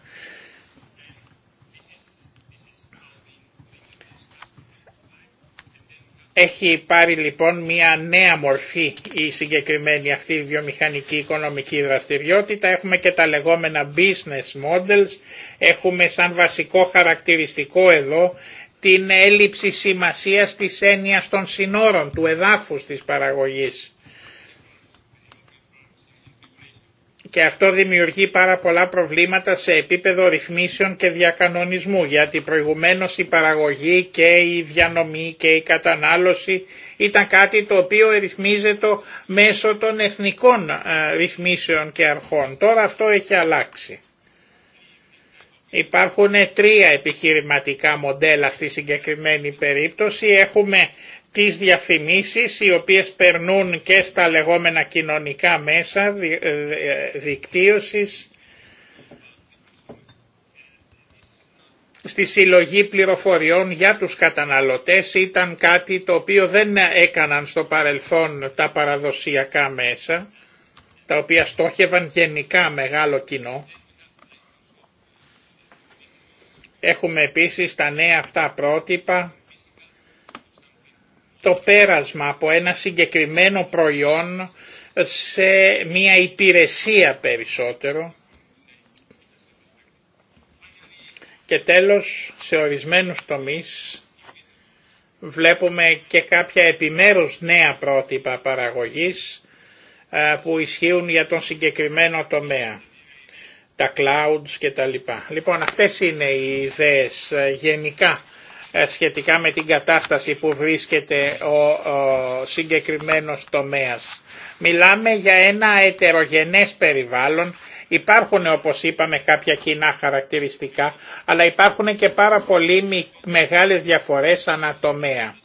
Έχει πάρει λοιπόν μια νέα μορφή η συγκεκριμένη αυτή βιομηχανική οικονομική δραστηριότητα. Έχουμε και τα λεγόμενα business models. Έχουμε σαν βασικό χαρακτηριστικό εδώ την έλλειψη σημασίας της έννοιας των συνόρων, του εδάφους της παραγωγής. και αυτό δημιουργεί πάρα πολλά προβλήματα σε επίπεδο ρυθμίσεων και διακανονισμού γιατί προηγουμένως η παραγωγή και η διανομή και η κατανάλωση ήταν κάτι το οποίο ρυθμίζεται μέσω των εθνικών ε, ρυθμίσεων και αρχών. Τώρα αυτό έχει αλλάξει. Υπάρχουν τρία επιχειρηματικά μοντέλα στη συγκεκριμένη περίπτωση. Έχουμε τις διαφημίσεις οι οποίες περνούν και στα λεγόμενα κοινωνικά μέσα ε, ε, δικτύωσης, στη συλλογή πληροφοριών για τους καταναλωτές ήταν κάτι το οποίο δεν έκαναν στο παρελθόν τα παραδοσιακά μέσα, τα οποία στόχευαν γενικά μεγάλο κοινό. Έχουμε επίσης τα νέα αυτά πρότυπα το πέρασμα από ένα συγκεκριμένο προϊόν σε μια υπηρεσία περισσότερο. Και τέλος, σε ορισμένους τομείς βλέπουμε και κάποια επιμέρους νέα πρότυπα παραγωγής που ισχύουν για τον συγκεκριμένο τομέα. Τα clouds και τα λοιπά. Λοιπόν, αυτές είναι οι ιδέες γενικά ε, σχετικά με την κατάσταση που βρίσκεται ο συγκεκριμένος τομέας. Μιλάμε για ένα ετερογενές περιβάλλον, υπάρχουν όπως είπαμε κάποια κοινά χαρακτηριστικά, αλλά υπάρχουν και πάρα πολύ μεγάλες διαφορές ανατομέα.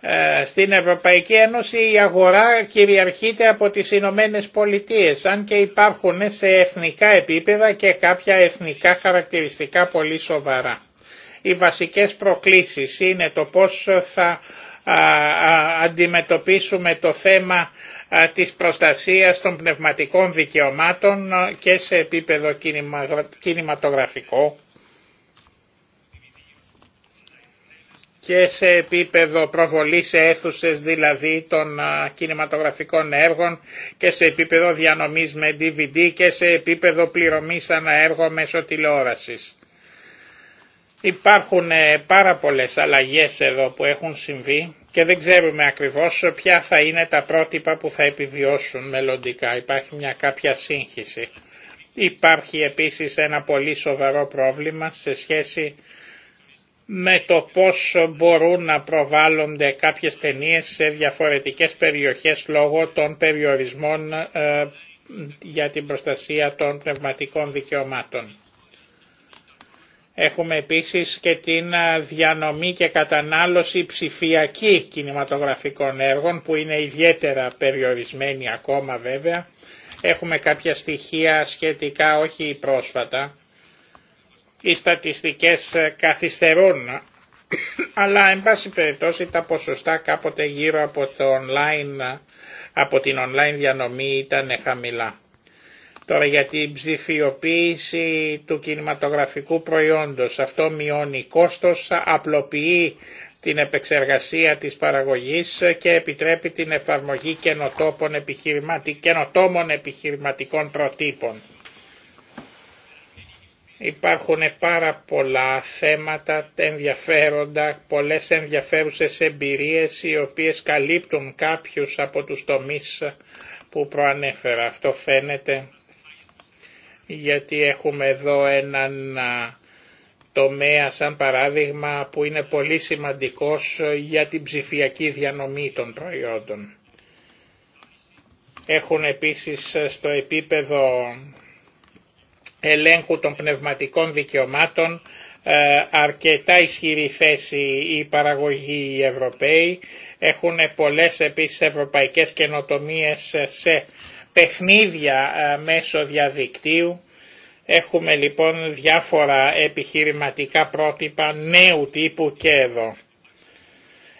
Ε, στην Ευρωπαϊκή Ένωση η αγορά κυριαρχείται από τις Ηνωμένε Πολιτείες, αν και υπάρχουν σε εθνικά επίπεδα και κάποια εθνικά χαρακτηριστικά πολύ σοβαρά. Οι βασικές προκλήσεις είναι το πώς θα αντιμετωπίσουμε το θέμα της προστασίας των πνευματικών δικαιωμάτων και σε επίπεδο κινηματογραφικό και σε επίπεδο προβολή σε αίθουσες δηλαδή των κινηματογραφικών έργων και σε επίπεδο διανομής με DVD και σε επίπεδο πληρωμής ένα έργο μέσω τηλεόρασης. Υπάρχουν ε, πάρα πολλές αλλαγές εδώ που έχουν συμβεί και δεν ξέρουμε ακριβώς ποια θα είναι τα πρότυπα που θα επιβιώσουν μελλοντικά. Υπάρχει μια κάποια σύγχυση. Υπάρχει επίσης ένα πολύ σοβαρό πρόβλημα σε σχέση με το πώς μπορούν να προβάλλονται κάποιες ταινίες σε διαφορετικές περιοχές λόγω των περιορισμών ε, για την προστασία των πνευματικών δικαιωμάτων. Έχουμε επίσης και την διανομή και κατανάλωση ψηφιακή κινηματογραφικών έργων που είναι ιδιαίτερα περιορισμένη ακόμα βέβαια. Έχουμε κάποια στοιχεία σχετικά όχι πρόσφατα. Οι στατιστικές ε, καθυστερούν αλλά εν πάση περιπτώσει τα ποσοστά κάποτε γύρω από, το online, από την online διανομή ήταν χαμηλά. Τώρα για την ψηφιοποίηση του κινηματογραφικού προϊόντος. Αυτό μειώνει κόστος, απλοποιεί την επεξεργασία της παραγωγής και επιτρέπει την εφαρμογή καινοτόμων, επιχειρηματικών επιχειρηματικών προτύπων. Υπάρχουν πάρα πολλά θέματα ενδιαφέροντα, πολλές ενδιαφέρουσες εμπειρίες οι οποίες καλύπτουν κάποιους από τους τομείς που προανέφερα. Αυτό φαίνεται γιατί έχουμε εδώ έναν τομέα σαν παράδειγμα που είναι πολύ σημαντικός για την ψηφιακή διανομή των προϊόντων. Έχουν επίσης στο επίπεδο ελέγχου των πνευματικών δικαιωμάτων αρκετά ισχυρή θέση οι παραγωγοί οι Ευρωπαίοι. Έχουν πολλές επίσης ευρωπαϊκές καινοτομίες σε παιχνίδια ε, μέσω διαδικτύου. Έχουμε λοιπόν διάφορα επιχειρηματικά πρότυπα νέου τύπου και εδώ.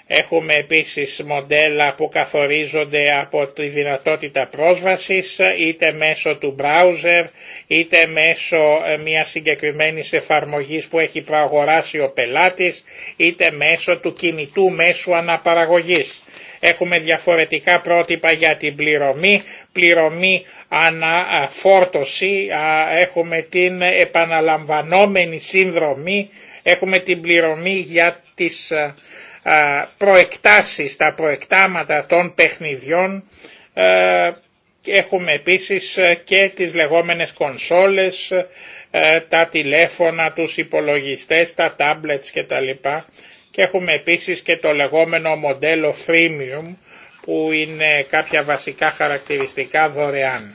Έχουμε επίσης μοντέλα που καθορίζονται από τη δυνατότητα πρόσβασης είτε μέσω του browser είτε μέσω ε, μια συγκεκριμένης εφαρμογής που έχει προαγοράσει ο πελάτης είτε μέσω του κινητού μέσου αναπαραγωγής. Έχουμε διαφορετικά πρότυπα για την πληρωμή πληρωμή αναφόρτωση, έχουμε την επαναλαμβανόμενη σύνδρομη, έχουμε την πληρωμή για τις προεκτάσεις, τα προεκτάματα των παιχνιδιών, ε, έχουμε επίσης ε, και τις λεγόμενες κονσόλες, ε, τα τηλέφωνα, τους υπολογιστές, τα tablets κτλ. Και έχουμε επίσης και το λεγόμενο μοντέλο freemium που είναι κάποια βασικά χαρακτηριστικά δωρεάν.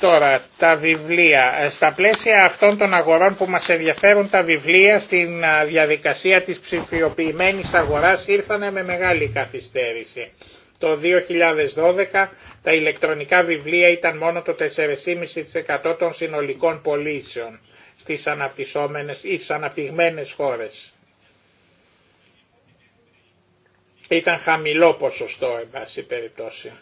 Τώρα, τα βιβλία. Στα πλαίσια αυτών των αγορών που μας ενδιαφέρουν τα βιβλία στην διαδικασία της ψηφιοποιημένης αγοράς ήρθανε με μεγάλη καθυστέρηση. Το 2012 τα ηλεκτρονικά βιβλία ήταν μόνο το 4,5% των συνολικών πωλήσεων στις, αναπτυσσόμενες, ή στις αναπτυγμένες χώρες. Ήταν χαμηλό ποσοστό εν πάση περιπτώσει.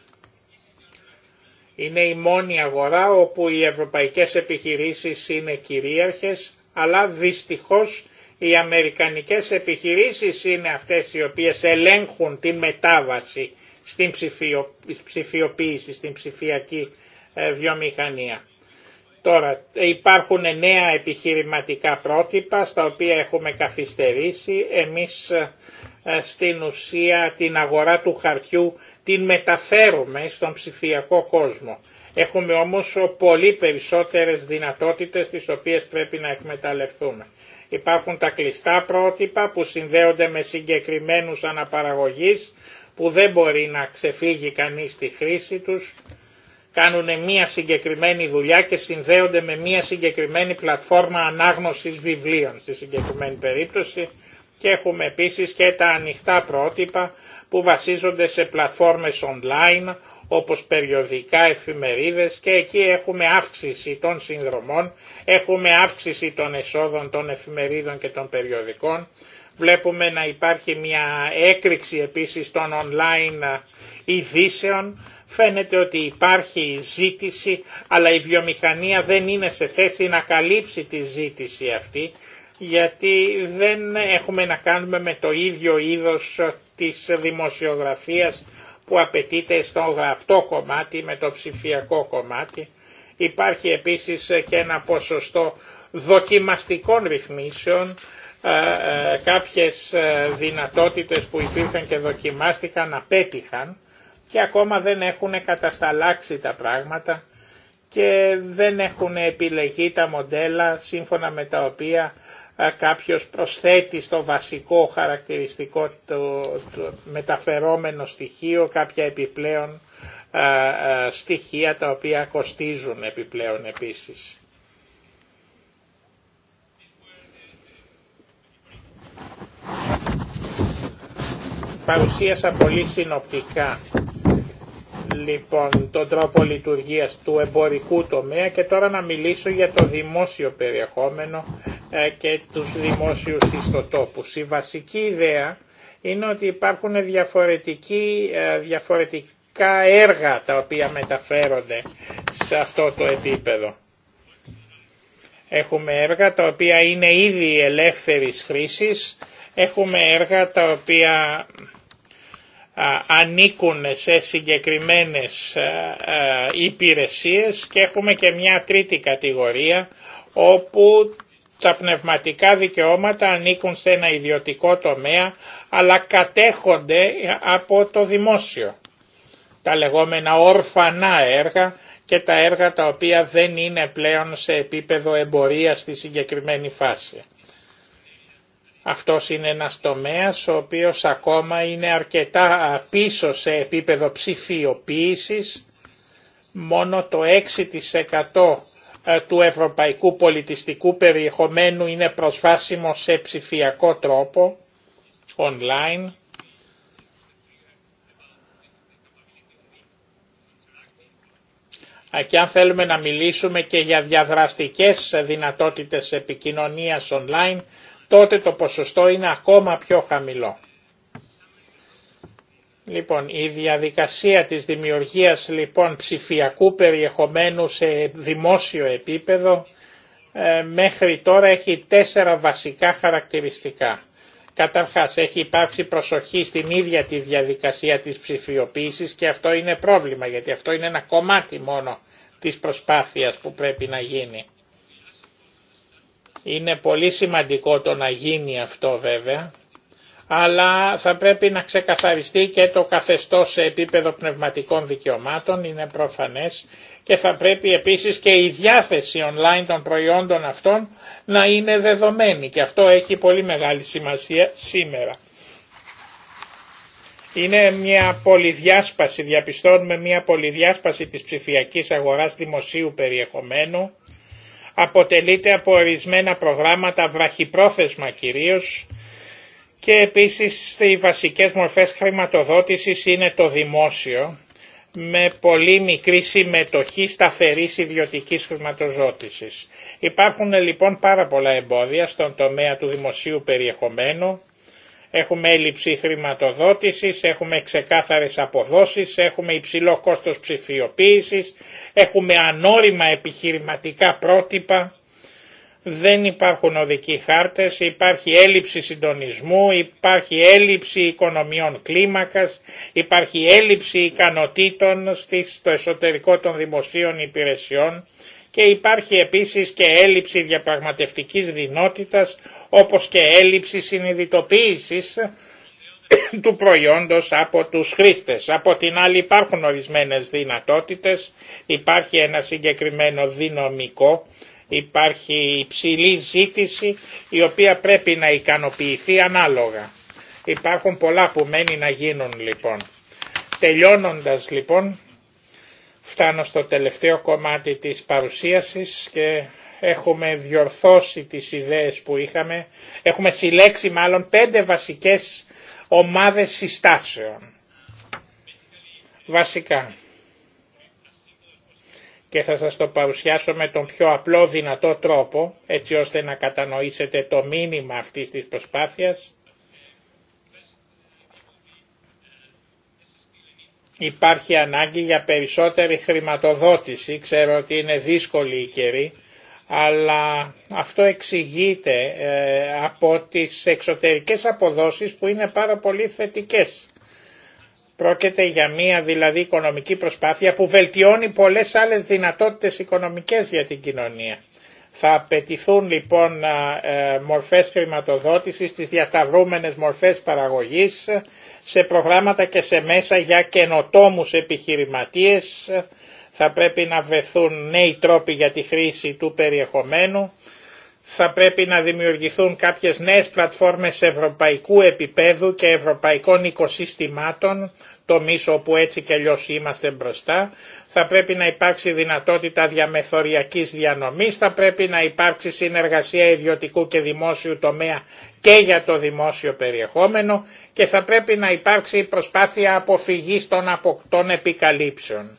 Είναι η μόνη αγορά όπου οι ευρωπαϊκές επιχειρήσεις είναι κυρίαρχες αλλά δυστυχώς οι αμερικανικές επιχειρήσεις είναι αυτές οι οποίες ελέγχουν τη μετάβαση στην ψηφιοποίηση, στην ψηφιακή ε, βιομηχανία. Τώρα υπάρχουν νέα επιχειρηματικά πρότυπα στα οποία έχουμε καθυστερήσει. Εμείς ε, ε, στην ουσία την αγορά του χαρτιού την μεταφέρουμε στον ψηφιακό κόσμο. Έχουμε όμως πολύ περισσότερες δυνατότητες τις οποίες πρέπει να εκμεταλλευτούμε. Υπάρχουν τα κλειστά πρότυπα που συνδέονται με συγκεκριμένους αναπαραγωγείς που δεν μπορεί να ξεφύγει κανείς τη χρήση τους κάνουν μία συγκεκριμένη δουλειά και συνδέονται με μία συγκεκριμένη πλατφόρμα ανάγνωσης βιβλίων στη συγκεκριμένη περίπτωση και έχουμε επίσης και τα ανοιχτά πρότυπα που βασίζονται σε πλατφόρμες online όπως περιοδικά, εφημερίδες και εκεί έχουμε αύξηση των συνδρομών, έχουμε αύξηση των εσόδων των εφημερίδων και των περιοδικών. Βλέπουμε να υπάρχει μια έκρηξη επίσης των online ειδήσεων Φαίνεται ότι υπάρχει ζήτηση αλλά η βιομηχανία δεν είναι σε θέση να καλύψει τη ζήτηση αυτή γιατί δεν έχουμε να κάνουμε με το ίδιο είδος της δημοσιογραφίας που απαιτείται στο γραπτό κομμάτι με το ψηφιακό κομμάτι. Υπάρχει επίσης και ένα ποσοστό δοκιμαστικών ρυθμίσεων, ε, ε, κάποιες ε, δυνατότητες που υπήρχαν και δοκιμάστηκαν απέτυχαν και ακόμα δεν έχουν κατασταλάξει τα πράγματα και δεν έχουν επιλεγεί τα μοντέλα σύμφωνα με τα οποία κάποιος προσθέτει στο βασικό χαρακτηριστικό το, μεταφερόμενο στοιχείο κάποια επιπλέον στοιχεία τα οποία κοστίζουν επιπλέον επίσης. Παρουσίασα πολύ συνοπτικά λοιπόν τον τρόπο λειτουργίας του εμπορικού τομέα και τώρα να μιλήσω για το δημόσιο περιεχόμενο ε, και τους δημόσιους ιστοτόπους. Η βασική ιδέα είναι ότι υπάρχουν διαφορετικοί, ε, διαφορετικά έργα τα οποία μεταφέρονται σε αυτό το επίπεδο. Έχουμε έργα τα οποία είναι ήδη ελεύθερης χρήσης, έχουμε έργα τα οποία ανήκουν σε συγκεκριμένες υπηρεσίες και έχουμε και μια τρίτη κατηγορία όπου τα πνευματικά δικαιώματα ανήκουν σε ένα ιδιωτικό τομέα αλλά κατέχονται από το δημόσιο. Τα λεγόμενα ορφανά έργα και τα έργα τα οποία δεν είναι πλέον σε επίπεδο εμπορίας στη συγκεκριμένη φάση. Αυτός είναι ένας τομέας ο οποίος ακόμα είναι αρκετά πίσω σε επίπεδο ψηφιοποίησης. Μόνο το 6% του ευρωπαϊκού πολιτιστικού περιεχομένου είναι προσβάσιμο σε ψηφιακό τρόπο, online. και αν θέλουμε να μιλήσουμε και για διαδραστικές δυνατότητες επικοινωνίας online, τότε το ποσοστό είναι ακόμα πιο χαμηλό. Λοιπόν, η διαδικασία της δημιουργίας λοιπόν ψηφιακού περιεχομένου σε δημόσιο επίπεδο ε, μέχρι τώρα έχει τέσσερα βασικά χαρακτηριστικά. Καταρχάς έχει υπάρξει προσοχή στην ίδια τη διαδικασία της ψηφιοποίησης και αυτό είναι πρόβλημα γιατί αυτό είναι ένα κομμάτι μόνο της προσπάθειας που πρέπει να γίνει. Είναι πολύ σημαντικό το να γίνει αυτό βέβαια, αλλά θα πρέπει να ξεκαθαριστεί και το καθεστώς σε επίπεδο πνευματικών δικαιωμάτων, είναι προφανές, και θα πρέπει επίσης και η διάθεση online των προϊόντων αυτών να είναι δεδομένη και αυτό έχει πολύ μεγάλη σημασία σήμερα. Είναι μια πολυδιάσπαση, διαπιστώνουμε μια πολυδιάσπαση της ψηφιακής αγοράς δημοσίου περιεχομένου αποτελείται από ορισμένα προγράμματα βραχυπρόθεσμα κυρίως και επίσης οι βασικές μορφές χρηματοδότησης είναι το δημόσιο με πολύ μικρή συμμετοχή σταθερής ιδιωτικής χρηματοδότησης. Υπάρχουν λοιπόν πάρα πολλά εμπόδια στον τομέα του δημοσίου περιεχομένου Έχουμε έλλειψη χρηματοδότησης, έχουμε ξεκάθαρες αποδόσεις, έχουμε υψηλό κόστος ψηφιοποίησης, έχουμε ανώριμα επιχειρηματικά πρότυπα, δεν υπάρχουν οδικοί χάρτες, υπάρχει έλλειψη συντονισμού, υπάρχει έλλειψη οικονομιών κλίμακας, υπάρχει έλλειψη ικανοτήτων στο εσωτερικό των δημοσίων υπηρεσιών, και υπάρχει επίσης και έλλειψη διαπραγματευτικής δυνότητας όπως και έλλειψη συνειδητοποίησης του προϊόντος από τους χρήστες. Από την άλλη υπάρχουν ορισμένες δυνατότητες, υπάρχει ένα συγκεκριμένο δυναμικό, υπάρχει υψηλή ζήτηση η οποία πρέπει να ικανοποιηθεί ανάλογα. Υπάρχουν πολλά που μένει να γίνουν λοιπόν. Τελειώνοντας λοιπόν Φτάνω στο τελευταίο κομμάτι της παρουσίασης και έχουμε διορθώσει τις ιδέες που είχαμε. Έχουμε συλλέξει μάλλον πέντε βασικές ομάδες συστάσεων. Βασικά. Και θα σας το παρουσιάσω με τον πιο απλό δυνατό τρόπο, έτσι ώστε να κατανοήσετε το μήνυμα αυτής της προσπάθειας. υπάρχει ανάγκη για περισσότερη χρηματοδότηση. Ξέρω ότι είναι δύσκολη η καιρή, αλλά αυτό εξηγείται ε, από τις εξωτερικές αποδόσεις που είναι πάρα πολύ θετικές. Πρόκειται για μία δηλαδή οικονομική προσπάθεια που βελτιώνει πολλές άλλες δυνατότητες οικονομικές για την κοινωνία. Θα απαιτηθούν λοιπόν ε, ε, μορφές χρηματοδότησης, τις διασταυρούμενες μορφές παραγωγής, σε προγράμματα και σε μέσα για καινοτόμους επιχειρηματίες, θα πρέπει να βρεθούν νέοι τρόποι για τη χρήση του περιεχομένου, θα πρέπει να δημιουργηθούν κάποιες νέες πλατφόρμες ευρωπαϊκού επίπεδου και ευρωπαϊκών οικοσύστημάτων, το μίσο όπου έτσι και αλλιώς είμαστε μπροστά, θα πρέπει να υπάρξει δυνατότητα διαμεθοριακής διανομής, θα πρέπει να υπάρξει συνεργασία ιδιωτικού και δημόσιου τομέα και για το δημόσιο περιεχόμενο και θα πρέπει να υπάρξει προσπάθεια αποφυγής των αποκτών επικαλύψεων.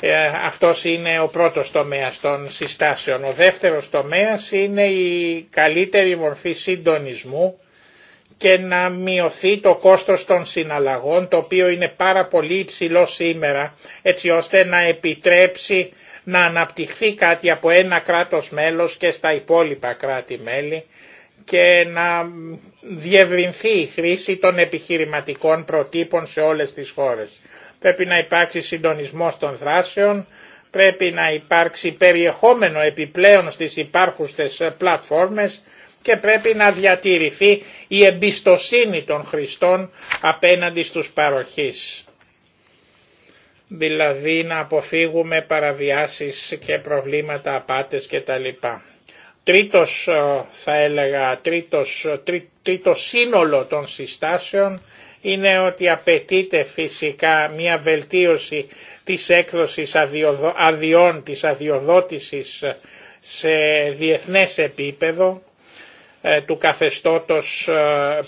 Ε, αυτός είναι ο πρώτος τομέας των συστάσεων. Ο δεύτερος τομέας είναι η καλύτερη μορφή συντονισμού και να μειωθεί το κόστος των συναλλαγών το οποίο είναι πάρα πολύ υψηλό σήμερα έτσι ώστε να επιτρέψει να αναπτυχθεί κάτι από ένα κράτος μέλος και στα υπόλοιπα κράτη-μέλη και να διευρυνθεί η χρήση των επιχειρηματικών προτύπων σε όλες τις χώρες. Πρέπει να υπάρξει συντονισμός των δράσεων, πρέπει να υπάρξει περιεχόμενο επιπλέον στις υπάρχουστες πλατφόρμες και πρέπει να διατηρηθεί η εμπιστοσύνη των χρηστών απέναντι στους παροχείς. Δηλαδή να αποφύγουμε παραβιάσεις και προβλήματα απάτες κτλ τρίτος ε, θα έλεγα, τρίτος, τρίτο σύνολο των συστάσεων είναι ότι απαιτείται φυσικά μια βελτίωση της έκδοσης αδειών, της αδειοδότησης ε, σε διεθνές επίπεδο ε, του καθεστώτος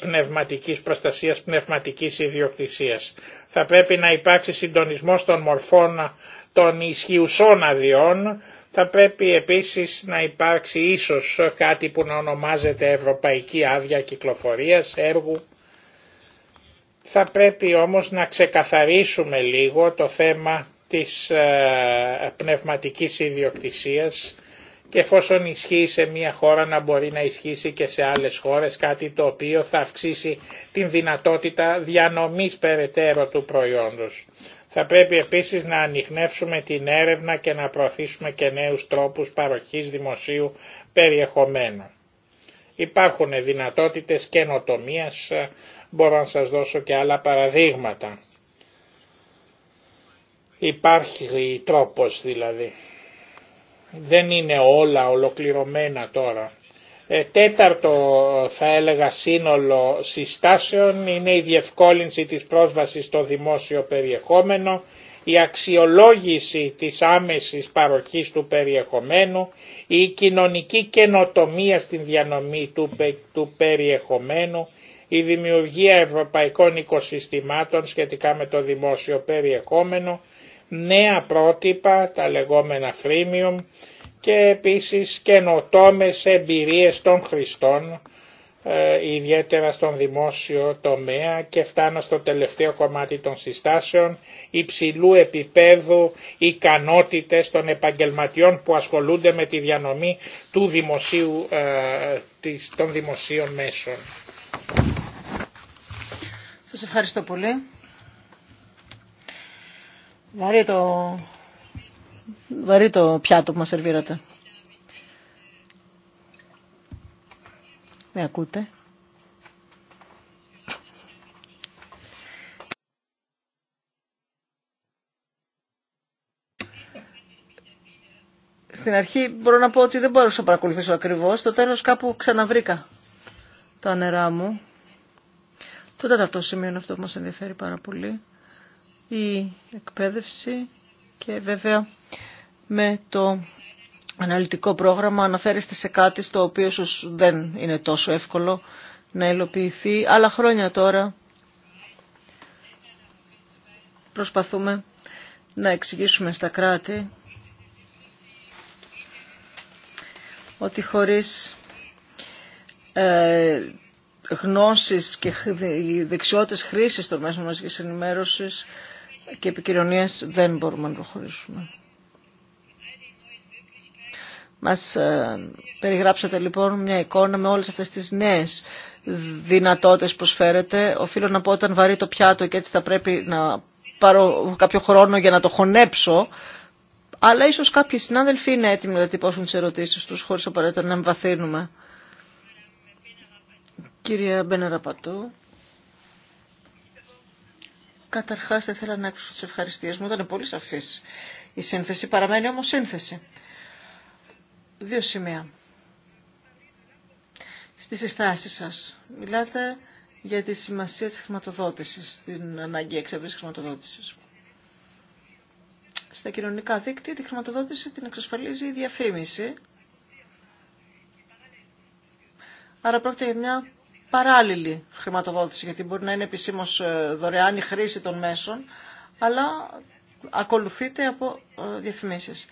πνευματικής προστασίας, πνευματικής ιδιοκτησίας. Θα πρέπει να υπάρξει συντονισμός των μορφών των ισχυουσών αδειών θα πρέπει επίσης να υπάρξει ίσως κάτι που να ονομάζεται Ευρωπαϊκή Άδεια Κυκλοφορίας έργου. Θα πρέπει όμως να ξεκαθαρίσουμε λίγο το θέμα της ε, πνευματικής ιδιοκτησίας και εφόσον ισχύει σε μια χώρα να μπορεί να ισχύσει και σε άλλες χώρες κάτι το οποίο θα αυξήσει την δυνατότητα διανομής περαιτέρω του προϊόντος. Θα πρέπει επίσης να ανοιχνεύσουμε την έρευνα και να προωθήσουμε και νέους τρόπους παροχής δημοσίου περιεχομένου. Υπάρχουν δυνατότητες καινοτομίας, μπορώ να σας δώσω και άλλα παραδείγματα. Υπάρχει τρόπος δηλαδή. Δεν είναι όλα ολοκληρωμένα τώρα. Ε, τέταρτο θα έλεγα σύνολο συστάσεων είναι η διευκόλυνση της πρόσβασης στο δημόσιο περιεχόμενο, η αξιολόγηση της άμεσης παροχής του περιεχομένου, η κοινωνική καινοτομία στην διανομή του, του περιεχομένου, η δημιουργία ευρωπαϊκών οικοσυστημάτων σχετικά με το δημόσιο περιεχόμενο, νέα πρότυπα, τα λεγόμενα freemium, και επίσης καινοτόμες εμπειρίες των χρηστών, ε, ιδιαίτερα στον δημόσιο τομέα και φτάνω στο τελευταίο κομμάτι των συστάσεων, υψηλού επίπεδου ικανότητες των επαγγελματιών που ασχολούνται με τη διανομή του δημοσίου, ε, των δημοσίων μέσων. Σας ευχαριστώ πολύ. το βαρύ το πιάτο που μας σερβίρατε. Με ακούτε. Στην αρχή μπορώ να πω ότι δεν μπορούσα να παρακολουθήσω ακριβώς. Στο τέλος κάπου ξαναβρήκα τα νερά μου. Το τέταρτο σημείο είναι αυτό που μας ενδιαφέρει πάρα πολύ. Η εκπαίδευση και βέβαια με το αναλυτικό πρόγραμμα αναφέρεστε σε κάτι στο οποίο ίσως δεν είναι τόσο εύκολο να υλοποιηθεί. Άλλα χρόνια τώρα προσπαθούμε να εξηγήσουμε στα κράτη ότι χωρίς ε, γνώσεις και δεξιότητες χρήσης των μέσων μαζικής ενημέρωσης και επικοινωνίες δεν μπορούμε να προχωρήσουμε. Μας ε, περιγράψατε λοιπόν μια εικόνα με όλες αυτές τις νέες δυνατότητες που προσφέρετε. Οφείλω να πω όταν βαρύ το πιάτο και έτσι θα πρέπει να πάρω κάποιο χρόνο για να το χωνέψω. Αλλά ίσως κάποιοι συνάδελφοι είναι έτοιμοι να τυπώσουν τις ερωτήσεις τους χωρίς απαραίτητα να εμβαθύνουμε. Κυρία Μπένερα Καταρχάς θα ήθελα να έξω τις ευχαριστίες μου, ήταν πολύ σαφής η σύνθεση, παραμένει όμως σύνθεση. Δύο σημεία. Στις συστάσεις σας μιλάτε για τη σημασία της χρηματοδότησης, την ανάγκη εξεύρωσης χρηματοδότησης. Στα κοινωνικά δίκτυα τη χρηματοδότηση την εξασφαλίζει η διαφήμιση. Άρα πρόκειται για μια παράλληλη χρηματοδότηση, γιατί μπορεί να είναι επισήμω ε, δωρεάν η χρήση των μέσων, αλλά ακολουθείται από ε, διαφημίσεις.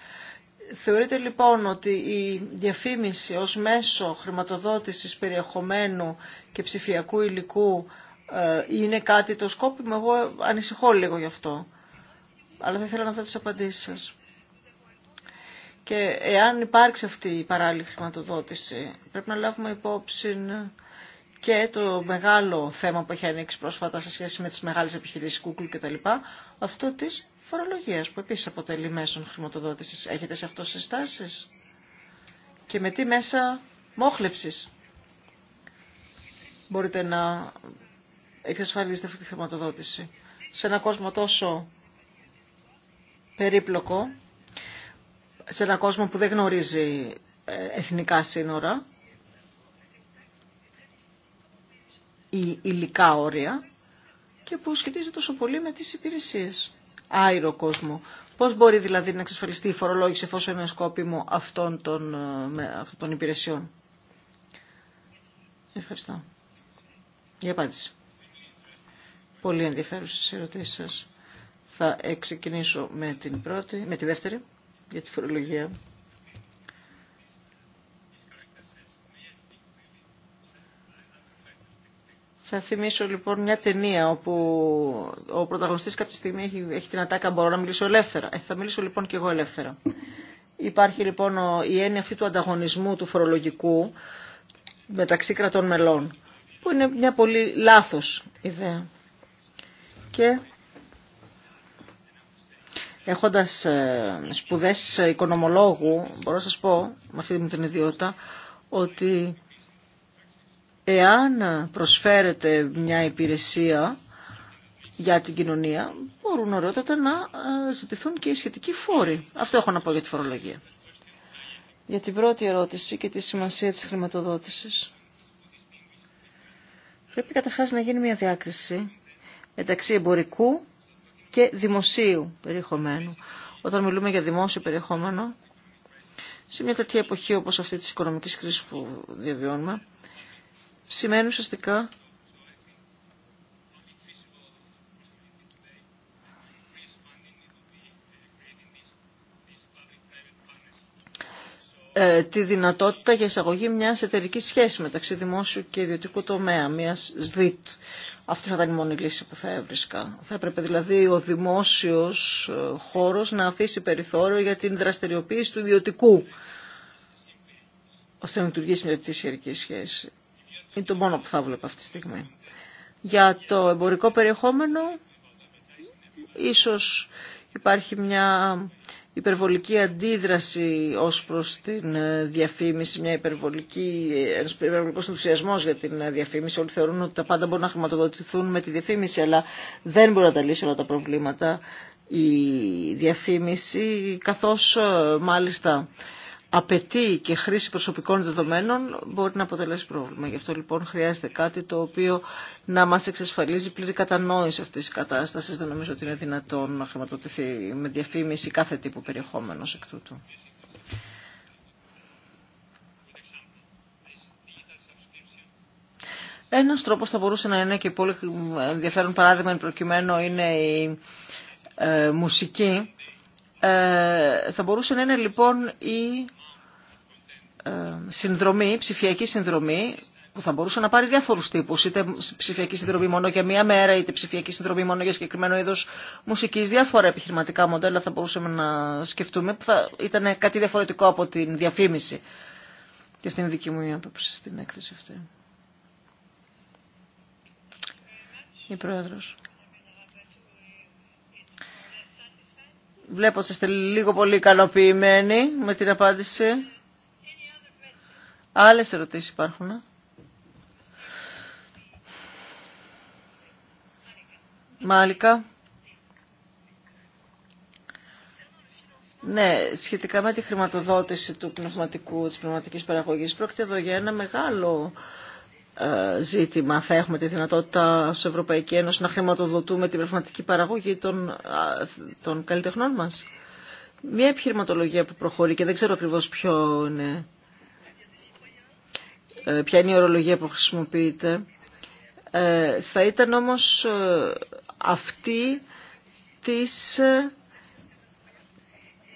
Θεωρείτε λοιπόν ότι η διαφήμιση ως μέσο χρηματοδότησης περιεχομένου και ψηφιακού υλικού ε, είναι κάτι το σκόπιμο. Εγώ ανησυχώ λίγο γι' αυτό. Αλλά δεν θέλω να δω τις απαντήσεις σας. Και εάν υπάρξει αυτή η παράλληλη χρηματοδότηση, πρέπει να λάβουμε υπόψη και το μεγάλο θέμα που έχει ανοίξει πρόσφατα σε σχέση με τις μεγάλες επιχειρήσεις Google κτλ. Αυτό της φορολογίας που επίσης αποτελεί μέσον χρηματοδότησης. Έχετε σε αυτό συστάσεις και με τι μέσα μόχλεψης μπορείτε να εξασφαλίσετε αυτή τη χρηματοδότηση. Σε ένα κόσμο τόσο περίπλοκο, σε ένα κόσμο που δεν γνωρίζει ε, εθνικά σύνορα, η υλικά όρια και που σχετίζεται τόσο πολύ με τις υπηρεσίες. Άιρο κόσμο. Πώς μπορεί δηλαδή να εξασφαλιστεί η φορολόγηση εφόσον είναι σκόπιμο αυτών των, ε, αυτών των υπηρεσιών. Ευχαριστώ. Για απάντηση. Πολύ ενδιαφέρουσες ερωτήσεις σας. Θα ξεκινήσω με την πρώτη, με τη δεύτερη, για τη φορολογία. Θα θυμίσω λοιπόν μια ταινία όπου ο πρωταγωνιστής κάποια στιγμή έχει, την ατάκα μπορώ να μιλήσω ελεύθερα. Ε, θα μιλήσω λοιπόν και εγώ ελεύθερα. Υπάρχει λοιπόν η έννοια αυτή του ανταγωνισμού του φορολογικού μεταξύ κρατών μελών που είναι μια πολύ λάθος ιδέα. Και έχοντας ε, σπουδές ε, οικονομολόγου μπορώ να σας πω με αυτή την ιδιότητα ότι εάν προσφέρεται μια υπηρεσία για την κοινωνία, μπορούν ωραιότατα να ε, ζητηθούν και οι σχετικοί φόροι. Αυτό έχω να πω για τη φορολογία. Για την πρώτη ερώτηση και τη σημασία της χρηματοδότησης. Πρέπει καταρχάς να γίνει μια διάκριση μεταξύ εμπορικού και δημοσίου περιεχομένου. Όταν μιλούμε για δημόσιο περιεχόμενο, σε μια τέτοια εποχή όπως αυτή της οικονομικής κρίσης που διαβιώνουμε, σημαίνει ουσιαστικά ε, τη δυνατότητα για εισαγωγή μιας εταιρική σχέσης μεταξύ δημόσιου και ιδιωτικού τομέα, μιας ΣΔΙΤ. Αυτή θα ήταν η μόνη λύση που θα έβρισκα. Θα έπρεπε δηλαδή ο δημόσιος ε, χώρος να αφήσει περιθώριο για την δραστηριοποίηση του ιδιωτικού, ώστε να λειτουργήσει μια τέτοια σχέση. Είναι το μόνο που θα βλέπω αυτή τη στιγμή. Για το εμπορικό περιεχόμενο, ίσως υπάρχει μια υπερβολική αντίδραση ως προς την ε, διαφήμιση, μια υπερβολική, ένας υπερβολικός ενθουσιασμός για την ε, διαφήμιση. Όλοι θεωρούν ότι τα πάντα μπορούν να χρηματοδοτηθούν με τη διαφήμιση, αλλά δεν μπορεί να τα λύσει όλα τα προβλήματα η διαφήμιση, καθώς ε, μάλιστα απαιτεί και χρήση προσωπικών δεδομένων μπορεί να αποτελέσει πρόβλημα. Γι' αυτό λοιπόν χρειάζεται κάτι το οποίο να μας εξασφαλίζει πλήρη κατανόηση αυτής της κατάστασης. Δεν νομίζω ότι είναι δυνατόν να χρηματοδοτηθεί με διαφήμιση κάθε τύπου περιεχόμενος εκ τούτου. Ένας τρόπος θα μπορούσε να είναι και πολύ ενδιαφέρον παράδειγμα προκειμένου είναι η ε, μουσική. Ε, θα μπορούσε να είναι λοιπόν η ε, συνδρομή, ψηφιακή συνδρομή που θα μπορούσε να πάρει διάφορου τύπου. είτε ψηφιακή συνδρομή μόνο για μία μέρα, είτε ψηφιακή συνδρομή μόνο για συγκεκριμένο είδο μουσικής, διάφορα επιχειρηματικά μοντέλα θα μπορούσαμε να σκεφτούμε, που θα ήταν κάτι διαφορετικό από την διαφήμιση. Και αυτή είναι η δική μου άποψη στην έκθεση αυτή. Η Πρόεδρος. Βλέπω ότι είστε λίγο πολύ ικανοποιημένοι με την απάντηση. Άλλες ερωτήσεις υπάρχουν. Ε? Μάλικα. Ναι, σχετικά με τη χρηματοδότηση του πνευματικού, της πνευματικής παραγωγής, πρόκειται εδώ για ένα μεγάλο ε, ζήτημα. Θα έχουμε τη δυνατότητα ως Ευρωπαϊκή Ένωση να χρηματοδοτούμε την πνευματική παραγωγή των, των καλλιτεχνών μας. Μια επιχειρηματολογία που προχωρεί και δεν ξέρω ακριβώς ποιο είναι ε, ποια είναι η ορολογία που χρησιμοποιείται. Ε, θα ήταν όμως ε, αυτή της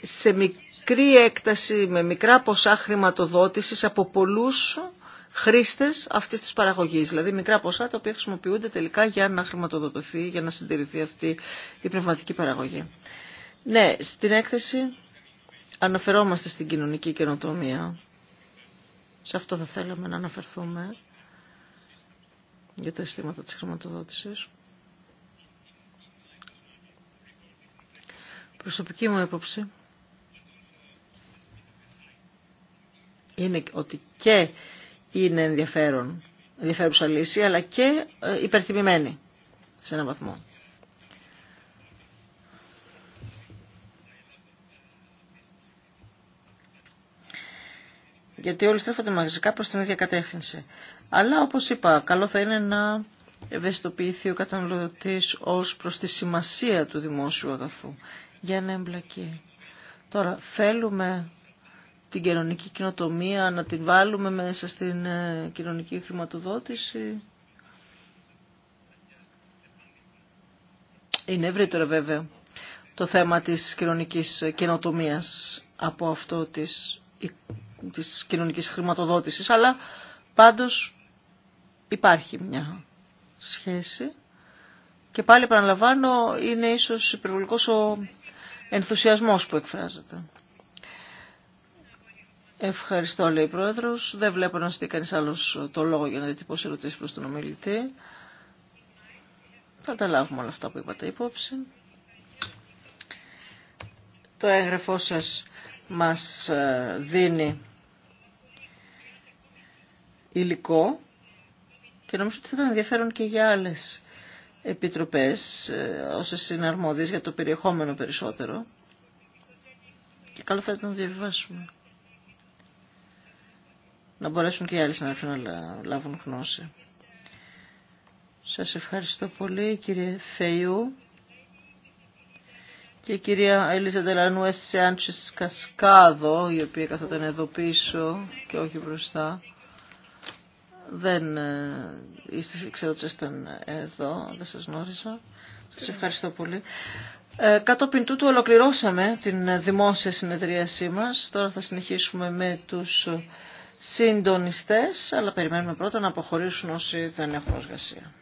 σε μικρή έκταση, με μικρά ποσά χρηματοδότησης από πολλούς χρήστες αυτής της παραγωγής. Δηλαδή μικρά ποσά τα οποία χρησιμοποιούνται τελικά για να χρηματοδοτηθεί, για να συντηρηθεί αυτή η πνευματική παραγωγή. Ναι, στην έκθεση αναφερόμαστε στην κοινωνική καινοτομία σε αυτό θα θέλαμε να αναφερθούμε για τα αισθήματα της χρηματοδότησης. Προσωπική μου έποψη είναι ότι και είναι ενδιαφέρον, ενδιαφέρουσα λύση, αλλά και ε, υπερθυμημένη σε έναν βαθμό. γιατί όλοι στρέφονται μαζικά προς την ίδια κατεύθυνση. Αλλά όπως είπα, καλό θα είναι να ευαισθητοποιηθεί ο καταναλωτής ως προς τη σημασία του δημόσιου αγαθού για να εμπλακεί. Τώρα θέλουμε την κοινωνική κοινοτομία να την βάλουμε μέσα στην ε, κοινωνική χρηματοδότηση. Είναι ευρύτερο βέβαια το θέμα της κοινωνικής ε, καινοτομίας από αυτό της της κοινωνικής χρηματοδότησης, αλλά πάντως υπάρχει μια σχέση. Και πάλι επαναλαμβάνω, είναι ίσως υπερβολικός ο ενθουσιασμός που εκφράζεται. Ευχαριστώ, λέει η Πρόεδρος. Δεν βλέπω να στείλει κανείς άλλος το λόγο για να διατυπώσει ερωτήσει προς τον ομιλητή. Θα τα λάβουμε όλα αυτά που είπατε υπόψη. Το έγγραφό σας μας ε, δίνει υλικό και νομίζω ότι θα ήταν ενδιαφέρον και για άλλες επιτροπές, ε, όσες είναι αρμόδιες για το περιεχόμενο περισσότερο. Και καλό θα ήταν να διαβιβάσουμε. Να μπορέσουν και οι να να λάβουν γνώση. Σας ευχαριστώ πολύ κύριε Φεϊού και η κυρία Ελίζα έστησε Σιάντσες Κασκάδο, η οποία καθόταν εδώ πίσω και όχι μπροστά. Δεν ε, ξέρω ότι ήσασταν εδώ, δεν σας γνώρισα. Σας ευχαριστώ πολύ. Ε, κατόπιν τούτου ολοκληρώσαμε την δημόσια συνεδρίασή μας. Τώρα θα συνεχίσουμε με τους συντονιστές, αλλά περιμένουμε πρώτα να αποχωρήσουν όσοι δεν έχουν εργασία.